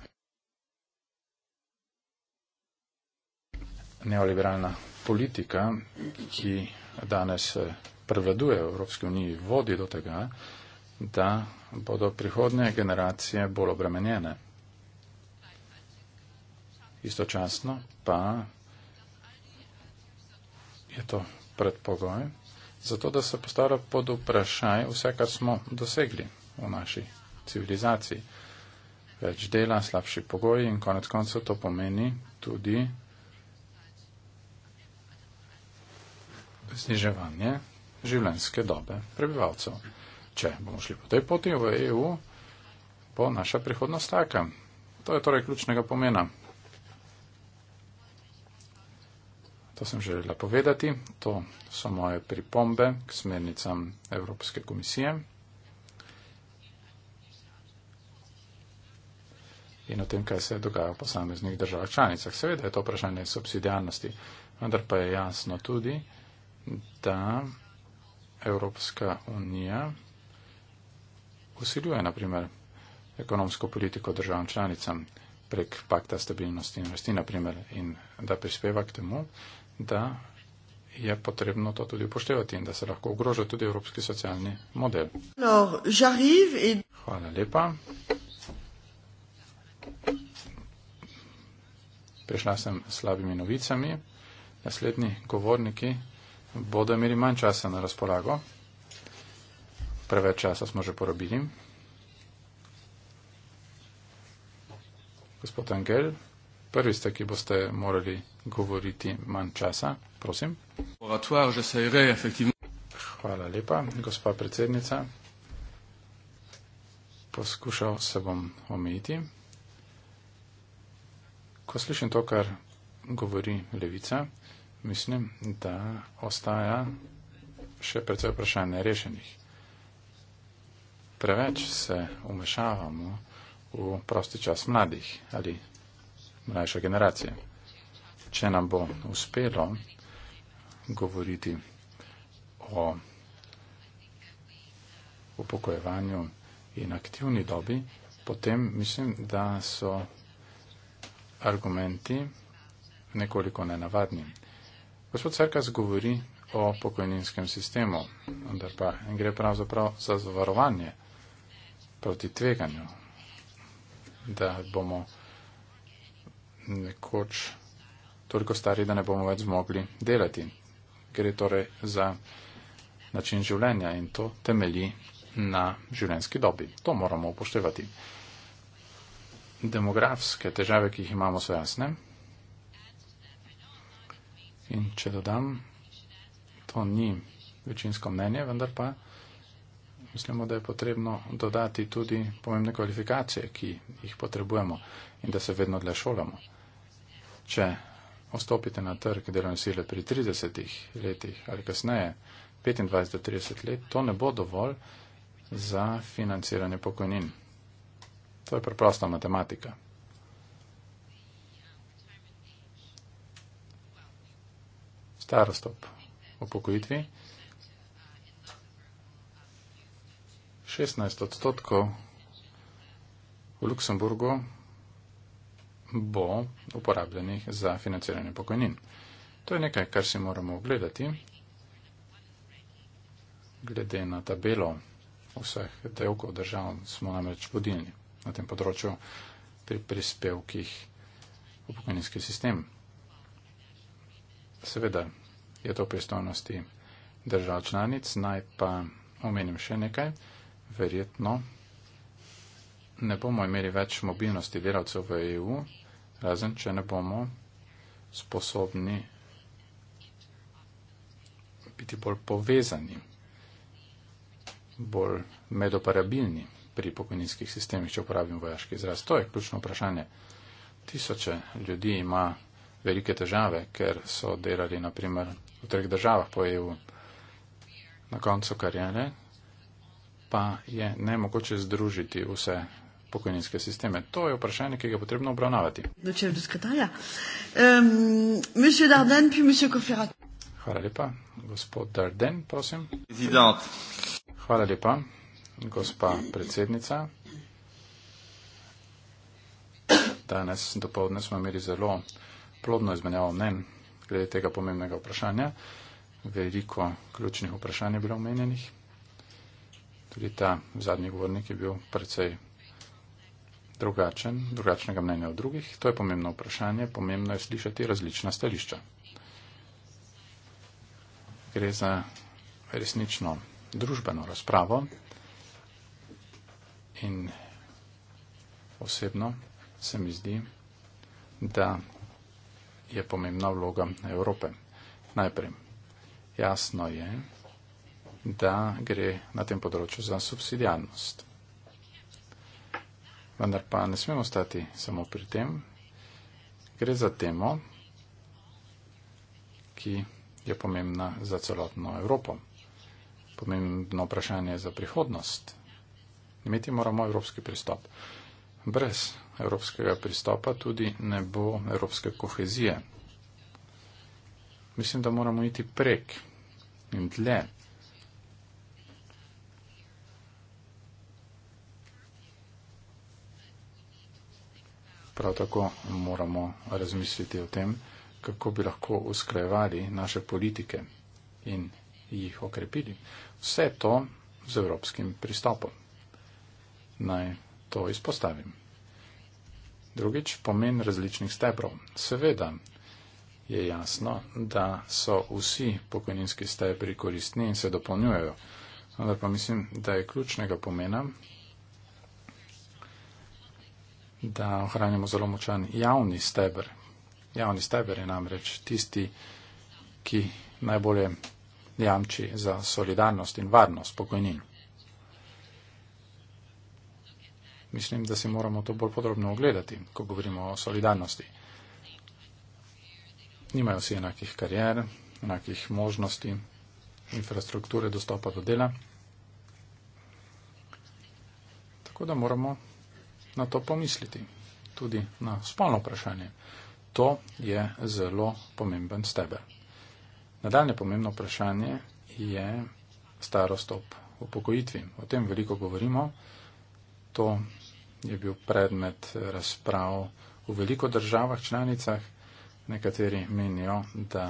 Neoliberalna politika, ki danes eh, prevladuje v Evropski uniji, vodi do tega, da bodo prihodnje generacije bolj obremenjene. Istočasno pa je to predpogoj za to, da se postavlja pod vprašaj vse, kar smo dosegli v naši civilizaciji. Več dela, slabši pogoji in konec koncev to pomeni tudi zniževanje življenjske dobe prebivalcev. Če bomo šli po tej poti v EU, bo naša prihodnost taka. To je torej ključnega pomena. To sem želela povedati. To so moje pripombe k smernicam Evropske komisije. In o tem, kaj se dogaja v posameznih državah članicah. Seveda je to vprašanje subsidijarnosti, vendar pa je jasno tudi, da Evropska unija usiljuje, na primer, ekonomsko politiko državam članicam prek pakta stabilnosti in rasti, na primer, in da prispeva k temu, da je potrebno to tudi upoštevati in da se lahko ogroža tudi evropski socialni model. Hvala lepa. Prišla sem s slabimi novicami. Naslednji govorniki bodo imeli manj časa na razpolago. Preveč časa smo že porabili. Gospod Angel, prvi ste, ki boste morali govoriti manj časa, prosim. Hvala lepa, gospa predsednica. Poskušal se bom omejiti. Ko slišim to, kar govori levica, mislim, da ostaja še predvsej vprašanje rešenih. Preveč se umešavamo v prosti čas mladih ali mlajše generacije. Če nam bo uspelo govoriti o upokojevanju in aktivni dobi, potem mislim, da so argumenti nekoliko nenavadni. Gospod Cerkas govori o pokojninskem sistemu, vendar pa gre pravzaprav za zavarovanje proti tveganju, da bomo nekoč toliko stari, da ne bomo več zmogli delati. Gre torej za način življenja in to temelji na življenski dobi. To moramo upoštevati. Demografske težave, ki jih imamo, so jasne. In če dodam, to ni večinsko mnenje, vendar pa mislimo, da je potrebno dodati tudi pomembne kvalifikacije, ki jih potrebujemo in da se vedno dlje šolamo. Če vstopite na trg delovne sile pri 30 letih ali kasneje, 25-30 let, to ne bo dovolj za financiranje pokojnin. To je preprosta matematika. starost ob upokojitvi. 16 odstotkov v Luksemburgu bo uporabljenih za financiranje pokojnin. To je nekaj, kar si moramo ogledati glede na tabelo vseh delkov držav smo namreč vodilni na tem področju pri prispevkih v pokojninski sistem. Seveda je to v pristojnosti držav članic. Naj pa omenim še nekaj. Verjetno ne bomo imeli več mobilnosti delavcev v EU, razen če ne bomo sposobni biti bolj povezani, bolj medoparabilni pri pokojninskih sistemih, če uporabim vojaški izraz. To je ključno vprašanje. Tisoče ljudi ima velike težave, ker so delali naprimer v treh državah po EU. Na koncu karijere pa je ne mogoče združiti vse pokojninske sisteme. To je vprašanje, ki ga je potrebno obravnavati. Ehm, Hvala lepa, gospod Darden, prosim. Hvala lepa, gospa predsednica. Danes dopoledne smo imeli zelo plodno izmenjavo mnen glede tega pomembnega vprašanja. Veliko ključnih vprašanj je bilo omenjenih. Tudi ta zadnji govornik je bil precej drugačen, drugačnega mnenja od drugih. To je pomembno vprašanje, pomembno je slišati različna stališča. Gre za resnično družbeno razpravo in osebno se mi zdi, da je pomembna vloga Evrope. Najprej, jasno je, da gre na tem področju za subsidijarnost. Vendar pa ne smemo ostati samo pri tem. Gre za temo, ki je pomembna za celotno Evropo. Pomembno vprašanje za prihodnost. Imeti moramo evropski pristop brez evropskega pristopa tudi ne bo evropske kohezije. Mislim, da moramo iti prek in dlje. Prav tako moramo razmisliti o tem, kako bi lahko usklajevali naše politike in jih okrepili. Vse to z evropskim pristopom. Naj to izpostavim. Drugič, pomen različnih stebrov. Seveda je jasno, da so vsi pokojninski stebri koristni in se dopolnjujejo. Vendar pa mislim, da je ključnega pomena, da ohranjamo zelo močan javni stebr. Javni stebr je namreč tisti, ki najbolje jamči za solidarnost in varnost pokojnin. mislim, da si moramo to bolj podrobno ogledati, ko govorimo o solidarnosti. Nimajo vsi enakih karier, enakih možnosti, infrastrukture, dostopa do dela. Tako da moramo na to pomisliti, tudi na spolno vprašanje. To je zelo pomemben stebr. Nadaljne pomembno vprašanje je starost ob upokojitvi. O tem veliko govorimo. To je bil predmet razprav v veliko državah članicah. Nekateri menijo, da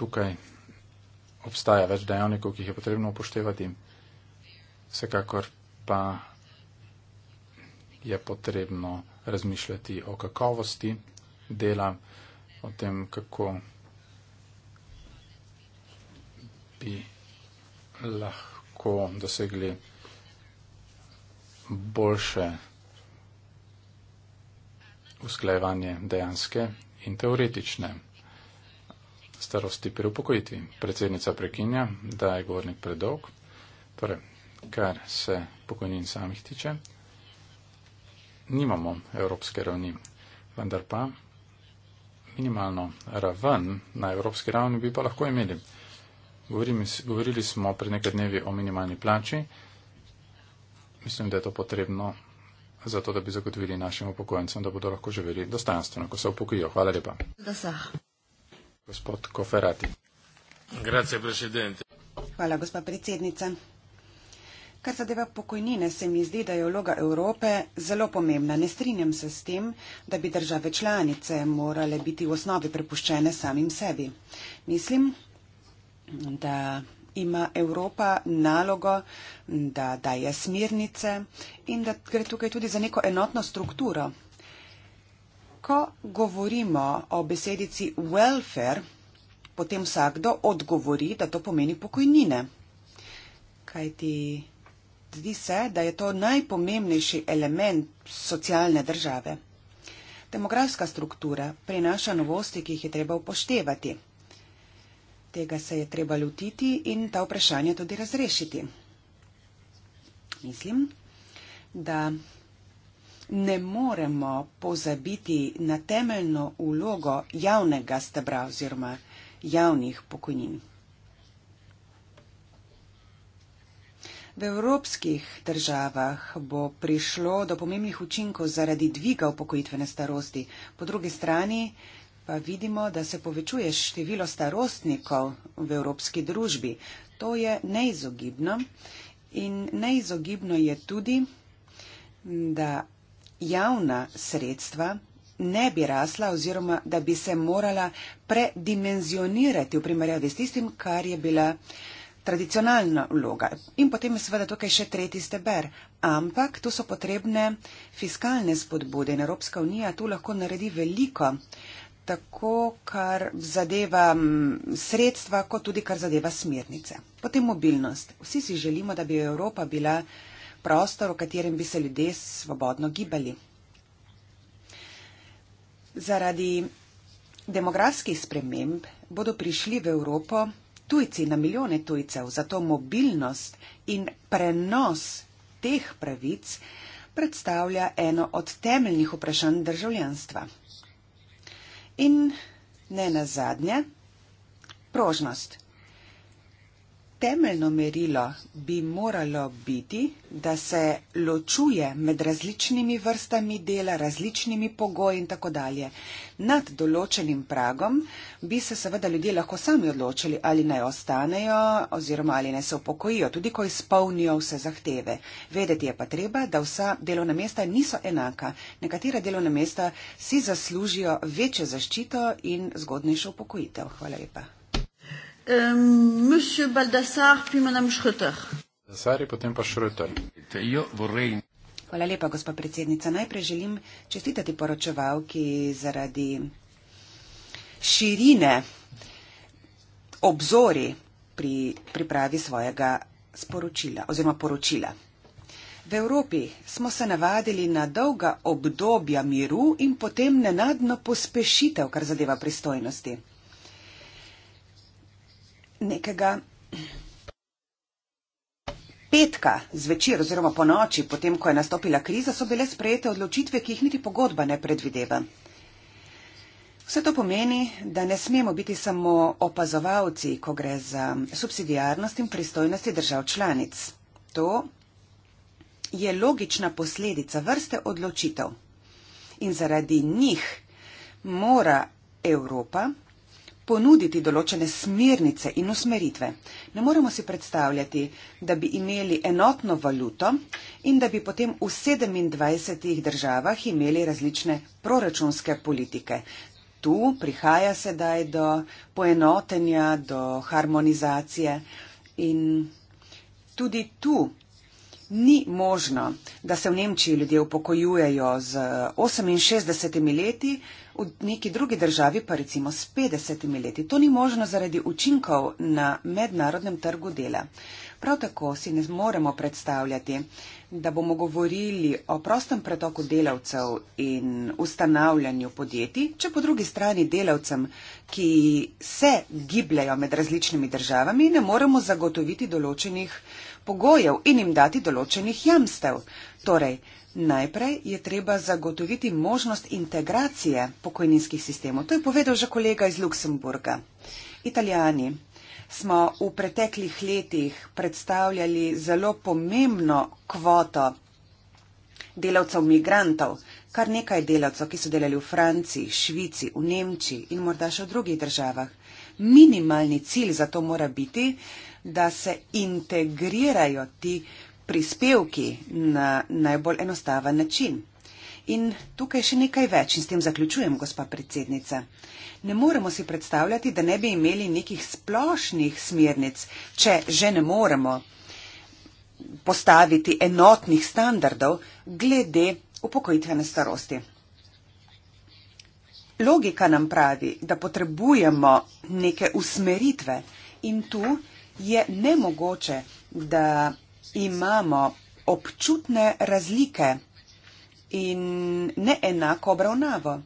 tukaj obstaja več dejavnikov, ki jih je potrebno upoštevati. Vsekakor pa je potrebno razmišljati o kakovosti dela, o tem, kako bi lahko dosegli boljše usklajevanje dejanske in teoretične starosti pri upokojitvi. Predsednica prekinja, da je govornik predolg, torej, kar se pokojnin samih tiče, nimamo evropske ravni, vendar pa minimalno raven na evropski ravni bi pa lahko imeli. Govorili smo pred nekaj dnevi o minimalni plači, mislim, da je to potrebno zato, da bi zagotovili našim upokojencem, da bodo lahko živeli dostanstveno, ko se upokojijo. Hvala lepa. Gospod Koferati. Grazie, presidente. Hvala, gospa predsednica. Kar zadeva pokojnine, se mi zdi, da je vloga Evrope zelo pomembna. Ne strinjam se s tem, da bi države članice morale biti v osnovi prepuščene samim sebi. Mislim, da ima Evropa nalogo, da daje smirnice in da gre tukaj tudi za neko enotno strukturo. Ko govorimo o besedici welfare, potem vsakdo odgovori, da to pomeni pokojnine. Kajti zdi se, da je to najpomembnejši element socialne države. Demografska struktura prinaša novosti, ki jih je treba upoštevati. Tega se je treba lotiti in ta vprašanja tudi razrešiti. Mislim, da ne moremo pozabiti na temeljno ulogo javnega stebra oziroma javnih pokojnin. V evropskih državah bo prišlo do pomembnih učinkov zaradi dviga upokojitvene starosti. Po drugi strani pa vidimo, da se povečuje število starostnikov v evropski družbi. To je neizogibno in neizogibno je tudi, da javna sredstva ne bi rasla oziroma da bi se morala predimenzionirati v primerjavi s tistim, kar je bila tradicionalna vloga. In potem je seveda tukaj še tretji steber. Ampak tu so potrebne fiskalne spodbude in Evropska unija tu lahko naredi veliko tako kar zadeva sredstva, kot tudi kar zadeva smernice. Potem mobilnost. Vsi si želimo, da bi Evropa bila prostor, v katerem bi se ljudje svobodno gibali. Zaradi demografskih sprememb bodo prišli v Evropo tujci na milijone tujcev, zato mobilnost in prenos teh pravic predstavlja eno od temeljnih vprašanj državljanstva. In ne nazadnje, prožnost. Temeljno merilo bi moralo biti, da se ločuje med različnimi vrstami dela, različnimi pogoji in tako dalje. Nad določenim pragom bi se seveda ljudje lahko sami odločili, ali naj ostanejo oziroma ali naj se upokojijo, tudi ko izpolnijo vse zahteve. Vedeti je pa treba, da vsa delovna mesta niso enaka. Nekatera delovna mesta si zaslužijo večjo zaščito in zgodnejšo upokojitev. Hvala lepa. Ehm, Monsieur Baldassar, puis Madame Schröter. Baldassar et potem pa Schröter. Io vorrei... Hvala lepa, gospa predsednica. Najprej želim čestitati poročevalki zaradi širine obzori pri pripravi svojega sporočila oziroma poročila. V Evropi smo se navadili na dolga obdobja miru in potem nenadno pospešitev, kar zadeva pristojnosti nekega petka zvečer oziroma po noči, potem ko je nastopila kriza, so bile sprejete odločitve, ki jih niti pogodba ne predvideva. Vse to pomeni, da ne smemo biti samo opazovalci, ko gre za subsidijarnost in pristojnosti držav članic. To je logična posledica vrste odločitev. In zaradi njih mora Evropa ponuditi določene smernice in usmeritve. Ne moremo si predstavljati, da bi imeli enotno valuto in da bi potem v 27 državah imeli različne proračunske politike. Tu prihaja sedaj do poenotenja, do harmonizacije in tudi tu ni možno, da se v Nemčiji ljudje upokojujejo z 68 leti, v neki drugi državi pa recimo s 50 leti. To ni možno zaradi učinkov na mednarodnem trgu dela. Prav tako si ne moremo predstavljati, da bomo govorili o prostem pretoku delavcev in ustanavljanju podjetij, če po drugi strani delavcem, ki se gibljajo med različnimi državami, ne moremo zagotoviti določenih pogojev in jim dati določenih jamstev. Torej, Najprej je treba zagotoviti možnost integracije pokojninskih sistemov. To je povedal že kolega iz Luksemburga. Italijani smo v preteklih letih predstavljali zelo pomembno kvoto delavcev migrantov, kar nekaj delavcev, ki so delali v Franciji, Švici, v Nemčiji in morda še v drugih državah. Minimalni cilj za to mora biti, da se integrirajo ti prispevki na najbolj enostaven način. In tukaj še nekaj več in s tem zaključujem, gospa predsednica. Ne moremo si predstavljati, da ne bi imeli nekih splošnih smernic, če že ne moremo postaviti enotnih standardov glede upokojitvene starosti. Logika nam pravi, da potrebujemo neke usmeritve in tu je nemogoče, da imamo občutne razlike in neenako obravnavo.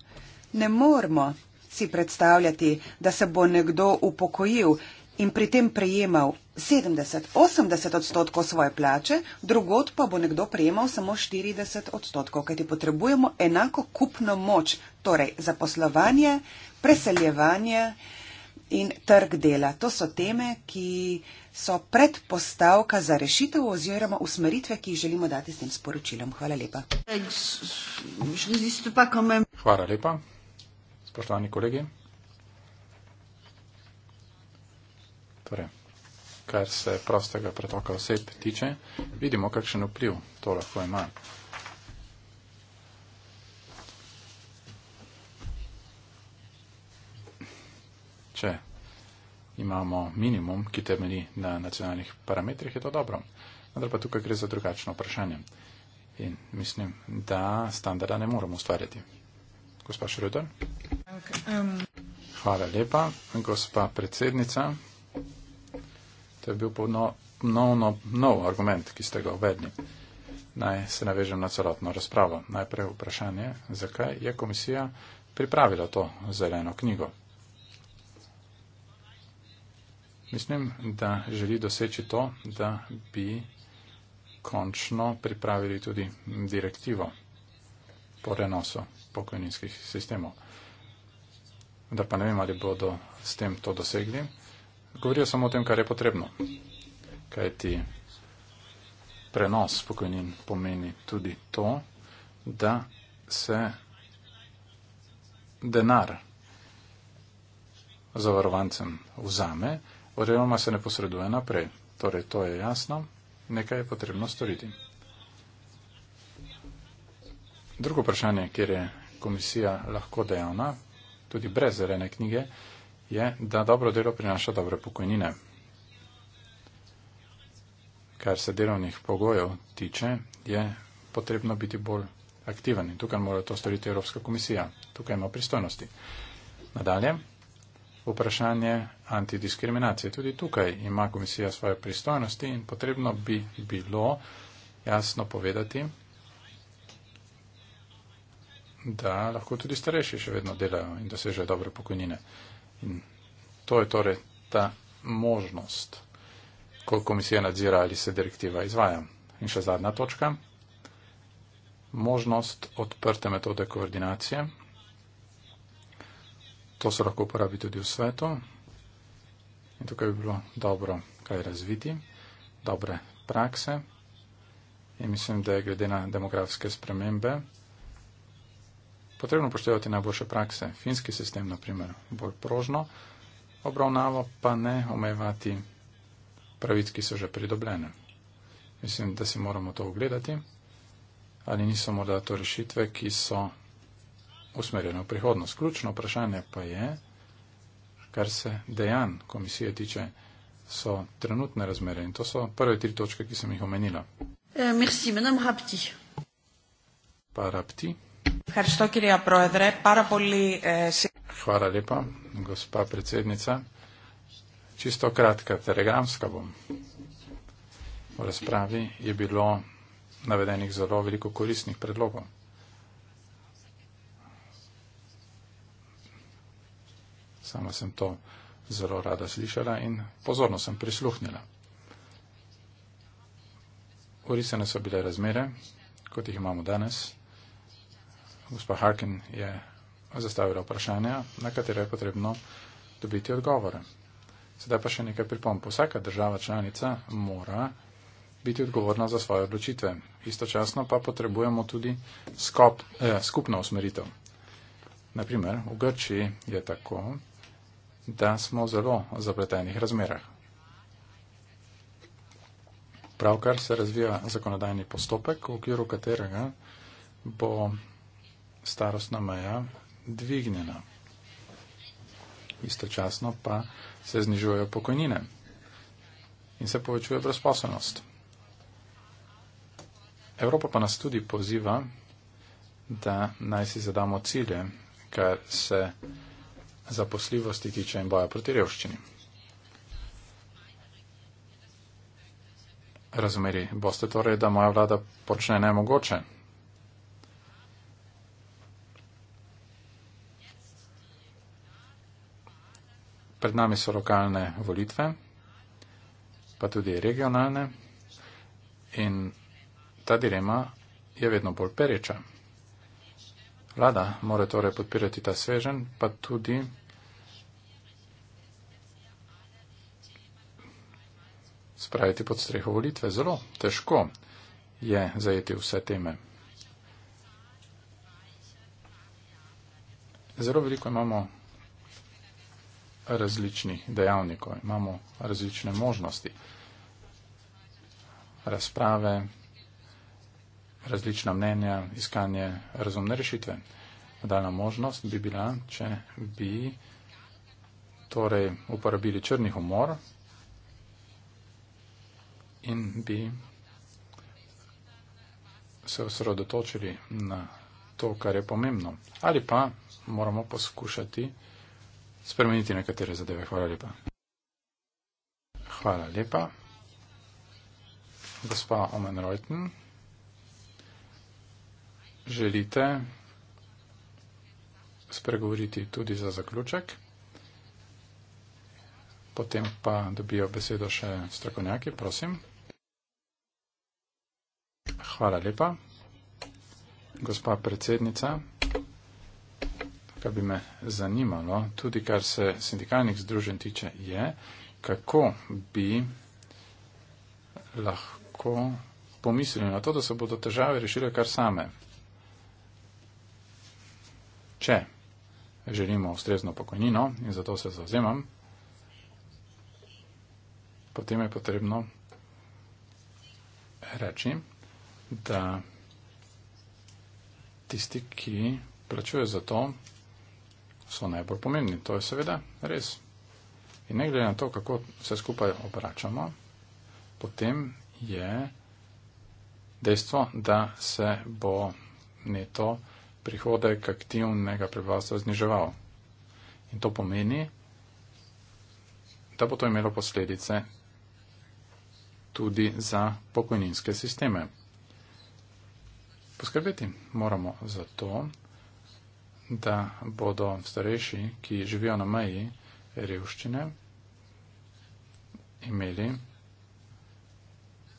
Ne moremo si predstavljati, da se bo nekdo upokojil in pri tem prejemal 70-80 odstotkov svoje plače, drugot pa bo nekdo prejemal samo 40 odstotkov, kajti potrebujemo enako kupno moč, torej zaposlovanje, preseljevanje in trg dela. To so teme, ki so predpostavka za rešitev oziroma usmeritve, ki jih želimo dati s tem sporočilom. Hvala lepa. Hvala lepa, spoštovani kolegi. Torej, kar se prostega pretoka oseb tiče, vidimo, kakšen vpliv to lahko ima. Če imamo minimum, ki temelji na nacionalnih parametrih, je to dobro. Vendar pa tukaj gre za drugačno vprašanje. In mislim, da standarda ne moremo ustvarjati. Gospa Šruder. Hvala lepa, gospa predsednica. To je bil ponovno nov argument, ki ste ga uvedli. Naj se navežem na celotno razpravo. Najprej vprašanje, zakaj je komisija pripravila to zeleno knjigo. Mislim, da želi doseči to, da bi končno pripravili tudi direktivo po renosu pokojninskih sistemov. Da pa ne vem, ali bodo s tem to dosegli. Govorijo samo o tem, kar je potrebno. Kaj ti prenos pokojnin pomeni tudi to, da se denar zavarovancem vzame, oziroma se ne posreduje naprej. Torej, to je jasno, nekaj je potrebno storiti. Drugo vprašanje, kjer je komisija lahko dejavna, tudi brez zelene knjige, je, da dobro delo prinaša dobre pokojnine. Kar se delovnih pogojev tiče, je potrebno biti bolj aktiven in tukaj mora to storiti Evropska komisija. Tukaj ima pristojnosti. Nadalje vprašanje antidiskriminacije. Tudi tukaj ima komisija svoje pristojnosti in potrebno bi bilo jasno povedati, da lahko tudi starejši še vedno delajo in dosežejo dobre pokojnine. In to je torej ta možnost, ko komisija nadzira ali se direktiva izvaja. In še zadnja točka. Možnost odprte metode koordinacije To se lahko uporabi tudi v svetu. In tukaj bi bilo dobro kaj razviti, dobre prakse. In mislim, da je glede na demografske spremembe potrebno poštevati najboljše prakse. Finski sistem, naprimer, bolj prožno obravnavo, pa ne omejevati pravic, ki so že pridobljene. Mislim, da si moramo to ogledati. Ali niso morda to rešitve, ki so usmerjene v prihodnost. Ključno vprašanje pa je, kar se dejan komisije tiče, so trenutne razmere in to so prve tri točke, ki sem jih omenila. Eh, merci, madame Rapti. Pa Rapti. Hrsto, kirja proedre, para poli... Hvala lepa, gospa predsednica. Čisto kratka, telegramska bom. V razpravi je bilo navedenih zelo veliko koristnih predlogov. Sama sem to zelo rada slišala in pozorno sem prisluhnila. Urisene so bile razmere, kot jih imamo danes. Gospa Harkin je zastavila vprašanja, na katere je potrebno dobiti odgovore. Sedaj pa še nekaj pripomp. Vsaka država članica mora biti odgovorna za svoje odločitve. Istočasno pa potrebujemo tudi skop, eh, skupno usmeritev. Naprimer, v Grčiji je tako, da smo v zelo zapletenih razmerah. Pravkar se razvija zakonodajni postopek, v okviru katerega bo starostna meja dvignjena. Istočasno pa se znižujejo pokojnine in se povečuje brezposobnost. Evropa pa nas tudi poziva, da naj si zadamo cilje, kar se zaposljivosti tiče in boja proti revščini. Razumeli boste torej, da moja vlada počne nemogoče. Pred nami so lokalne volitve, pa tudi regionalne in ta dilema je vedno bolj pereča. Vlada mora torej podpirati ta svežen, pa tudi spraviti pod streho volitve. Zelo težko je zajeti vse teme. Zelo veliko imamo različnih dejavnikov, imamo različne možnosti. Razprave, različna mnenja, iskanje razumne rešitve. Dana možnost bi bila, če bi torej uporabili črni humor, in bi se osredotočili na to, kar je pomembno. Ali pa moramo poskušati spremeniti nekatere zadeve. Hvala lepa. Hvala lepa. Gospa Omen Reuten, želite spregovoriti tudi za zaključek? Potem pa dobijo besedo še strokovnjaki, prosim. Hvala lepa. Gospa predsednica, kar bi me zanimalo, tudi kar se sindikalnih združen tiče, je, kako bi lahko pomislili na to, da se bodo težave rešile kar same. Če želimo ustrezno pokojnino in zato se zauzemam, potem je potrebno reči, da tisti, ki plačujo za to, so najbolj pomembni. To je seveda res. In ne glede na to, kako vse skupaj obračamo, potem je dejstvo, da se bo neto prihodek aktivnega prebivalstva zniževal. In to pomeni, da bo to imelo posledice tudi za pokojninske sisteme. Poskrbeti moramo za to, da bodo starejši, ki živijo na meji revščine, imeli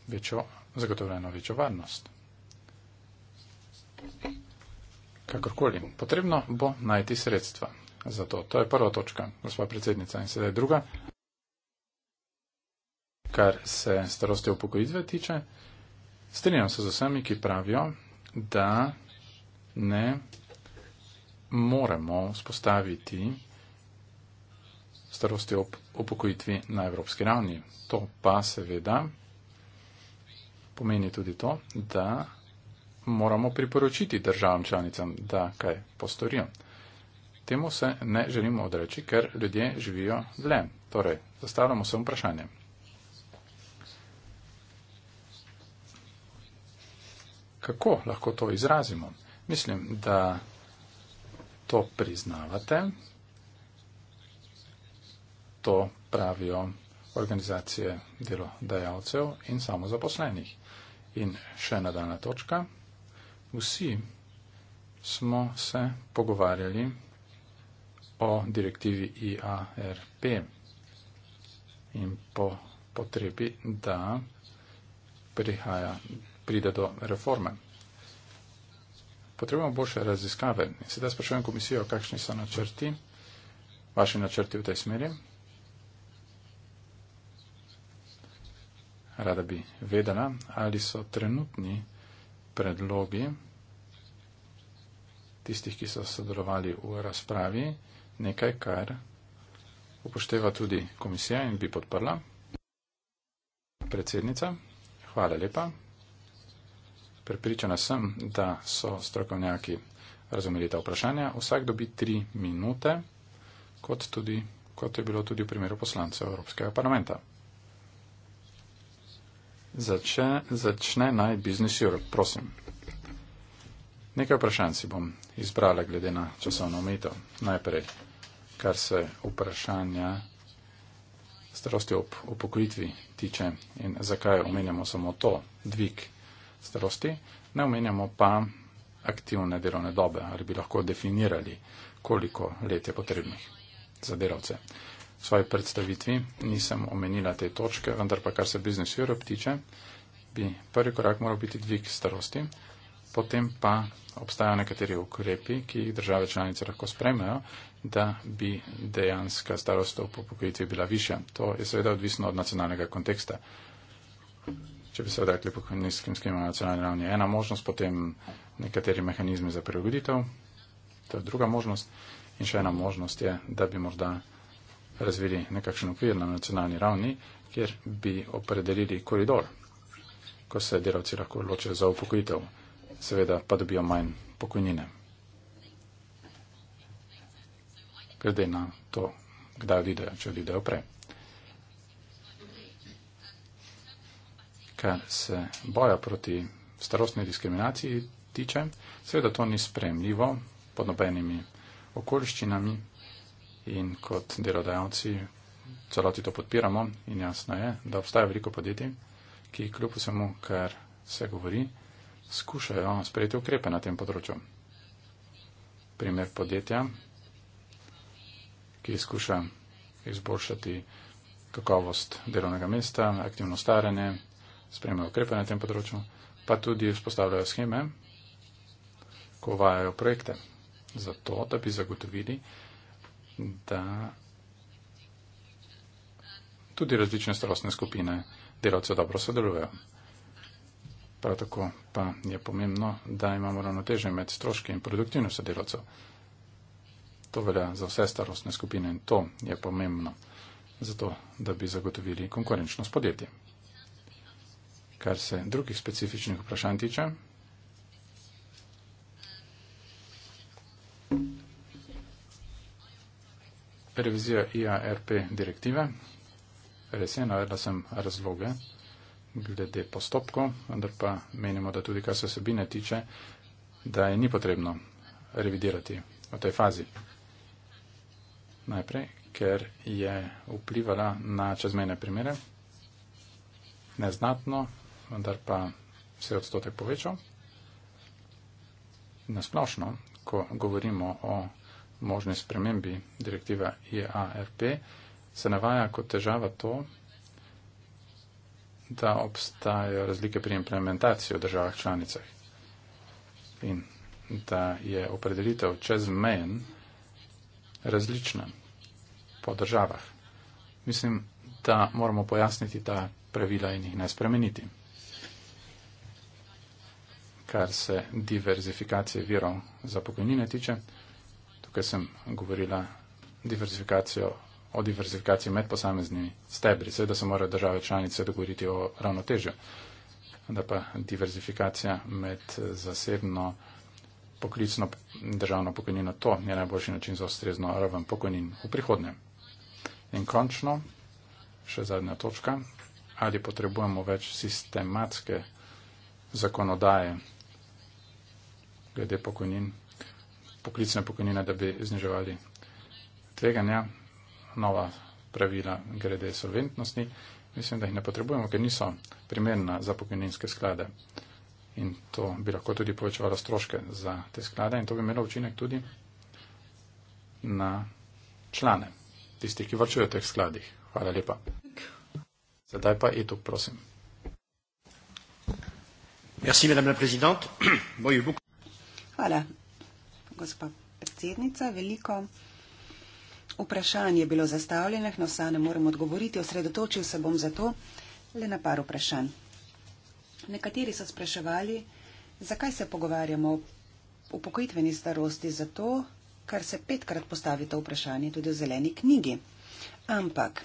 večjo, zagotovljeno večjo varnost. Kakorkoli, potrebno bo najti sredstva za to. To je prva točka, gospod predsednica. In sedaj druga, kar se starosti upokojitve tiče. Strinjam se z vsemi, ki pravijo, da ne moremo spostaviti starosti ob upokojitvi na evropski ravni. To pa seveda pomeni tudi to, da moramo priporočiti državam članicam, da kaj postorijo. Temu se ne želimo odreči, ker ljudje živijo dlje. Torej, zastavljamo se vprašanje. Kako lahko to izrazimo? Mislim, da to priznavate. To pravijo organizacije delodajalcev in samozaposlenih. In še nadaljna točka. Vsi smo se pogovarjali o direktivi IARP in po potrebi, da prihaja pride do reforme. Potrebujemo boljše raziskave. In sedaj sprašujem komisijo, kakšni so načrti, vaši načrti v tej smeri. Rada bi vedela, ali so trenutni predlogi tistih, ki so sodelovali v razpravi, nekaj, kar upošteva tudi komisija in bi podprla. Predsednica, hvala lepa. Pripričana sem, da so strokovnjaki razumeli ta vprašanja. Vsak dobi tri minute, kot, tudi, kot je bilo tudi v primeru poslancev Evropskega parlamenta. Začne, začne naj Business Europe, prosim. Nekaj vprašanj si bom izbrala glede na časovno omejitev. Najprej, kar se vprašanja starosti ob upokojitvi tiče in zakaj omenjamo samo to, dvig starosti, ne omenjamo pa aktivne delovne dobe, ali bi lahko definirali, koliko let je potrebnih za delavce. V svoji predstavitvi nisem omenila te točke, vendar pa kar se Business Europe tiče, bi prvi korak moral biti dvig starosti, potem pa obstajajo nekateri ukrepi, ki jih države članice lahko spremejo, da bi dejanska starost v upokojitvi bila višja. To je seveda odvisno od nacionalnega konteksta če bi se odrekli pokojninskim skemam na nacionalni ravni. Ena možnost, potem nekateri mehanizmi za prilagoditev, to je druga možnost. In še ena možnost je, da bi morda razvili nekakšen okvir na nacionalni ravni, kjer bi opredelili koridor, ko se delavci lahko odločijo za upokojitev, seveda pa dobijo manj pokojnine. Glede na to, kdaj odidejo, če odidejo prej. ker se boja proti starostni diskriminaciji tiče. Seveda to ni spremljivo pod nobenimi okoliščinami in kot delodajalci celoti to podpiramo in jasno je, da obstaja veliko podjetij, ki kljub vsemu, kar se govori, skušajo sprejeti ukrepe na tem področju. Primer podjetja, ki skuša izboljšati kakovost delovnega mesta, aktivno staranje, sprejemajo ukrepe na tem področju, pa tudi vzpostavljajo scheme, ko vajajo projekte, zato da bi zagotovili, da tudi različne starostne skupine delavcev dobro sodelujejo. Prav tako pa je pomembno, da imamo ravnoteže med stroški in produktivnostjo delavcev. To velja za vse starostne skupine in to je pomembno, zato da bi zagotovili konkurenčnost podjetij kar se drugih specifičnih vprašanj tiče. Revizija IARP direktive. Res je, navedla sem razloge glede postopkov, vendar pa menimo, da tudi kar se sebine tiče, da je ni potrebno revidirati v tej fazi. Najprej, ker je vplivala na čezmene primere, neznatno, vendar pa se je odstotek povečal. Na splošno, ko govorimo o možni spremembi direktiva e IARP, se navaja kot težava to, da obstajajo razlike pri implementaciji v državah članicah in da je opredelitev čez mejen različna po državah. Mislim, da moramo pojasniti ta pravila in jih ne spremeniti kar se diverzifikacije virov za pokojnine tiče. Tukaj sem govorila diverzifikacijo o diverzifikaciji med posameznimi stebri. Seveda se morajo države članice dogovoriti o ravnotežju, da pa diverzifikacija med zasebno poklicno državno pokojnino to je najboljši način za ustrezno raven pokojnin v prihodnje. In končno, še zadnja točka, ali potrebujemo več sistematske zakonodaje glede pokojnin, poklicne pokojnine, da bi zniževali tveganja, nova pravila glede solventnosti. Mislim, da jih ne potrebujemo, ker niso primerna za pokojninske sklade. In to bi lahko tudi povečevalo stroške za te sklade in to bi imelo učinek tudi na člane, tistih, ki vrčujo v teh skladih. Hvala lepa. Zdaj pa Etu, prosim. Merci, madame la présidente. Bon, Hvala, gospa predsednica. Veliko vprašanj je bilo zastavljenih, na no, vsa ne morem odgovoriti. Osredotočil se bom zato le na par vprašanj. Nekateri so spraševali, zakaj se pogovarjamo o upokojitveni starosti, zato ker se petkrat postavi to vprašanje tudi v zeleni knjigi. Ampak,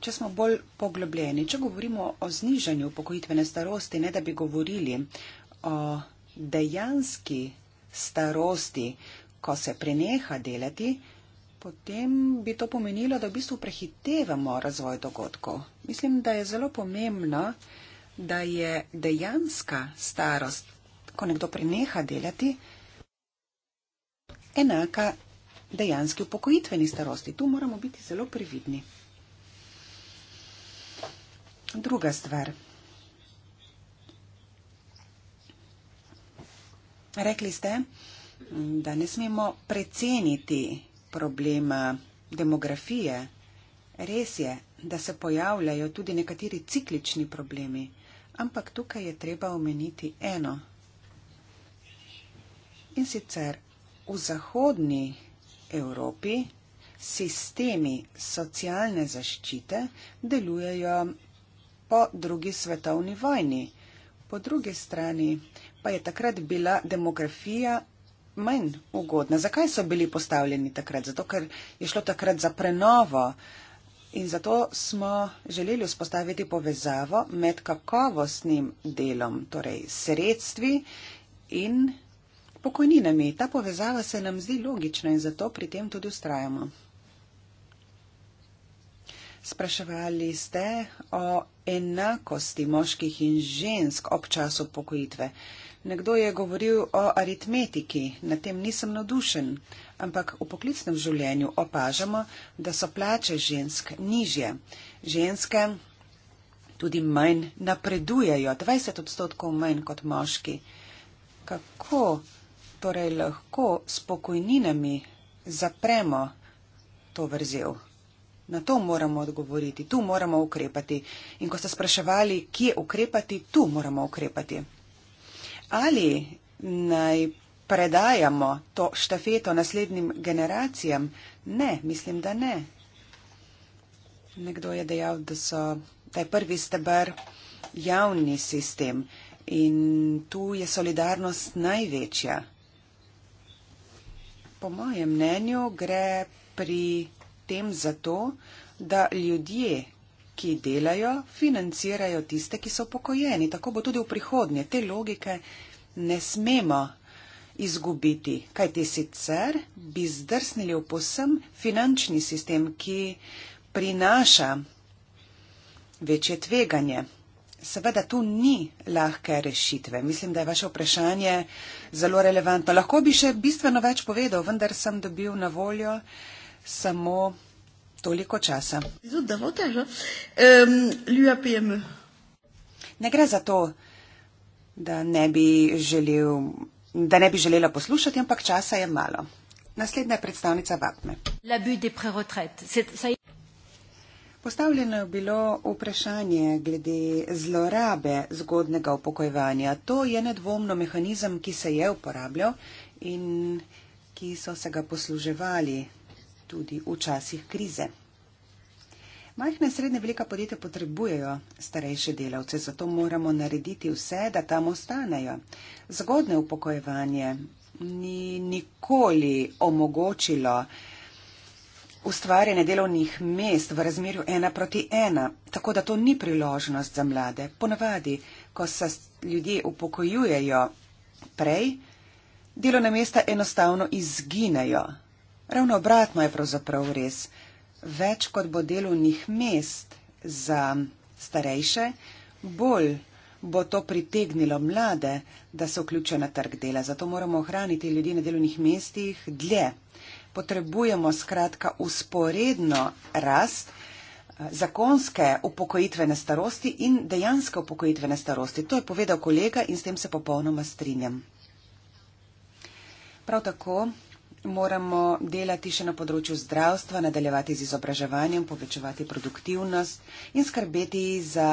če smo bolj poglobljeni, če govorimo o znižanju upokojitvene starosti, ne da bi govorili o dejanski starosti, ko se preneha delati, potem bi to pomenilo, da v bistvu prehitevamo razvoj dogodkov. Mislim, da je zelo pomembno, da je dejanska starost, ko nekdo preneha delati, enaka dejanski upokojitveni starosti. Tu moramo biti zelo previdni. Druga stvar. Rekli ste, da ne smemo preceniti problema demografije. Res je, da se pojavljajo tudi nekateri ciklični problemi, ampak tukaj je treba omeniti eno. In sicer v zahodni Evropi sistemi socialne zaščite delujejo po drugi svetovni vojni. Po drugi strani pa je takrat bila demografija manj ugodna. Zakaj so bili postavljeni takrat? Zato, ker je šlo takrat za prenovo in zato smo želeli vzpostaviti povezavo med kakovostnim delom, torej sredstvi in pokojninami. Ta povezava se nam zdi logična in zato pri tem tudi ustrajamo. Spraševali ste o enakosti moških in žensk ob času pokojitve. Uh, Nekdo je govoril o aritmetiki, na tem nisem nadušen, ampak v poklicnem življenju opažamo, da so plače žensk nižje. Ženske tudi manj napredujejo, 20 odstotkov manj kot moški. Kako torej lahko s pokojninami zapremo to vrzel? Na to moramo odgovoriti, tu moramo ukrepati. In ko ste spraševali, kje ukrepati, tu moramo ukrepati ali naj predajamo to štafeto naslednjim generacijam? Ne, mislim, da ne. Nekdo je dejal, da so ta prvi stebr javni sistem in tu je solidarnost največja. Po mojem mnenju gre pri tem zato, da ljudje ki delajo, financirajo tiste, ki so pokojeni. Tako bo tudi v prihodnje. Te logike ne smemo izgubiti, kajti sicer bi zdrsnili v posem finančni sistem, ki prinaša večje tveganje. Seveda tu ni lahke rešitve. Mislim, da je vaše vprašanje zelo relevantno. Lahko bi še bistveno več povedal, vendar sem dobil na voljo samo toliko časa. Ne gre za to, da ne bi, želel, da ne bi želela poslušati, ampak časa je malo. Naslednja je predstavnica VAPME. Postavljeno je bilo vprašanje glede zlorabe zgodnega upokojevanja. To je nedvomno mehanizem, ki se je uporabljal in ki so se ga posluževali tudi v časih krize. Majhne in srednje velika podjetja potrebujejo starejše delavce, zato moramo narediti vse, da tam ostanejo. Zgodne upokojevanje ni nikoli omogočilo ustvarjanje delovnih mest v razmerju ena proti ena, tako da to ni priložnost za mlade. Ponavadi, ko se ljudje upokojujejo prej, delovne mesta enostavno izginejo. Ravno obratno je pravzaprav res. Več kot bo delovnih mest za starejše, bolj bo to pritegnilo mlade, da se vključijo na trg dela. Zato moramo ohraniti ljudi na delovnih mestih dlje. Potrebujemo skratka usporedno rast eh, zakonske upokojitvene starosti in dejanske upokojitvene starosti. To je povedal kolega in s tem se popolnoma strinjam. Prav tako moramo delati še na področju zdravstva, nadaljevati z izobraževanjem, povečevati produktivnost in skrbeti za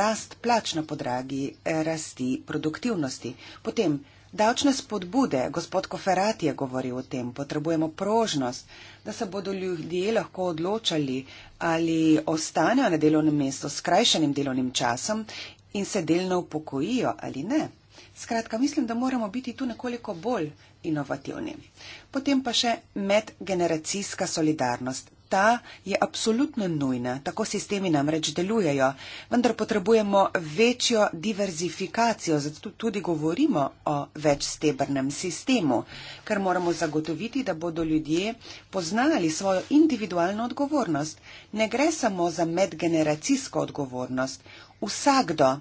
rast plač na podragi eh, rasti produktivnosti. Potem davčne spodbude, gospod Koferati je govoril o tem, potrebujemo prožnost, da se bodo ljudje lahko odločali ali ostanejo na delovnem mestu s skrajšanim delovnim časom in se delno upokojijo ali ne. Skratka, mislim, da moramo biti tu nekoliko bolj inovativni. Potem pa še medgeneracijska solidarnost. Ta je absolutno nujna, tako sistemi namreč delujejo, vendar potrebujemo večjo diverzifikacijo, zato tudi govorimo o večstebrnem sistemu, ker moramo zagotoviti, da bodo ljudje poznali svojo individualno odgovornost. Ne gre samo za medgeneracijsko odgovornost. Vsakdo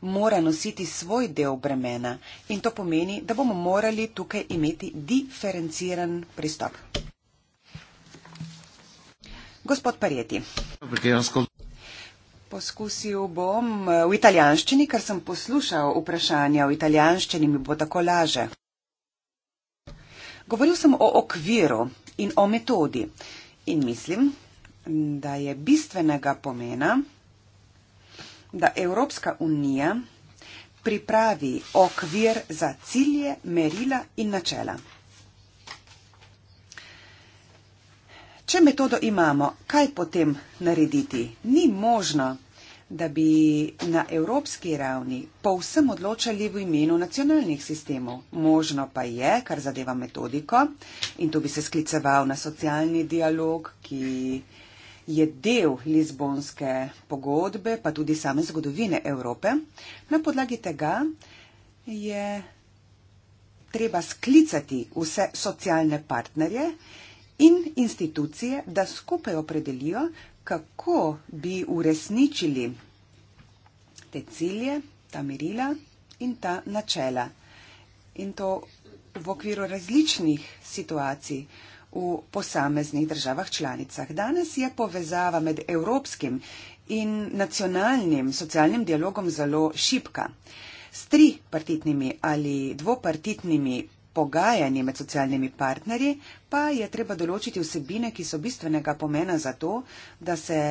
mora nositi svoj del bremena in to pomeni, da bomo morali tukaj imeti diferenciran pristop. Gospod Parjeti. Poskusil bom eh, v italijanščini, ker sem poslušal vprašanja v italijanščini, mi bo tako laže. Govoril sem o okviru in o metodi in mislim, da je bistvenega pomena da Evropska unija pripravi okvir za cilje, merila in načela. Če metodo imamo, kaj potem narediti? Ni možno, da bi na evropski ravni povsem odločali v imenu nacionalnih sistemov. Možno pa je, kar zadeva metodiko, in to bi se skliceval na socialni dialog, ki je del Lizbonske pogodbe, pa tudi same zgodovine Evrope. Na podlagi tega je treba sklicati vse socialne partnerje in institucije, da skupaj opredelijo, kako bi uresničili te cilje, ta merila in ta načela. In to v okviru različnih situacij v posameznih državah članicah. Danes je povezava med evropskim in nacionalnim socialnim dialogom zelo šipka. S tripartitnimi ali dvopartitnimi pogajanji med socialnimi partnerji pa je treba določiti vsebine, ki so bistvenega pomena za to, da se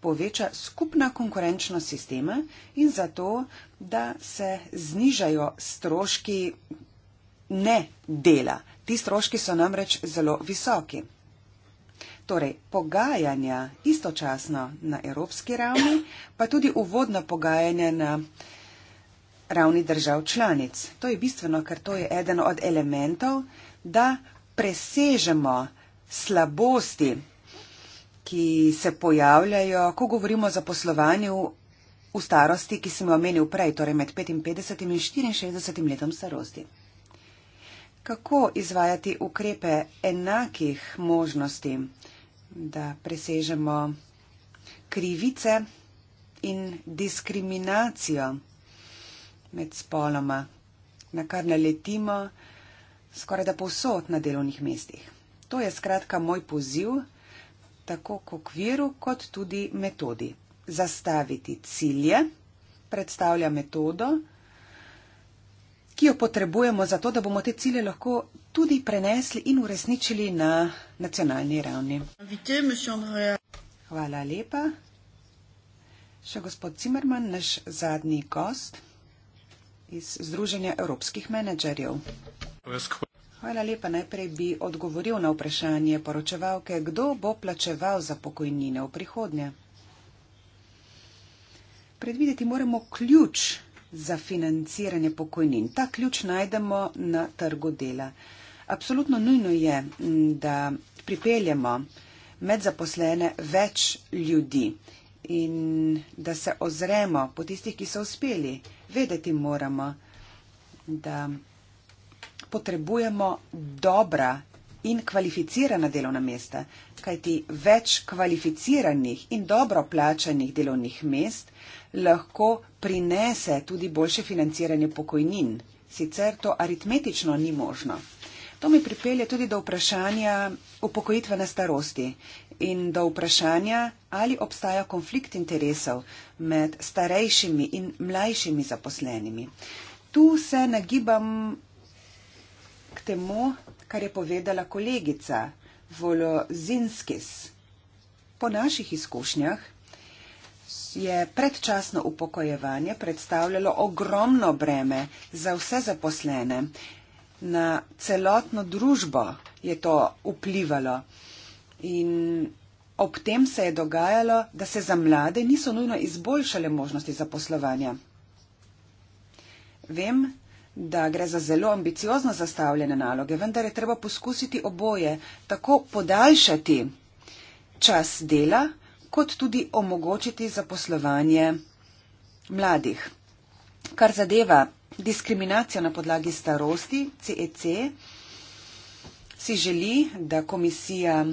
poveča skupna konkurenčnost sistema in za to, da se znižajo stroški ne dela, Ti stroški so namreč zelo visoki. Torej, pogajanja istočasno na evropski ravni, pa tudi uvodna pogajanja na ravni držav članic. To je bistveno, ker to je eden od elementov, da presežemo slabosti, ki se pojavljajo, ko govorimo o zaposlovanju v starosti, ki sem jo omenil prej, torej med 55 in 64 letom starosti kako izvajati ukrepe enakih možnosti, da presežemo krivice in diskriminacijo med spoloma, na kar naletimo skoraj da povsod na delovnih mestih. To je skratka moj poziv, tako k okviru, kot tudi metodi. Zastaviti cilje predstavlja metodo, ki jo potrebujemo za to, da bomo te cilje lahko tudi prenesli in uresničili na nacionalni ravni. Hvala lepa. Še gospod Cimerman, naš zadnji gost iz Združenja evropskih menedžerjev. Hvala lepa. Najprej bi odgovoril na vprašanje poročevalke, kdo bo plačeval za pokojnine v prihodnje. Predvideti moramo ključ za financiranje pokojnin. Ta ključ najdemo na trgu dela. Absolutno nujno je, da pripeljemo med zaposlene več ljudi in da se ozremo po tistih, ki so uspeli. Vedeti moramo, da potrebujemo dobra in kvalificirana delovna mesta, kajti več kvalificiranih in dobro plačanih delovnih mest lahko prinese tudi boljše financiranje pokojnin, sicer to aritmetično ni možno. To mi pripelje tudi do vprašanja upokojitve na starosti in do vprašanja, ali obstaja konflikt interesov med starejšimi in mlajšimi zaposlenimi. Tu se nagibam k temu, kar je povedala kolegica Volozinskis. Po naših izkušnjah je predčasno upokojevanje predstavljalo ogromno breme za vse zaposlene. Na celotno družbo je to vplivalo in ob tem se je dogajalo, da se za mlade niso nujno izboljšale možnosti zaposlovanja. Vem, da gre za zelo ambiciozno zastavljene naloge, vendar je treba poskusiti oboje, tako podaljšati čas dela, kot tudi omogočiti zaposlovanje mladih. Kar zadeva diskriminacijo na podlagi starosti, CEC e si želi, da komisija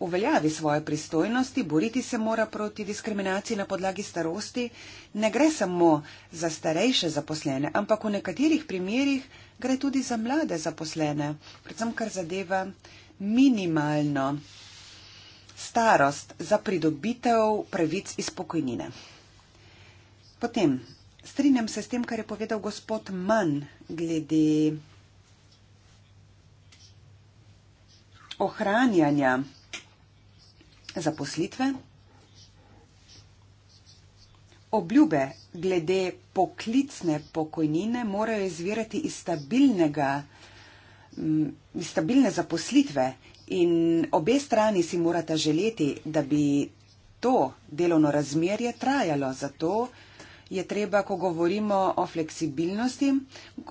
uveljavi svoje pristojnosti, boriti se mora proti diskriminaciji na podlagi starosti, ne gre samo za starejše zaposlene, ampak v nekaterih primerjih gre tudi za mlade zaposlene, predvsem kar zadeva minimalno starost za pridobitev pravic iz pokojnine. Potem, strinjam se s tem, kar je povedal gospod Mann glede ohranjanja zaposlitve, obljube glede poklicne pokojnine morajo izvirati iz stabilnega, mm, iz stabilne zaposlitve in obe strani si morata želeti, da bi to delovno razmerje trajalo. Zato je treba, ko govorimo o fleksibilnosti,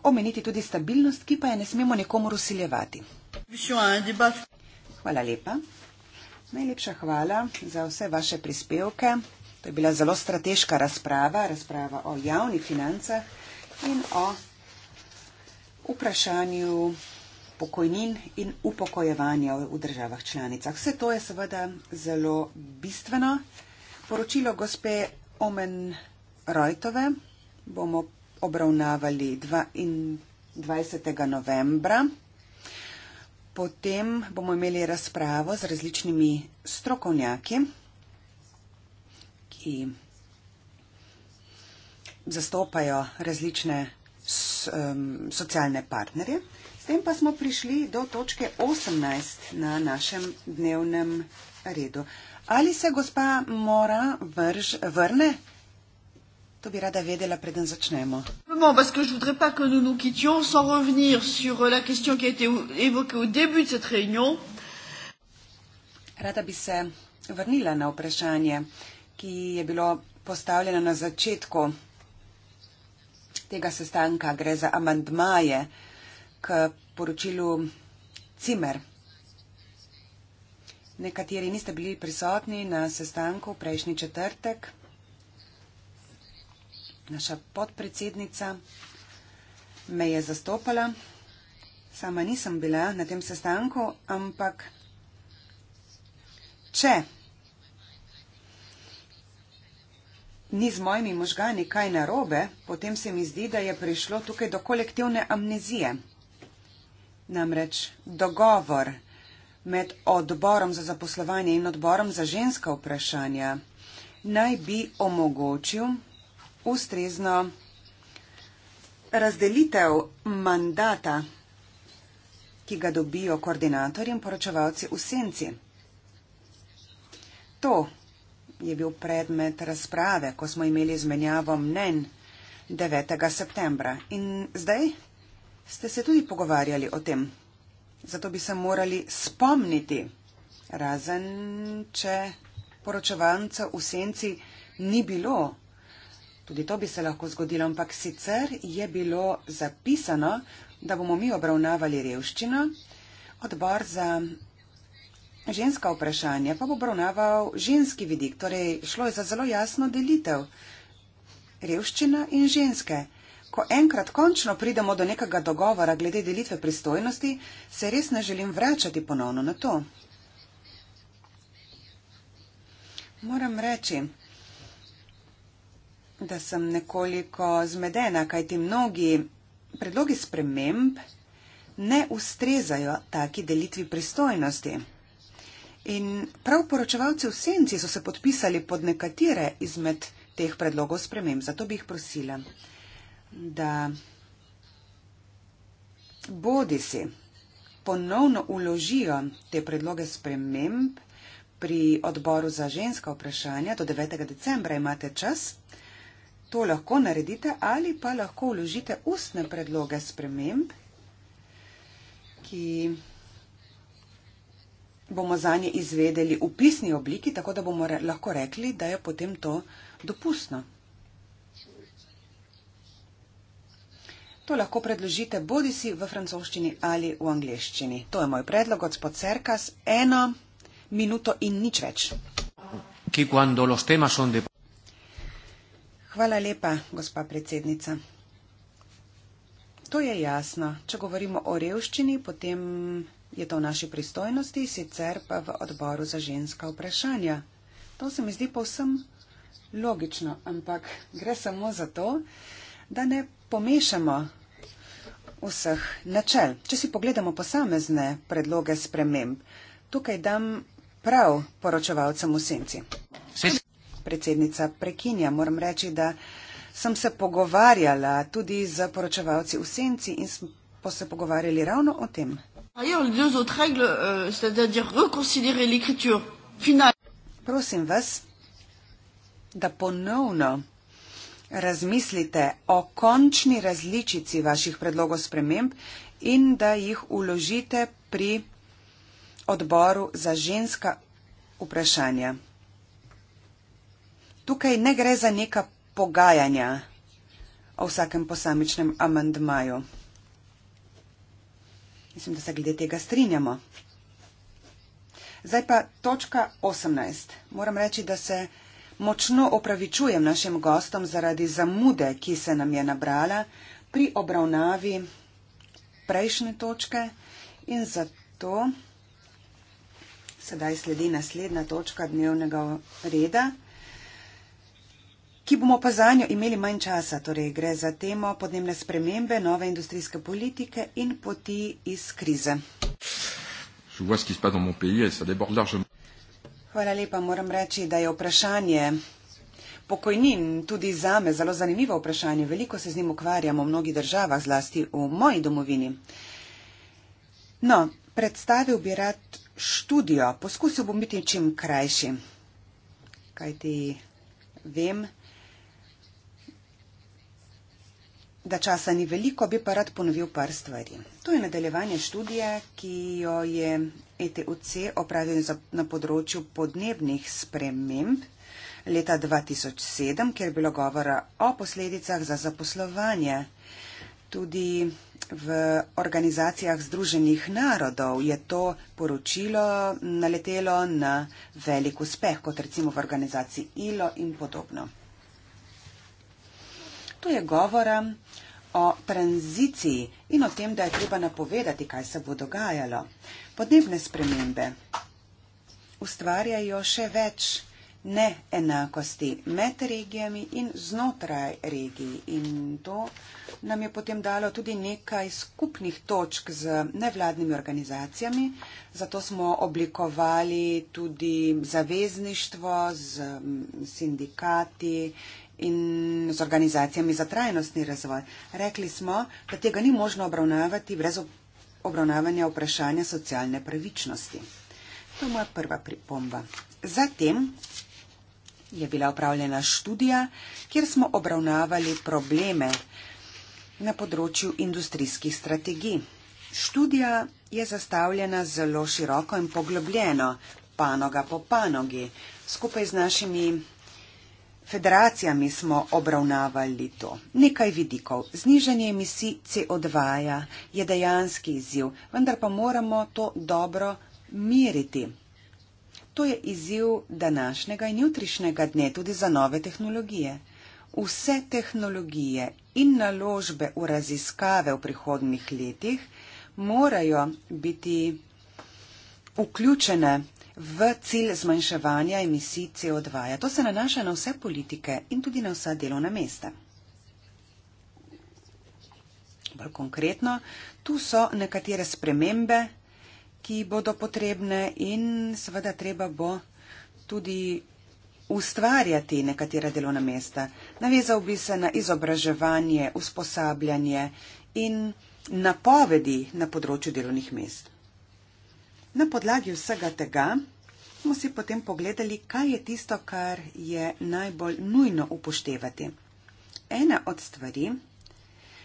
omeniti tudi stabilnost, ki pa je ne smemo nekomu usiljevati. Hvala lepa. Najlepša hvala za vse vaše prispevke. To je bila zelo strateška razprava, razprava o javnih financah in o vprašanju pokojnin in upokojevanja v državah članicah. Vse to je seveda zelo bistveno. Poročilo gospe Omen Rojtove bomo obravnavali 22. novembra. Potem bomo imeli razpravo z različnimi strokovnjaki, ki zastopajo različne socialne partnerje. S tem pa smo prišli do točke 18 na našem dnevnem redu. Ali se gospa mora vrž, vrne To bi rada vedela, preden začnemo. Bon, parce que je voudrais pas que nous nous quittions sans revenir sur euh, la question qui a été évoquée au début de cette réunion. Rada bi se vrnila na vprašanje, ki je bilo postavljeno na začetku tega sestanka. Gre za amandmaje k poročilu Cimer. Nekateri niste bili prisotni na sestanku prejšnji četrtek naša podpredsednica me je zastopala. Sama nisem bila na tem sestanku, ampak če ni z mojimi možgani kaj narobe, potem se mi zdi, da je prišlo tukaj do kolektivne amnezije. Namreč dogovor med odborom za zaposlovanje in odborom za ženska vprašanja naj bi omogočil ustrezno razdelitev mandata, ki ga dobijo koordinatorji in poročevalci v senci. To je bil predmet razprave, ko smo imeli izmenjavo mnen 9. septembra. In zdaj ste se tudi pogovarjali o tem. Zato bi se morali spomniti, razen če poročevalca v senci ni bilo Tudi to bi se lahko zgodilo, ampak sicer je bilo zapisano, da bomo mi obravnavali revščino, odbor za ženska vprašanja pa bo obravnaval ženski vidik. Torej, šlo je za zelo jasno delitev. Revščina in ženske. Ko enkrat končno pridemo do nekega dogovora glede delitve pristojnosti, se res ne želim vračati ponovno na to. Moram reči, da sem nekoliko zmedena, kajti mnogi predlogi sprememb ne ustrezajo taki delitvi pristojnosti. In prav poročevalci v senci so se podpisali pod nekatere izmed teh predlogov sprememb. Zato bi jih prosila, da bodi si ponovno uložijo te predloge sprememb pri odboru za ženska vprašanja. Do 9. decembra imate čas. To lahko naredite ali pa lahko vložite ustne predloge sprememb, ki bomo za nje izvedeli v pisni obliki, tako da bomo lahko rekli, da je potem to dopustno. To lahko predložite bodi si v francoščini ali v angliščini. To je moj predlog od spod Serkas. Eno minuto in nič več. Ki, Hvala lepa, gospa predsednica. To je jasno. Če govorimo o revščini, potem je to v naši pristojnosti, sicer pa v odboru za ženska vprašanja. To se mi zdi povsem logično, ampak gre samo za to, da ne pomešamo vseh načel. Če si pogledamo posamezne predloge sprememb, tukaj dam prav poročevalcem v senci. Sist predsednica prekinja, moram reči, da sem se pogovarjala tudi z poročevalci v senci in smo se pogovarjali ravno o tem. Ah, ja, euh, Prosim vas, da ponovno razmislite o končni različici vaših predlogov sprememb in da jih vložite pri odboru za ženska vprašanja. Tukaj ne gre za neka pogajanja o vsakem posamičnem amandmaju. Mislim, da se glede tega strinjamo. Zdaj pa točka 18. Moram reči, da se močno opravičujem našim gostom zaradi zamude, ki se nam je nabrala pri obravnavi prejšnje točke in zato sedaj sledi naslednja točka dnevnega reda ki bomo pa za njo imeli manj časa. Torej gre za temo podnebne spremembe, nove industrijske politike in poti iz krize. Hvala lepa. Moram reči, da je vprašanje pokojnin tudi za me zelo zanimivo vprašanje. Veliko se z njim ukvarjamo v mnogih državah, zlasti v moji domovini. No, predstavil bi rad študijo. Poskusil bom biti čim krajši. Kaj ti vem? da časa ni veliko, bi pa rad ponovil par stvari. To je nadaljevanje študije, ki jo je ETUC opravil za, na področju podnebnih sprememb leta 2007, kjer je bilo govora o posledicah za zaposlovanje. Tudi v organizacijah Združenih narodov je to poročilo naletelo na velik uspeh, kot recimo v organizaciji ILO in podobno. To je govora o tranziciji in o tem, da je treba napovedati, kaj se bo dogajalo. Podnebne spremembe ustvarjajo še več neenakosti med regijami in znotraj regiji. In to nam je potem dalo tudi nekaj skupnih točk z nevladnimi organizacijami. Zato smo oblikovali tudi zavezništvo z sindikati in z organizacijami za trajnostni razvoj. Rekli smo, da tega ni možno obravnavati brez obravnavanja vprašanja socialne pravičnosti. To je moja prva pripomba. Zatem je bila upravljena študija, kjer smo obravnavali probleme na področju industrijskih strategij. Študija je zastavljena zelo široko in poglobljeno, panoga po panogi, skupaj z našimi federacijami smo obravnavali to. Nekaj vidikov. Znižanje emisij CO2 ja, je dejanski izziv, vendar pa moramo to dobro meriti. To je izziv današnjega in jutrišnjega dne tudi za nove tehnologije. Vse tehnologije in naložbe v raziskave v prihodnjih letih morajo biti vključene v cilj zmanjševanja emisij CO2. Ja, to se nanaša na vse politike in tudi na vsa delovna mesta. Bolj konkretno, tu so nekatere spremembe, ki bodo potrebne in seveda treba bo tudi ustvarjati nekatera delovna mesta. Navezal bi se na izobraževanje, usposabljanje in napovedi na področju delovnih mest. Na podlagi vsega tega smo si potem pogledali, kaj je tisto, kar je najbolj nujno upoštevati. Ena od stvari,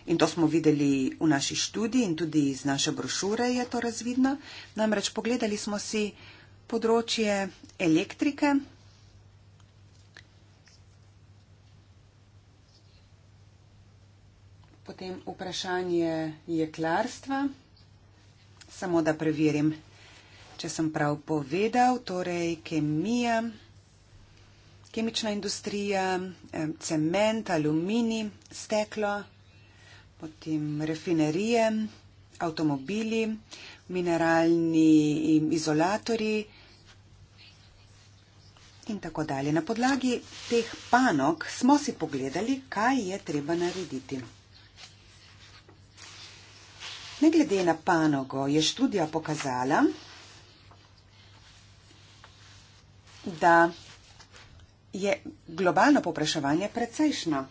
in to smo videli v naši študiji in tudi iz naše brošure je to razvidno, namreč pogledali smo si področje elektrike. Potem vprašanje jeklarstva. Samo da preverim, če sem prav povedal, torej kemija, kemična industrija, eh, cement, alumini, steklo, potem refinerije, avtomobili, mineralni izolatori in tako dalje. Na podlagi teh panok smo si pogledali, kaj je treba narediti. Ne glede na panogo je študija pokazala, da je globalno popraševanje precejšno.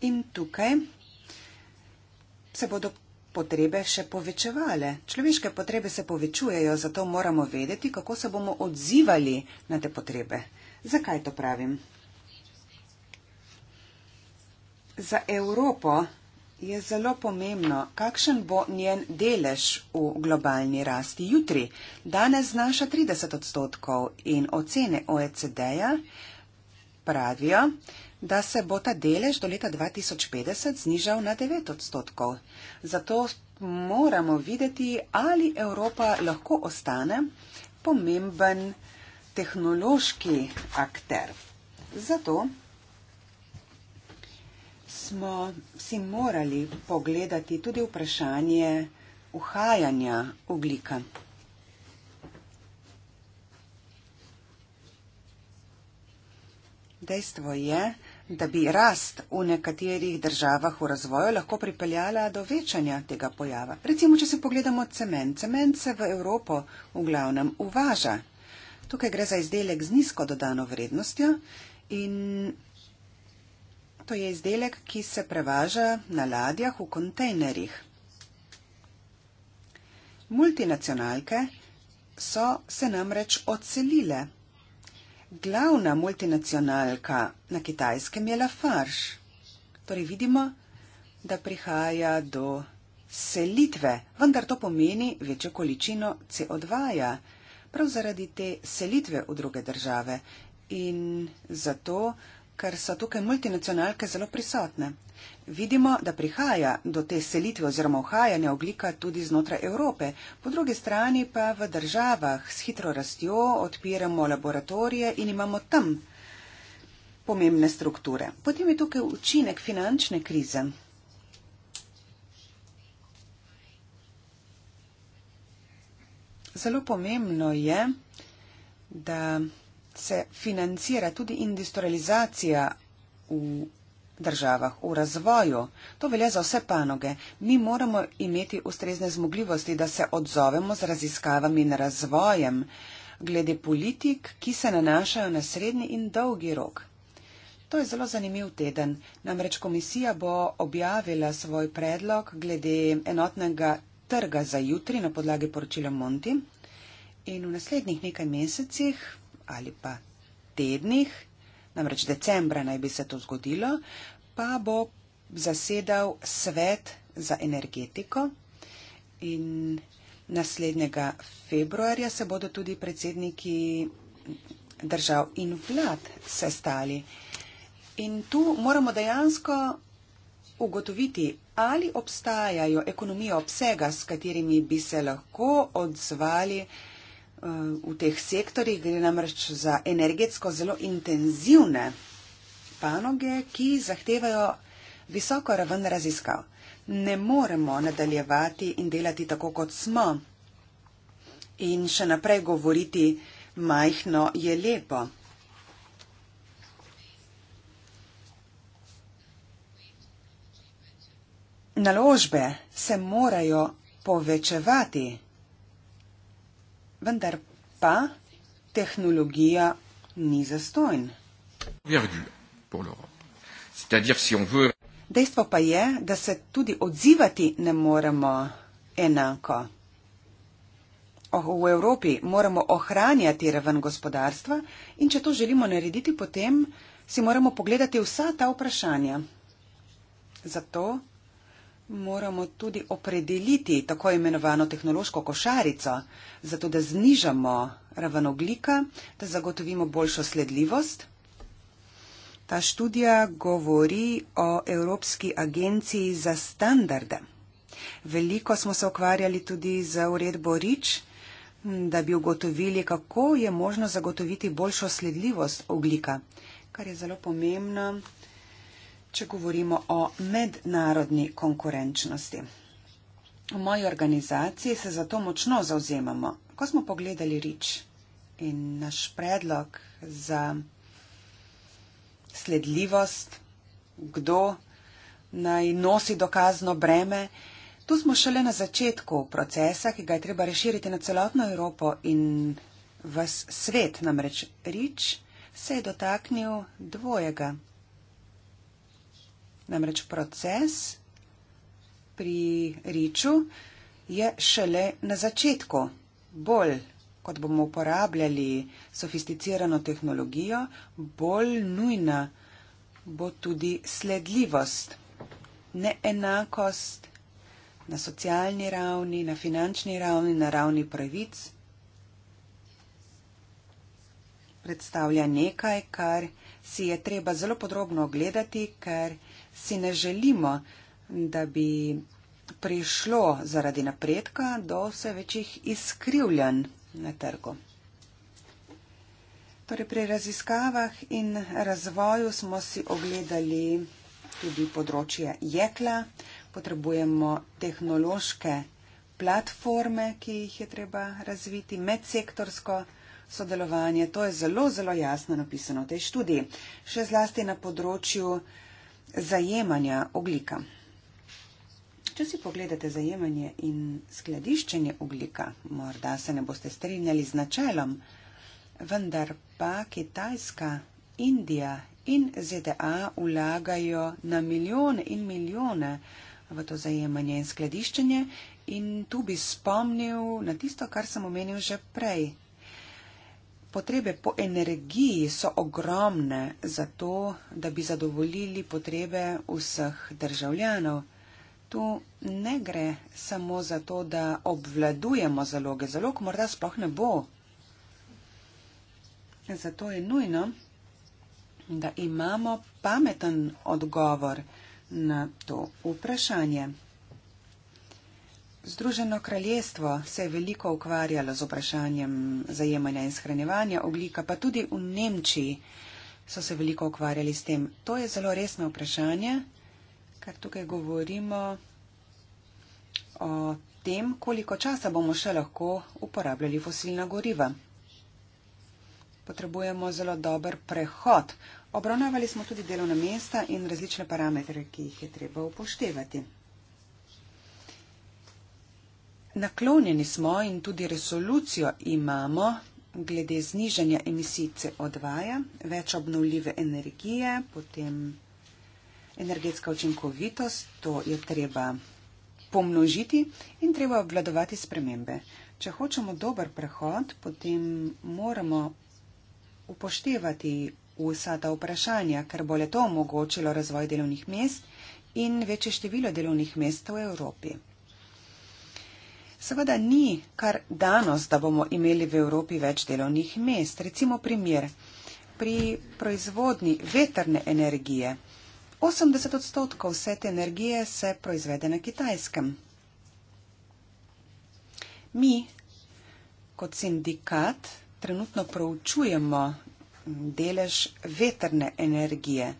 In tukaj se bodo potrebe še povečevale. Človeške potrebe se povečujejo, zato moramo vedeti, kako se bomo odzivali na te potrebe. Zakaj to pravim? Za Evropo je zelo pomembno, kakšen bo njen delež v globalni rasti jutri. Danes znaša 30 odstotkov in ocene OECD-ja pravijo, da se bo ta delež do leta 2050 znižal na 9 odstotkov. Zato moramo videti, ali Evropa lahko ostane pomemben tehnološki akter. Zato smo si morali pogledati tudi vprašanje uhajanja oglika. Dejstvo je, da bi rast v nekaterih državah v razvoju lahko pripeljala do večanja tega pojava. Recimo, če se pogledamo cement. Cement se v Evropo v glavnem uvaža. Tukaj gre za izdelek z nizko dodano vrednostjo in To je izdelek, ki se prevaža na ladjah v kontejnerjih. Multinacionalke so se namreč odselile. Glavna multinacionalka na kitajskem je Lafarge. Torej vidimo, da prihaja do selitve, vendar to pomeni večjo količino CO2, -ja, prav zaradi te selitve v druge države. In zato ker so tukaj multinacionalke zelo prisotne. Vidimo, da prihaja do te selitve oziroma ohajanja oglika tudi znotraj Evrope, po drugi strani pa v državah s hitro rastjo odpiramo laboratorije in imamo tam pomembne strukture. Potem je tukaj učinek finančne krize. Zelo pomembno je, da se financira tudi industrializacija v državah, v razvoju. To velja za vse panoge. Mi moramo imeti ustrezne zmogljivosti, da se odzovemo z raziskavami in razvojem glede politik, ki se nanašajo na srednji in dolgi rok. To je zelo zanimiv teden. Namreč komisija bo objavila svoj predlog glede enotnega trga za jutri na podlagi poročila Monti. In v naslednjih nekaj mesecih ali pa tednih, namreč decembra naj bi se to zgodilo, pa bo zasedal svet za energetiko in naslednjega februarja se bodo tudi predsedniki držav in vlad sestali. In tu moramo dejansko ugotoviti, ali obstajajo ekonomijo obsega, s katerimi bi se lahko odzvali v teh sektorjih, gre namreč za energetsko zelo intenzivne panoge, ki zahtevajo visoko raven raziskav. Ne moremo nadaljevati in delati tako, kot smo in še naprej govoriti majhno je lepo. Naložbe se morajo povečevati vendar pa tehnologija ni zastojn. Dejstvo pa je, da se tudi odzivati ne moremo enako. V Evropi moramo ohranjati raven gospodarstva in če to želimo narediti, potem si moramo pogledati vsa ta vprašanja. Zato moramo tudi opredeliti tako imenovano tehnološko košarico, zato da znižamo raven oglika, da zagotovimo boljšo sledljivost. Ta študija govori o Evropski agenciji za standarde. Veliko smo se ukvarjali tudi z uredbo REACH, da bi ugotovili, kako je možno zagotoviti boljšo sledljivost oglika, kar je zelo pomembno če govorimo o mednarodni konkurenčnosti. V moji organizaciji se zato močno zauzemamo. Ko smo pogledali Rič in naš predlog za sledljivost, kdo naj nosi dokazno breme, tu smo šele na začetku procesa, ki ga je treba reširiti na celotno Evropo in v svet. Namreč Rič se je dotaknil dvojega Namreč proces pri riču je šele na začetku. Bolj, kot bomo uporabljali sofisticirano tehnologijo, bolj nujna bo tudi sledljivost, neenakost na socialni ravni, na finančni ravni, na ravni pravic. Predstavlja nekaj, kar si je treba zelo podrobno ogledati, ker si ne želimo, da bi prišlo zaradi napredka do vse večjih izkrivljanj na trgu. Torej, pri raziskavah in razvoju smo si ogledali tudi področje jekla, potrebujemo tehnološke platforme, ki jih je treba razviti, medsektorsko sodelovanje. To je zelo, zelo jasno napisano v tej študiji. Še zlasti na področju zajemanja oglika. Če si pogledate zajemanje in skladiščenje oglika, morda se ne boste strinjali z načelom, vendar pa Kitajska, Indija in ZDA vlagajo na milijone in milijone v to zajemanje in skladiščenje in tu bi spomnil na tisto, kar sem omenil že prej, potrebe po energiji so ogromne za to, da bi zadovoljili potrebe vseh državljanov. Tu ne gre samo za to, da obvladujemo zaloge. Zalog morda sploh ne bo. Zato je nujno, da imamo pameten odgovor na to vprašanje. Združeno kraljestvo se je veliko ukvarjalo z vprašanjem zajemanja in shranjevanja oglika, pa tudi v Nemčiji so se veliko ukvarjali s tem. To je zelo resno vprašanje, ker tukaj govorimo o tem, koliko časa bomo še lahko uporabljali fosilna goriva. Potrebujemo zelo dober prehod. Obravnavali smo tudi delovna mesta in različne parametre, ki jih je treba upoštevati. Naklonjeni smo in tudi resolucijo imamo glede znižanja emisij CO2, več obnovljive energije, potem energetska učinkovitost, to je treba pomnožiti in treba obvladovati spremembe. Če hočemo dober prehod, potem moramo upoštevati vsa ta vprašanja, ker bo le to omogočilo razvoj delovnih mest in večje število delovnih mest v Evropi. Seveda ni kar danost, da bomo imeli v Evropi več delovnih mest. Recimo primer. Pri proizvodni veterne energije 80 odstotkov vse te energije se proizvede na kitajskem. Mi kot sindikat trenutno proučujemo delež veterne energije.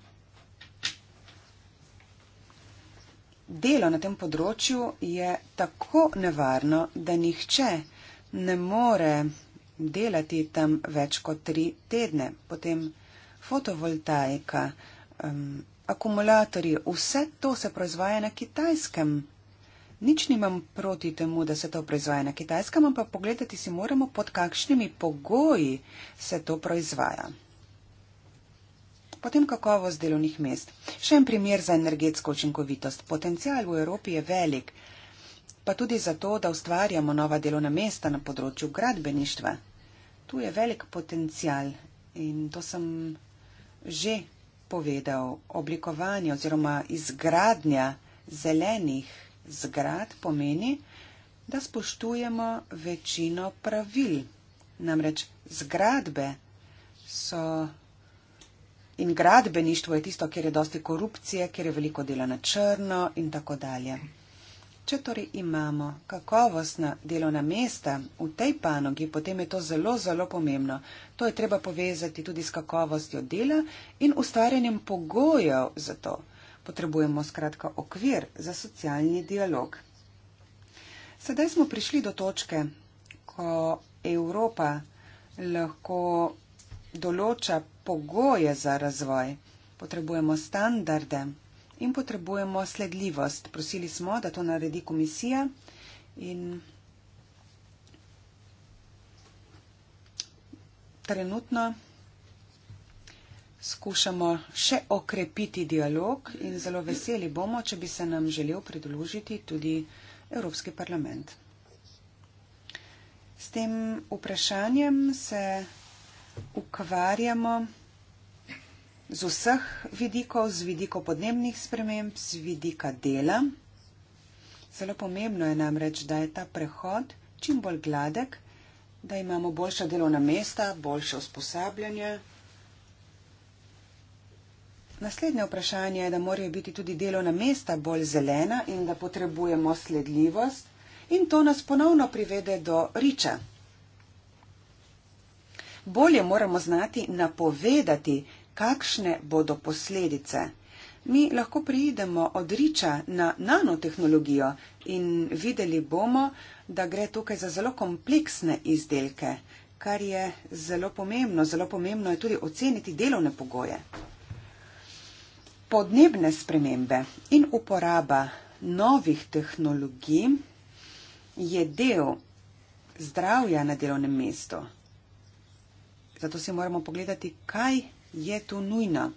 Delo na tem področju je tako nevarno, da nihče ne more delati tam več kot tri tedne. Potem fotovoltaika, um, akumulatorji, vse to se proizvaja na kitajskem. Nič nimam proti temu, da se to proizvaja na kitajskem, ampak pogledati si moramo, pod kakšnimi pogoji se to proizvaja potem kakovost delovnih mest. Še en primer za energetsko učinkovitost. Potencial v Evropi je velik, pa tudi zato, da ustvarjamo nova delovna mesta na področju gradbeništva. Tu je velik potencial in to sem že povedal. Oblikovanje oziroma izgradnja zelenih zgrad pomeni, da spoštujemo večino pravil. Namreč zgradbe so In gradbeništvo je tisto, kjer je dosti korupcije, kjer je veliko dela na črno in tako dalje. Če torej imamo kakovostna delovna mesta v tej panogi, potem je to zelo, zelo pomembno. To je treba povezati tudi s kakovostjo dela in ustvarjanjem pogojev za to. Potrebujemo skratka okvir za socialni dialog. Sedaj smo prišli do točke, ko Evropa lahko določa pogoje za razvoj, potrebujemo standarde in potrebujemo sledljivost. Prosili smo, da to naredi komisija in trenutno skušamo še okrepiti dialog in zelo veseli bomo, če bi se nam želel pridružiti tudi Evropski parlament. S tem vprašanjem se ukvarjamo z vseh vidikov, z vidikov podnebnih sprememb, z vidika dela. Zelo pomembno je namreč, da je ta prehod čim bolj gladek, da imamo boljša delovna mesta, boljše usposabljanje. Naslednje vprašanje je, da morajo biti tudi delovna mesta bolj zelena in da potrebujemo sledljivost. In to nas ponovno privede do riča bolje moramo znati napovedati, kakšne bodo posledice. Mi lahko prijedemo od riča na nanotehnologijo in videli bomo, da gre tukaj za zelo kompleksne izdelke, kar je zelo pomembno. Zelo pomembno je tudi oceniti delovne pogoje. Podnebne spremembe in uporaba novih tehnologij je del zdravja na delovnem mestu zato si moramo pogledati, kaj je tu nujna.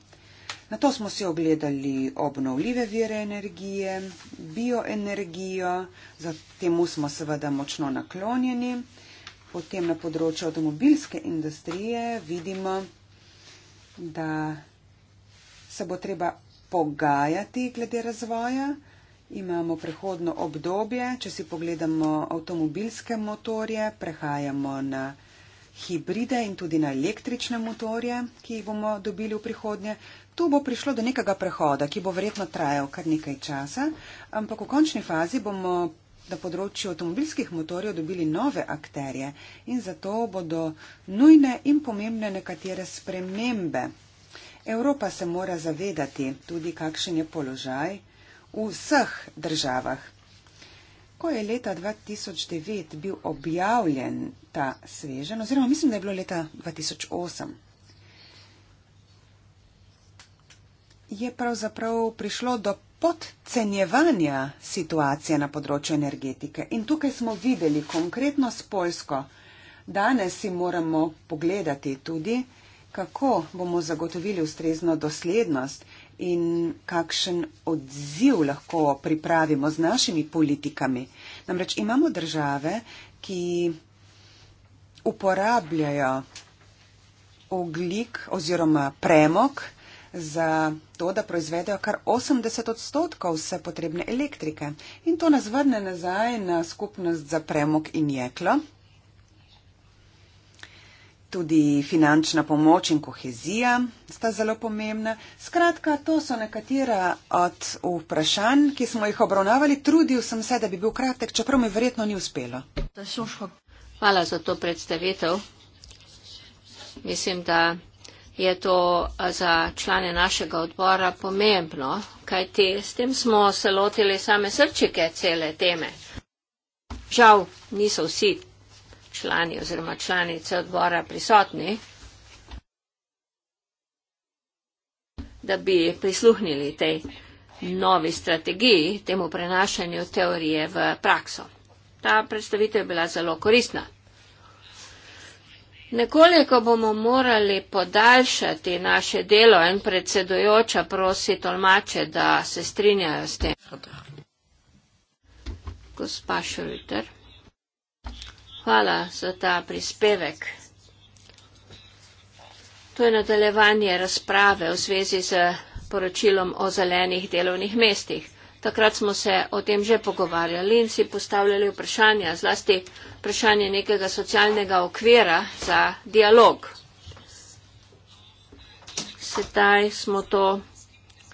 Na to smo si ogledali obnovljive vire energije, bioenergijo, za temu smo seveda močno naklonjeni. Potem na področju avtomobilske industrije vidimo, da se bo treba pogajati glede razvoja. Imamo prehodno obdobje, če si pogledamo avtomobilske motorje, prehajamo na hibride in tudi na električne motorje, ki jih bomo dobili v prihodnje. Tu bo prišlo do nekega prehoda, ki bo verjetno trajal kar nekaj časa, ampak v končni fazi bomo na področju avtomobilskih motorjev dobili nove akterje in zato bodo nujne in pomembne nekatere spremembe. Evropa se mora zavedati tudi, kakšen je položaj v vseh državah. Ko je leta 2009 bil objavljen ta svežen, oziroma mislim, da je bilo leta 2008, je pravzaprav prišlo do podcenjevanja situacije na področju energetike. In tukaj smo videli konkretno s Poljsko. Danes si moramo pogledati tudi, kako bomo zagotovili ustrezno doslednost in kakšen odziv lahko pripravimo z našimi politikami. Namreč imamo države, ki uporabljajo oglik oziroma premok za to, da proizvedejo kar 80 odstotkov vse potrebne elektrike. In to nas vrne nazaj na skupnost za premok in jeklo tudi finančna pomoč in kohezija sta zelo pomembna. Skratka, to so nekatera od vprašanj, ki smo jih obravnavali. Trudil sem se, da bi bil kratek, čeprav mi verjetno ni uspelo. Hvala za to predstavitev. Mislim, da je to za člane našega odbora pomembno, kajti s tem smo se lotili same srčike cele teme. Žal, niso vsi člani oziroma članice odbora prisotni, da bi prisluhnili tej novi strategiji, temu prenašanju teorije v prakso. Ta predstavitev je bila zelo koristna. Nekoliko bomo morali podaljšati naše delo in predsedojoča prosi tolmače, da se strinjajo s tem. Gospa Šuljter. Hvala za ta prispevek. To je nadaljevanje razprave v zvezi z poročilom o zelenih delovnih mestih. Takrat smo se o tem že pogovarjali in si postavljali vprašanja, zlasti vprašanje nekega socialnega okvira za dialog. Sedaj smo to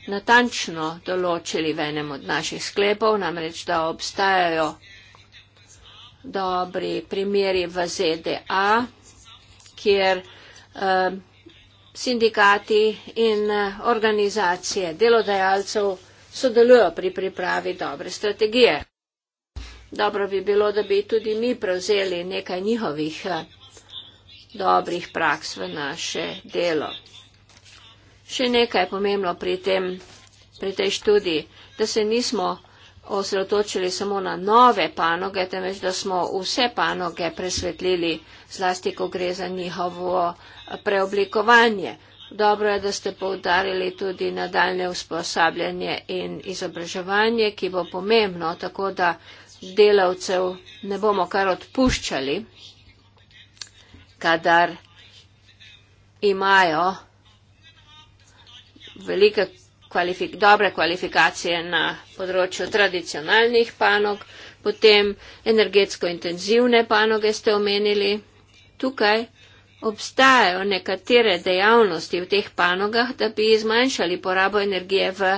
natančno določili v enem od naših sklepov, namreč da obstajajo dobri primeri v ZDA, kjer eh, sindikati in eh, organizacije delodajalcev sodelujo pri pripravi dobre strategije. Dobro bi bilo, da bi tudi mi prevzeli nekaj njihovih eh, dobrih praks v naše delo. Še nekaj je pomembno pri, tem, pri tej študiji, da se nismo osredotočili samo na nove panoge, temveč da smo vse panoge presvetlili, zlasti ko gre za njihovo eh, preoblikovanje. Dobro je, da ste poudarili tudi nadaljne usposabljanje in izobraževanje, ki bo pomembno, tako da delavcev ne bomo kar odpuščali, kadar imajo velike kvalifik, dobre kvalifikacije na področju tradicionalnih panog, potem energetsko intenzivne panoge ste omenili. Tukaj obstajajo nekatere dejavnosti v teh panogah, da bi zmanjšali porabo energije v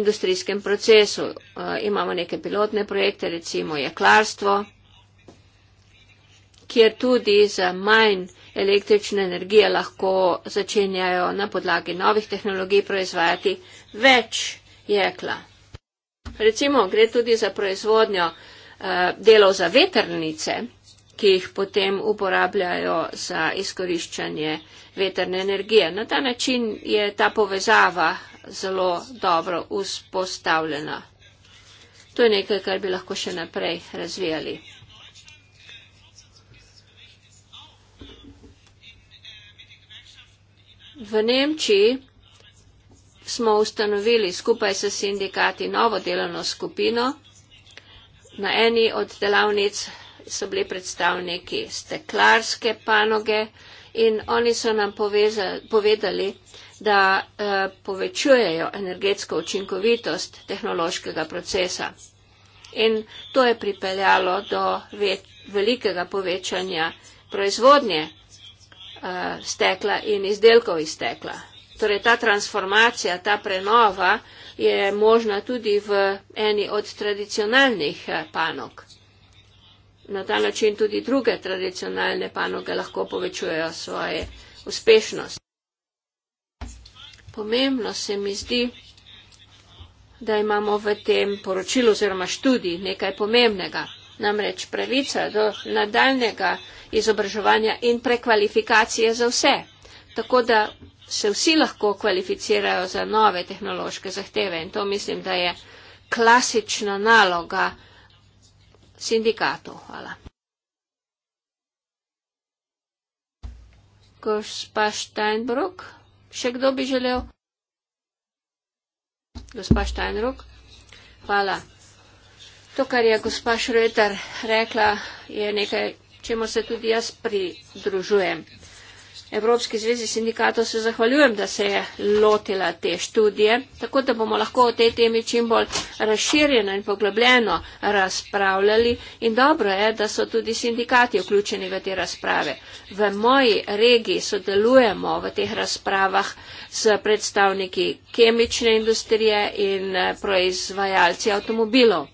industrijskem procesu. E, imamo neke pilotne projekte, recimo jeklarstvo, kjer tudi za manj električne energije lahko začenjajo na podlagi novih tehnologij proizvajati več jekla. Recimo gre tudi za proizvodnjo eh, delov za veternice, ki jih potem uporabljajo za izkoriščanje veterne energije. Na ta način je ta povezava zelo dobro vzpostavljena. To je nekaj, kar bi lahko še naprej razvijali. V Nemčiji smo ustanovili skupaj s sindikati novo delovno skupino. Na eni od delavnic so bili predstavniki steklarske panoge in oni so nam povezali, povedali, da eh, povečujejo energetsko učinkovitost tehnološkega procesa. In to je pripeljalo do ve, velikega povečanja proizvodnje Eh, stekla in izdelkov iz stekla. Torej ta transformacija, ta prenova je možna tudi v eni od tradicionalnih eh, panog. Na ta način tudi druge tradicionalne panoge lahko povečujejo svoje uspešnost. Pomembno se mi zdi, da imamo v tem poročilu oziroma študiji nekaj pomembnega. Namreč pravica do nadaljnega izobraževanja in prekvalifikacije za vse, tako da se vsi lahko kvalificirajo za nove tehnološke zahteve in to mislim, da je klasična naloga sindikatov. Hvala. Gospa Steinbrück, še kdo bi želel? Gospa Steinbrück, hvala. To, kar je gospa Šreter rekla, je nekaj čemu se tudi jaz pridružujem. Evropski zvezi sindikatov se zahvaljujem, da se je lotila te študije, tako da bomo lahko o tej temi čim bolj razširjeno in poglobljeno razpravljali in dobro je, da so tudi sindikati vključeni v te razprave. V moji regiji sodelujemo v teh razpravah s predstavniki kemične industrije in proizvajalci avtomobilov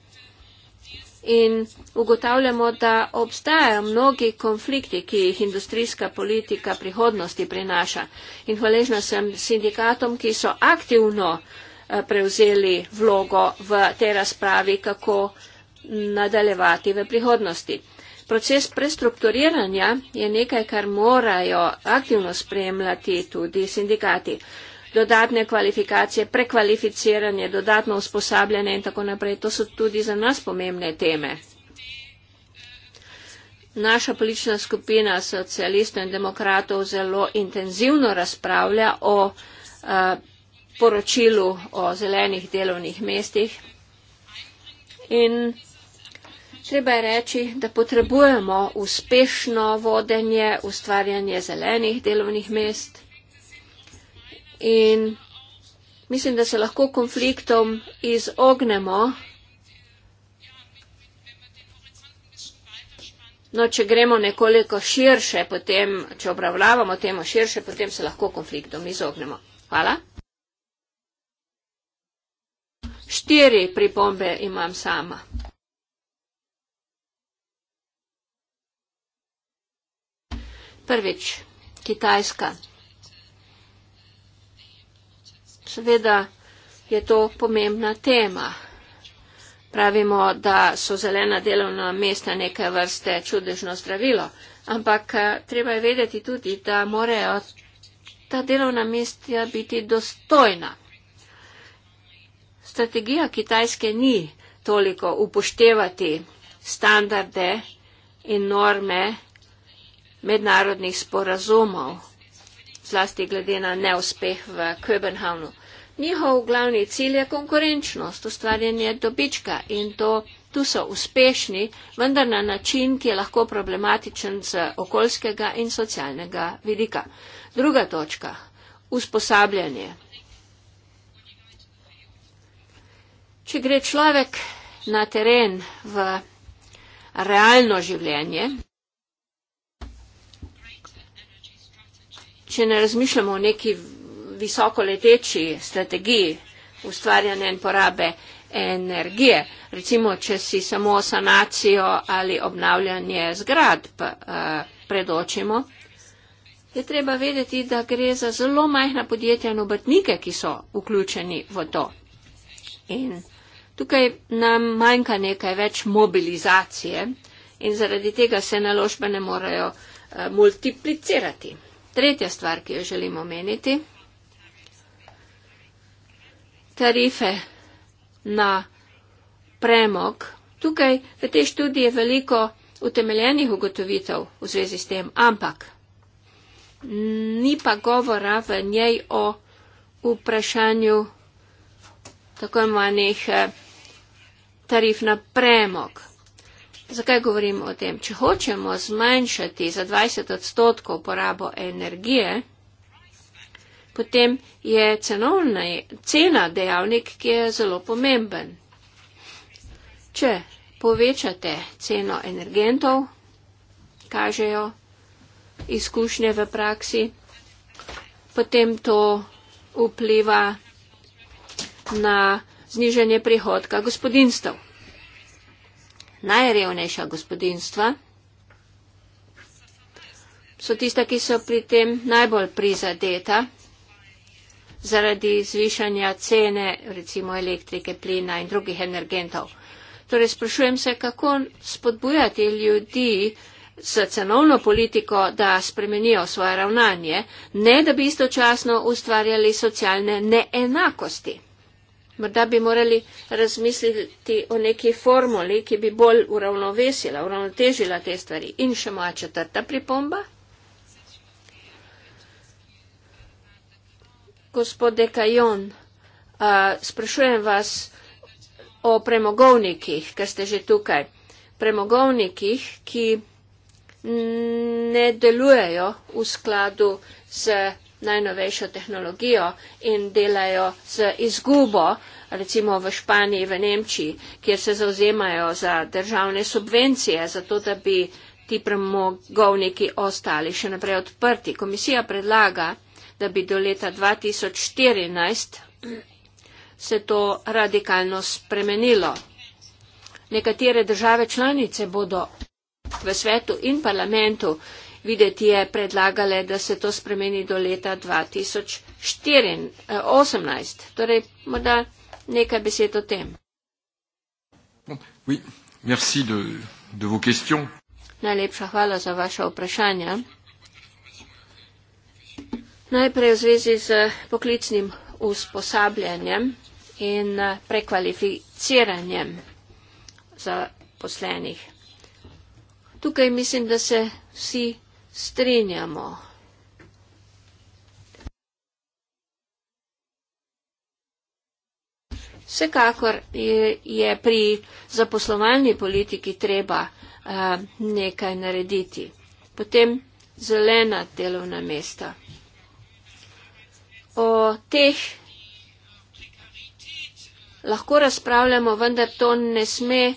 in ugotavljamo, da obstajajo mnogi konflikti, ki jih industrijska politika prihodnosti prinaša. In hvaležna sem sindikatom, ki so aktivno eh, prevzeli vlogo v tej razpravi, kako nadaljevati v prihodnosti. Proces prestrukturiranja je nekaj, kar morajo aktivno spremljati tudi sindikati dodatne kvalifikacije, prekvalificiranje, dodatno usposabljanje in tako naprej. To so tudi za nas pomembne teme. Naša politična skupina socialistov in demokratov zelo intenzivno razpravlja o a, eh, poročilu o zelenih delovnih mestih. In treba je reči, da potrebujemo uspešno vodenje, ustvarjanje zelenih delovnih mest in mislim, da se lahko konfliktom izognemo. No, če gremo nekoliko širše, potem, če obravnavamo temo širše, potem se lahko konfliktom izognemo. Hvala. Štiri pripombe imam sama. Prvič, Kitajska. Seveda je to pomembna tema. Pravimo, da so zelena delovna mesta neke vrste čudežno zdravilo, ampak eh, treba je vedeti tudi, da morajo ta delovna mesta biti dostojna. Strategija Kitajske ni toliko upoštevati standarde in norme mednarodnih sporazumov zlasti glede na neuspeh v Köbenhavnu. Njihov glavni cilj je konkurenčnost, ustvarjanje dobička in to, tu so uspešni, vendar na način, ki je lahko problematičen z okoljskega in socialnega vidika. Druga točka. Usposabljanje. Če gre človek na teren v realno življenje, če ne razmišljamo o neki visokoleteči strategiji ustvarjanja in porabe energije, recimo, če si samo sanacijo ali obnavljanje zgradb predočimo, je treba vedeti, da gre za zelo majhna podjetja in obrtnike, ki so vključeni v to. In tukaj nam manjka nekaj več mobilizacije in zaradi tega se naložbe ne morejo multiplicirati. Tretja stvar, ki jo želim omeniti, tarife na premog. Tukaj v tej študiji je veliko utemeljenih ugotovitev v zvezi s tem, ampak ni pa govora v njej o vprašanju tako imenovanih eh, tarif na premog. Zakaj govorim o tem? Če hočemo zmanjšati za 20 odstotkov porabo energije, potem je cenovna cena dejavnik, ki je zelo pomemben. Če povečate ceno energentov, kažejo izkušnje v praksi, potem to vpliva na znižanje prihodka gospodinstv najrevnejša gospodinstva so tiste, ki so pri tem najbolj prizadeta zaradi zvišanja cene recimo elektrike, plina in drugih energentov. Torej sprašujem se, kako spodbujati ljudi s cenovno politiko, da spremenijo svoje ravnanje, ne da bi istočasno ustvarjali socialne neenakosti. Morda bi morali razmisliti o neki formuli, ki bi bolj uravnovesila, uravnotežila te stvari. In še moja četrta pripomba. Gospod Dekajon, sprašujem vas o premogovnikih, ker ste že tukaj. Premogovnikih, ki ne delujejo v skladu z najnovejšo tehnologijo in delajo z izgubo, recimo v Španiji, v Nemčiji, kjer se zauzemajo za državne subvencije, zato da bi ti premogovniki ostali še naprej odprti. Komisija predlaga, da bi do leta 2014 se to radikalno spremenilo. Nekatere države članice bodo v svetu in parlamentu videti je predlagale, da se to spremeni do leta 2018. Torej, morda nekaj besed o tem. Oui, merci de, de vos questions. Najlepša hvala za vaše vprašanja. Najprej v zvezi z poklicnim usposabljanjem in prekvalificiranjem za poslenih. Tukaj mislim, da se vsi strinjamo. Vsekakor je pri zaposlovalni politiki treba eh, nekaj narediti. Potem zelena delovna mesta. O teh lahko razpravljamo, vendar to ne sme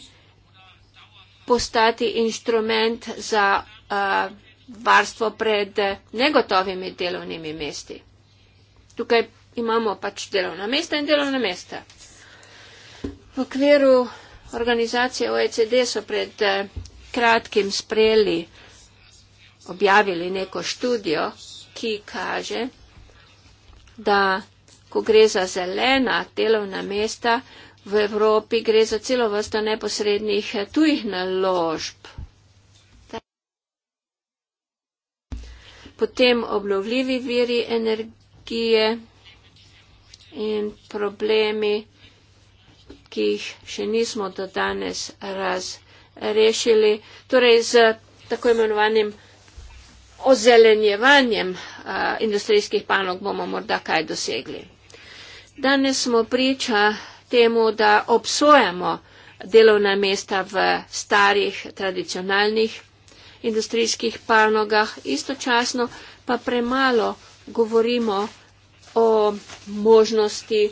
postati inštrument za. Uh, varstvo pred negotovimi delovnimi mesti. Tukaj imamo pač delovna mesta in delovna mesta. V okviru organizacije OECD so pred eh, kratkim sprejeli, objavili neko študijo, ki kaže, da ko gre za zelena delovna mesta, v Evropi gre za celo vrsto neposrednih eh, tujih naložb potem obnovljivi viri energije in problemi, ki jih še nismo do danes razrešili. Torej z tako imenovanim ozelenjevanjem a, industrijskih panog bomo morda kaj dosegli. Danes smo priča temu, da obsojamo delovna mesta v starih tradicionalnih industrijskih panogah, istočasno pa premalo govorimo o možnosti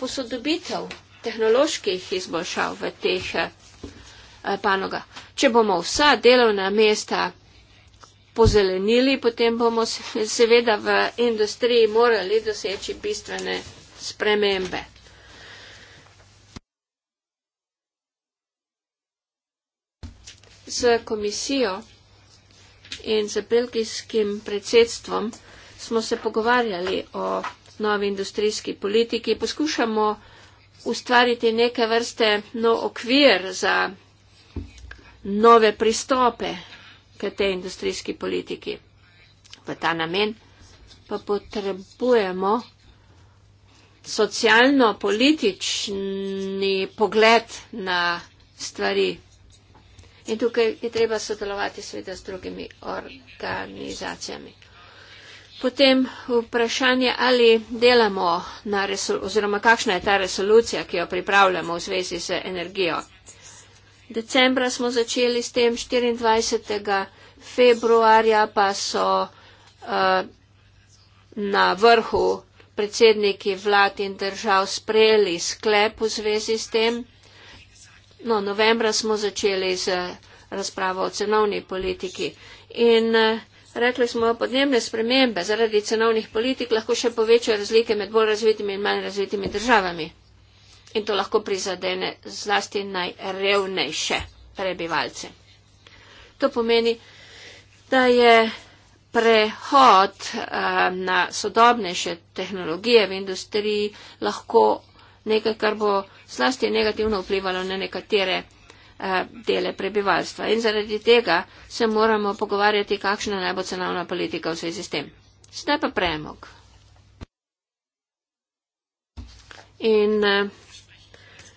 posodobitev tehnoloških izboljšav v teh eh, panogah. Če bomo vsa delovna mesta pozelenili, potem bomo seveda v industriji morali doseči bistvene spremembe. z komisijo in z belgijskim predsedstvom smo se pogovarjali o novi industrijski politiki. Poskušamo ustvariti neke vrste no okvir za nove pristope k tej industrijski politiki. V ta namen pa potrebujemo socialno-politični pogled na stvari. In tukaj je treba sodelovati seveda s drugimi organizacijami. Potem vprašanje, ali delamo na resolucijo, oziroma kakšna je ta resolucija, ki jo pripravljamo v zvezi z energijo. Decembra smo začeli s tem, 24. februarja pa so uh, na vrhu predsedniki vlad in držav sprejeli sklep v zvezi s tem. No, novembra smo začeli z eh, razpravo o cenovni politiki. In eh, rekli smo, podnebne spremembe zaradi cenovnih politik lahko še povečajo razlike med bolj razvitimi in manj razvitimi državami. In to lahko prizadene zlasti najrevnejše prebivalce. To pomeni, da je prehod eh, na sodobnejše tehnologije v industriji lahko nekaj, kar bo slasti negativno vplivalo na nekatere eh, dele prebivalstva. In zaradi tega se moramo pogovarjati, kakšna naj bo cenovna politika v svoj sistem. Zdaj pa premog. In uh,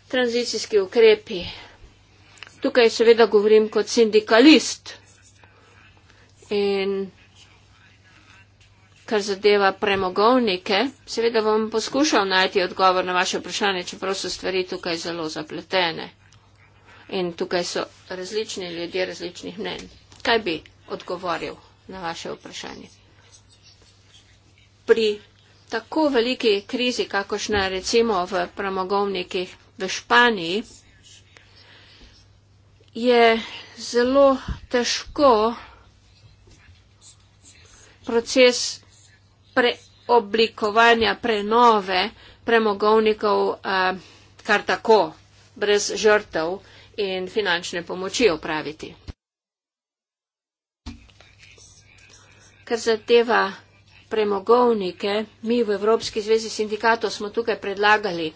tranzicijski ukrepi. Tukaj seveda govorim kot sindikalist. In kar zadeva premogovnike. Seveda bom poskušal najti odgovor na vaše vprašanje, čeprav so stvari tukaj zelo zapletene. In tukaj so različni ljudje različnih mnen. Kaj bi odgovoril na vaše vprašanje? Pri tako veliki krizi, kakošna je recimo v premogovnikih v Španiji, je zelo težko proces preoblikovanja, prenove premogovnikov uh, kar tako, brez žrtev in finančne pomoči opraviti. Kar zadeva premogovnike, mi v Evropski zvezi sindikatov smo tukaj predlagali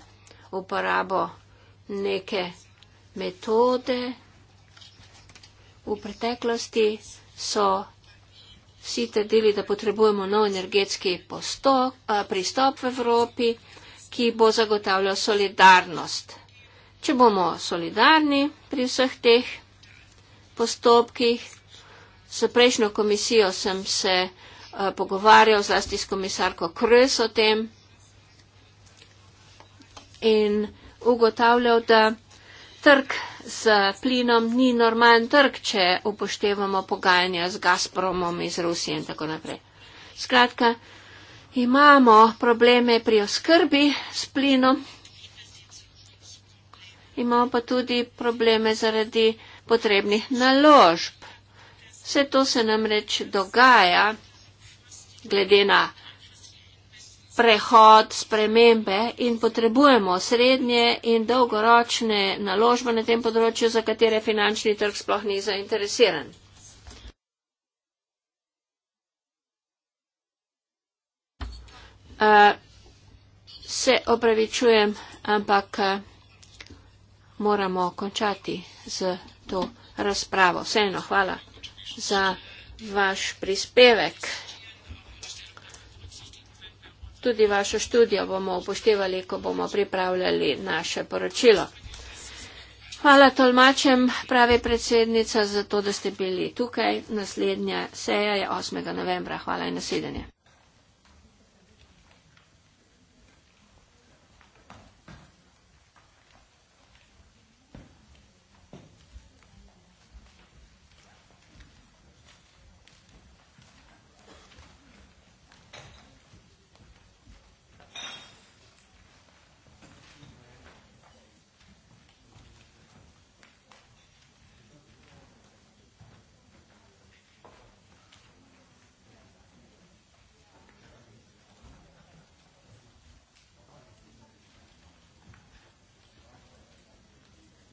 uporabo neke metode. V preteklosti so vsi trdili, da potrebujemo nov energetski postok, pristop v Evropi, ki bo zagotavljal solidarnost. Če bomo solidarni pri vseh teh postopkih, s prejšnjo komisijo sem se pogovarjal zlasti s komisarko Krs o tem in ugotavljal, da trg z plinom ni normalen trg, če upoštevamo pogajanja z Gazpromom iz Rusije in tako naprej. Skratka, imamo probleme pri oskrbi s plinom, imamo pa tudi probleme zaradi potrebnih naložb. Vse to se namreč dogaja glede na prehod, spremembe in potrebujemo srednje in dolgoročne naložbe na tem področju, za katere finančni trg sploh ni zainteresiran. Uh, se opravičujem, ampak uh, moramo končati z to razpravo. Vseeno hvala za vaš prispevek tudi vašo študijo bomo upoštevali, ko bomo pripravljali naše poročilo. Hvala tolmačem, pravi predsednica, za to, da ste bili tukaj. Naslednja seja je 8. novembra. Hvala in nasedanje.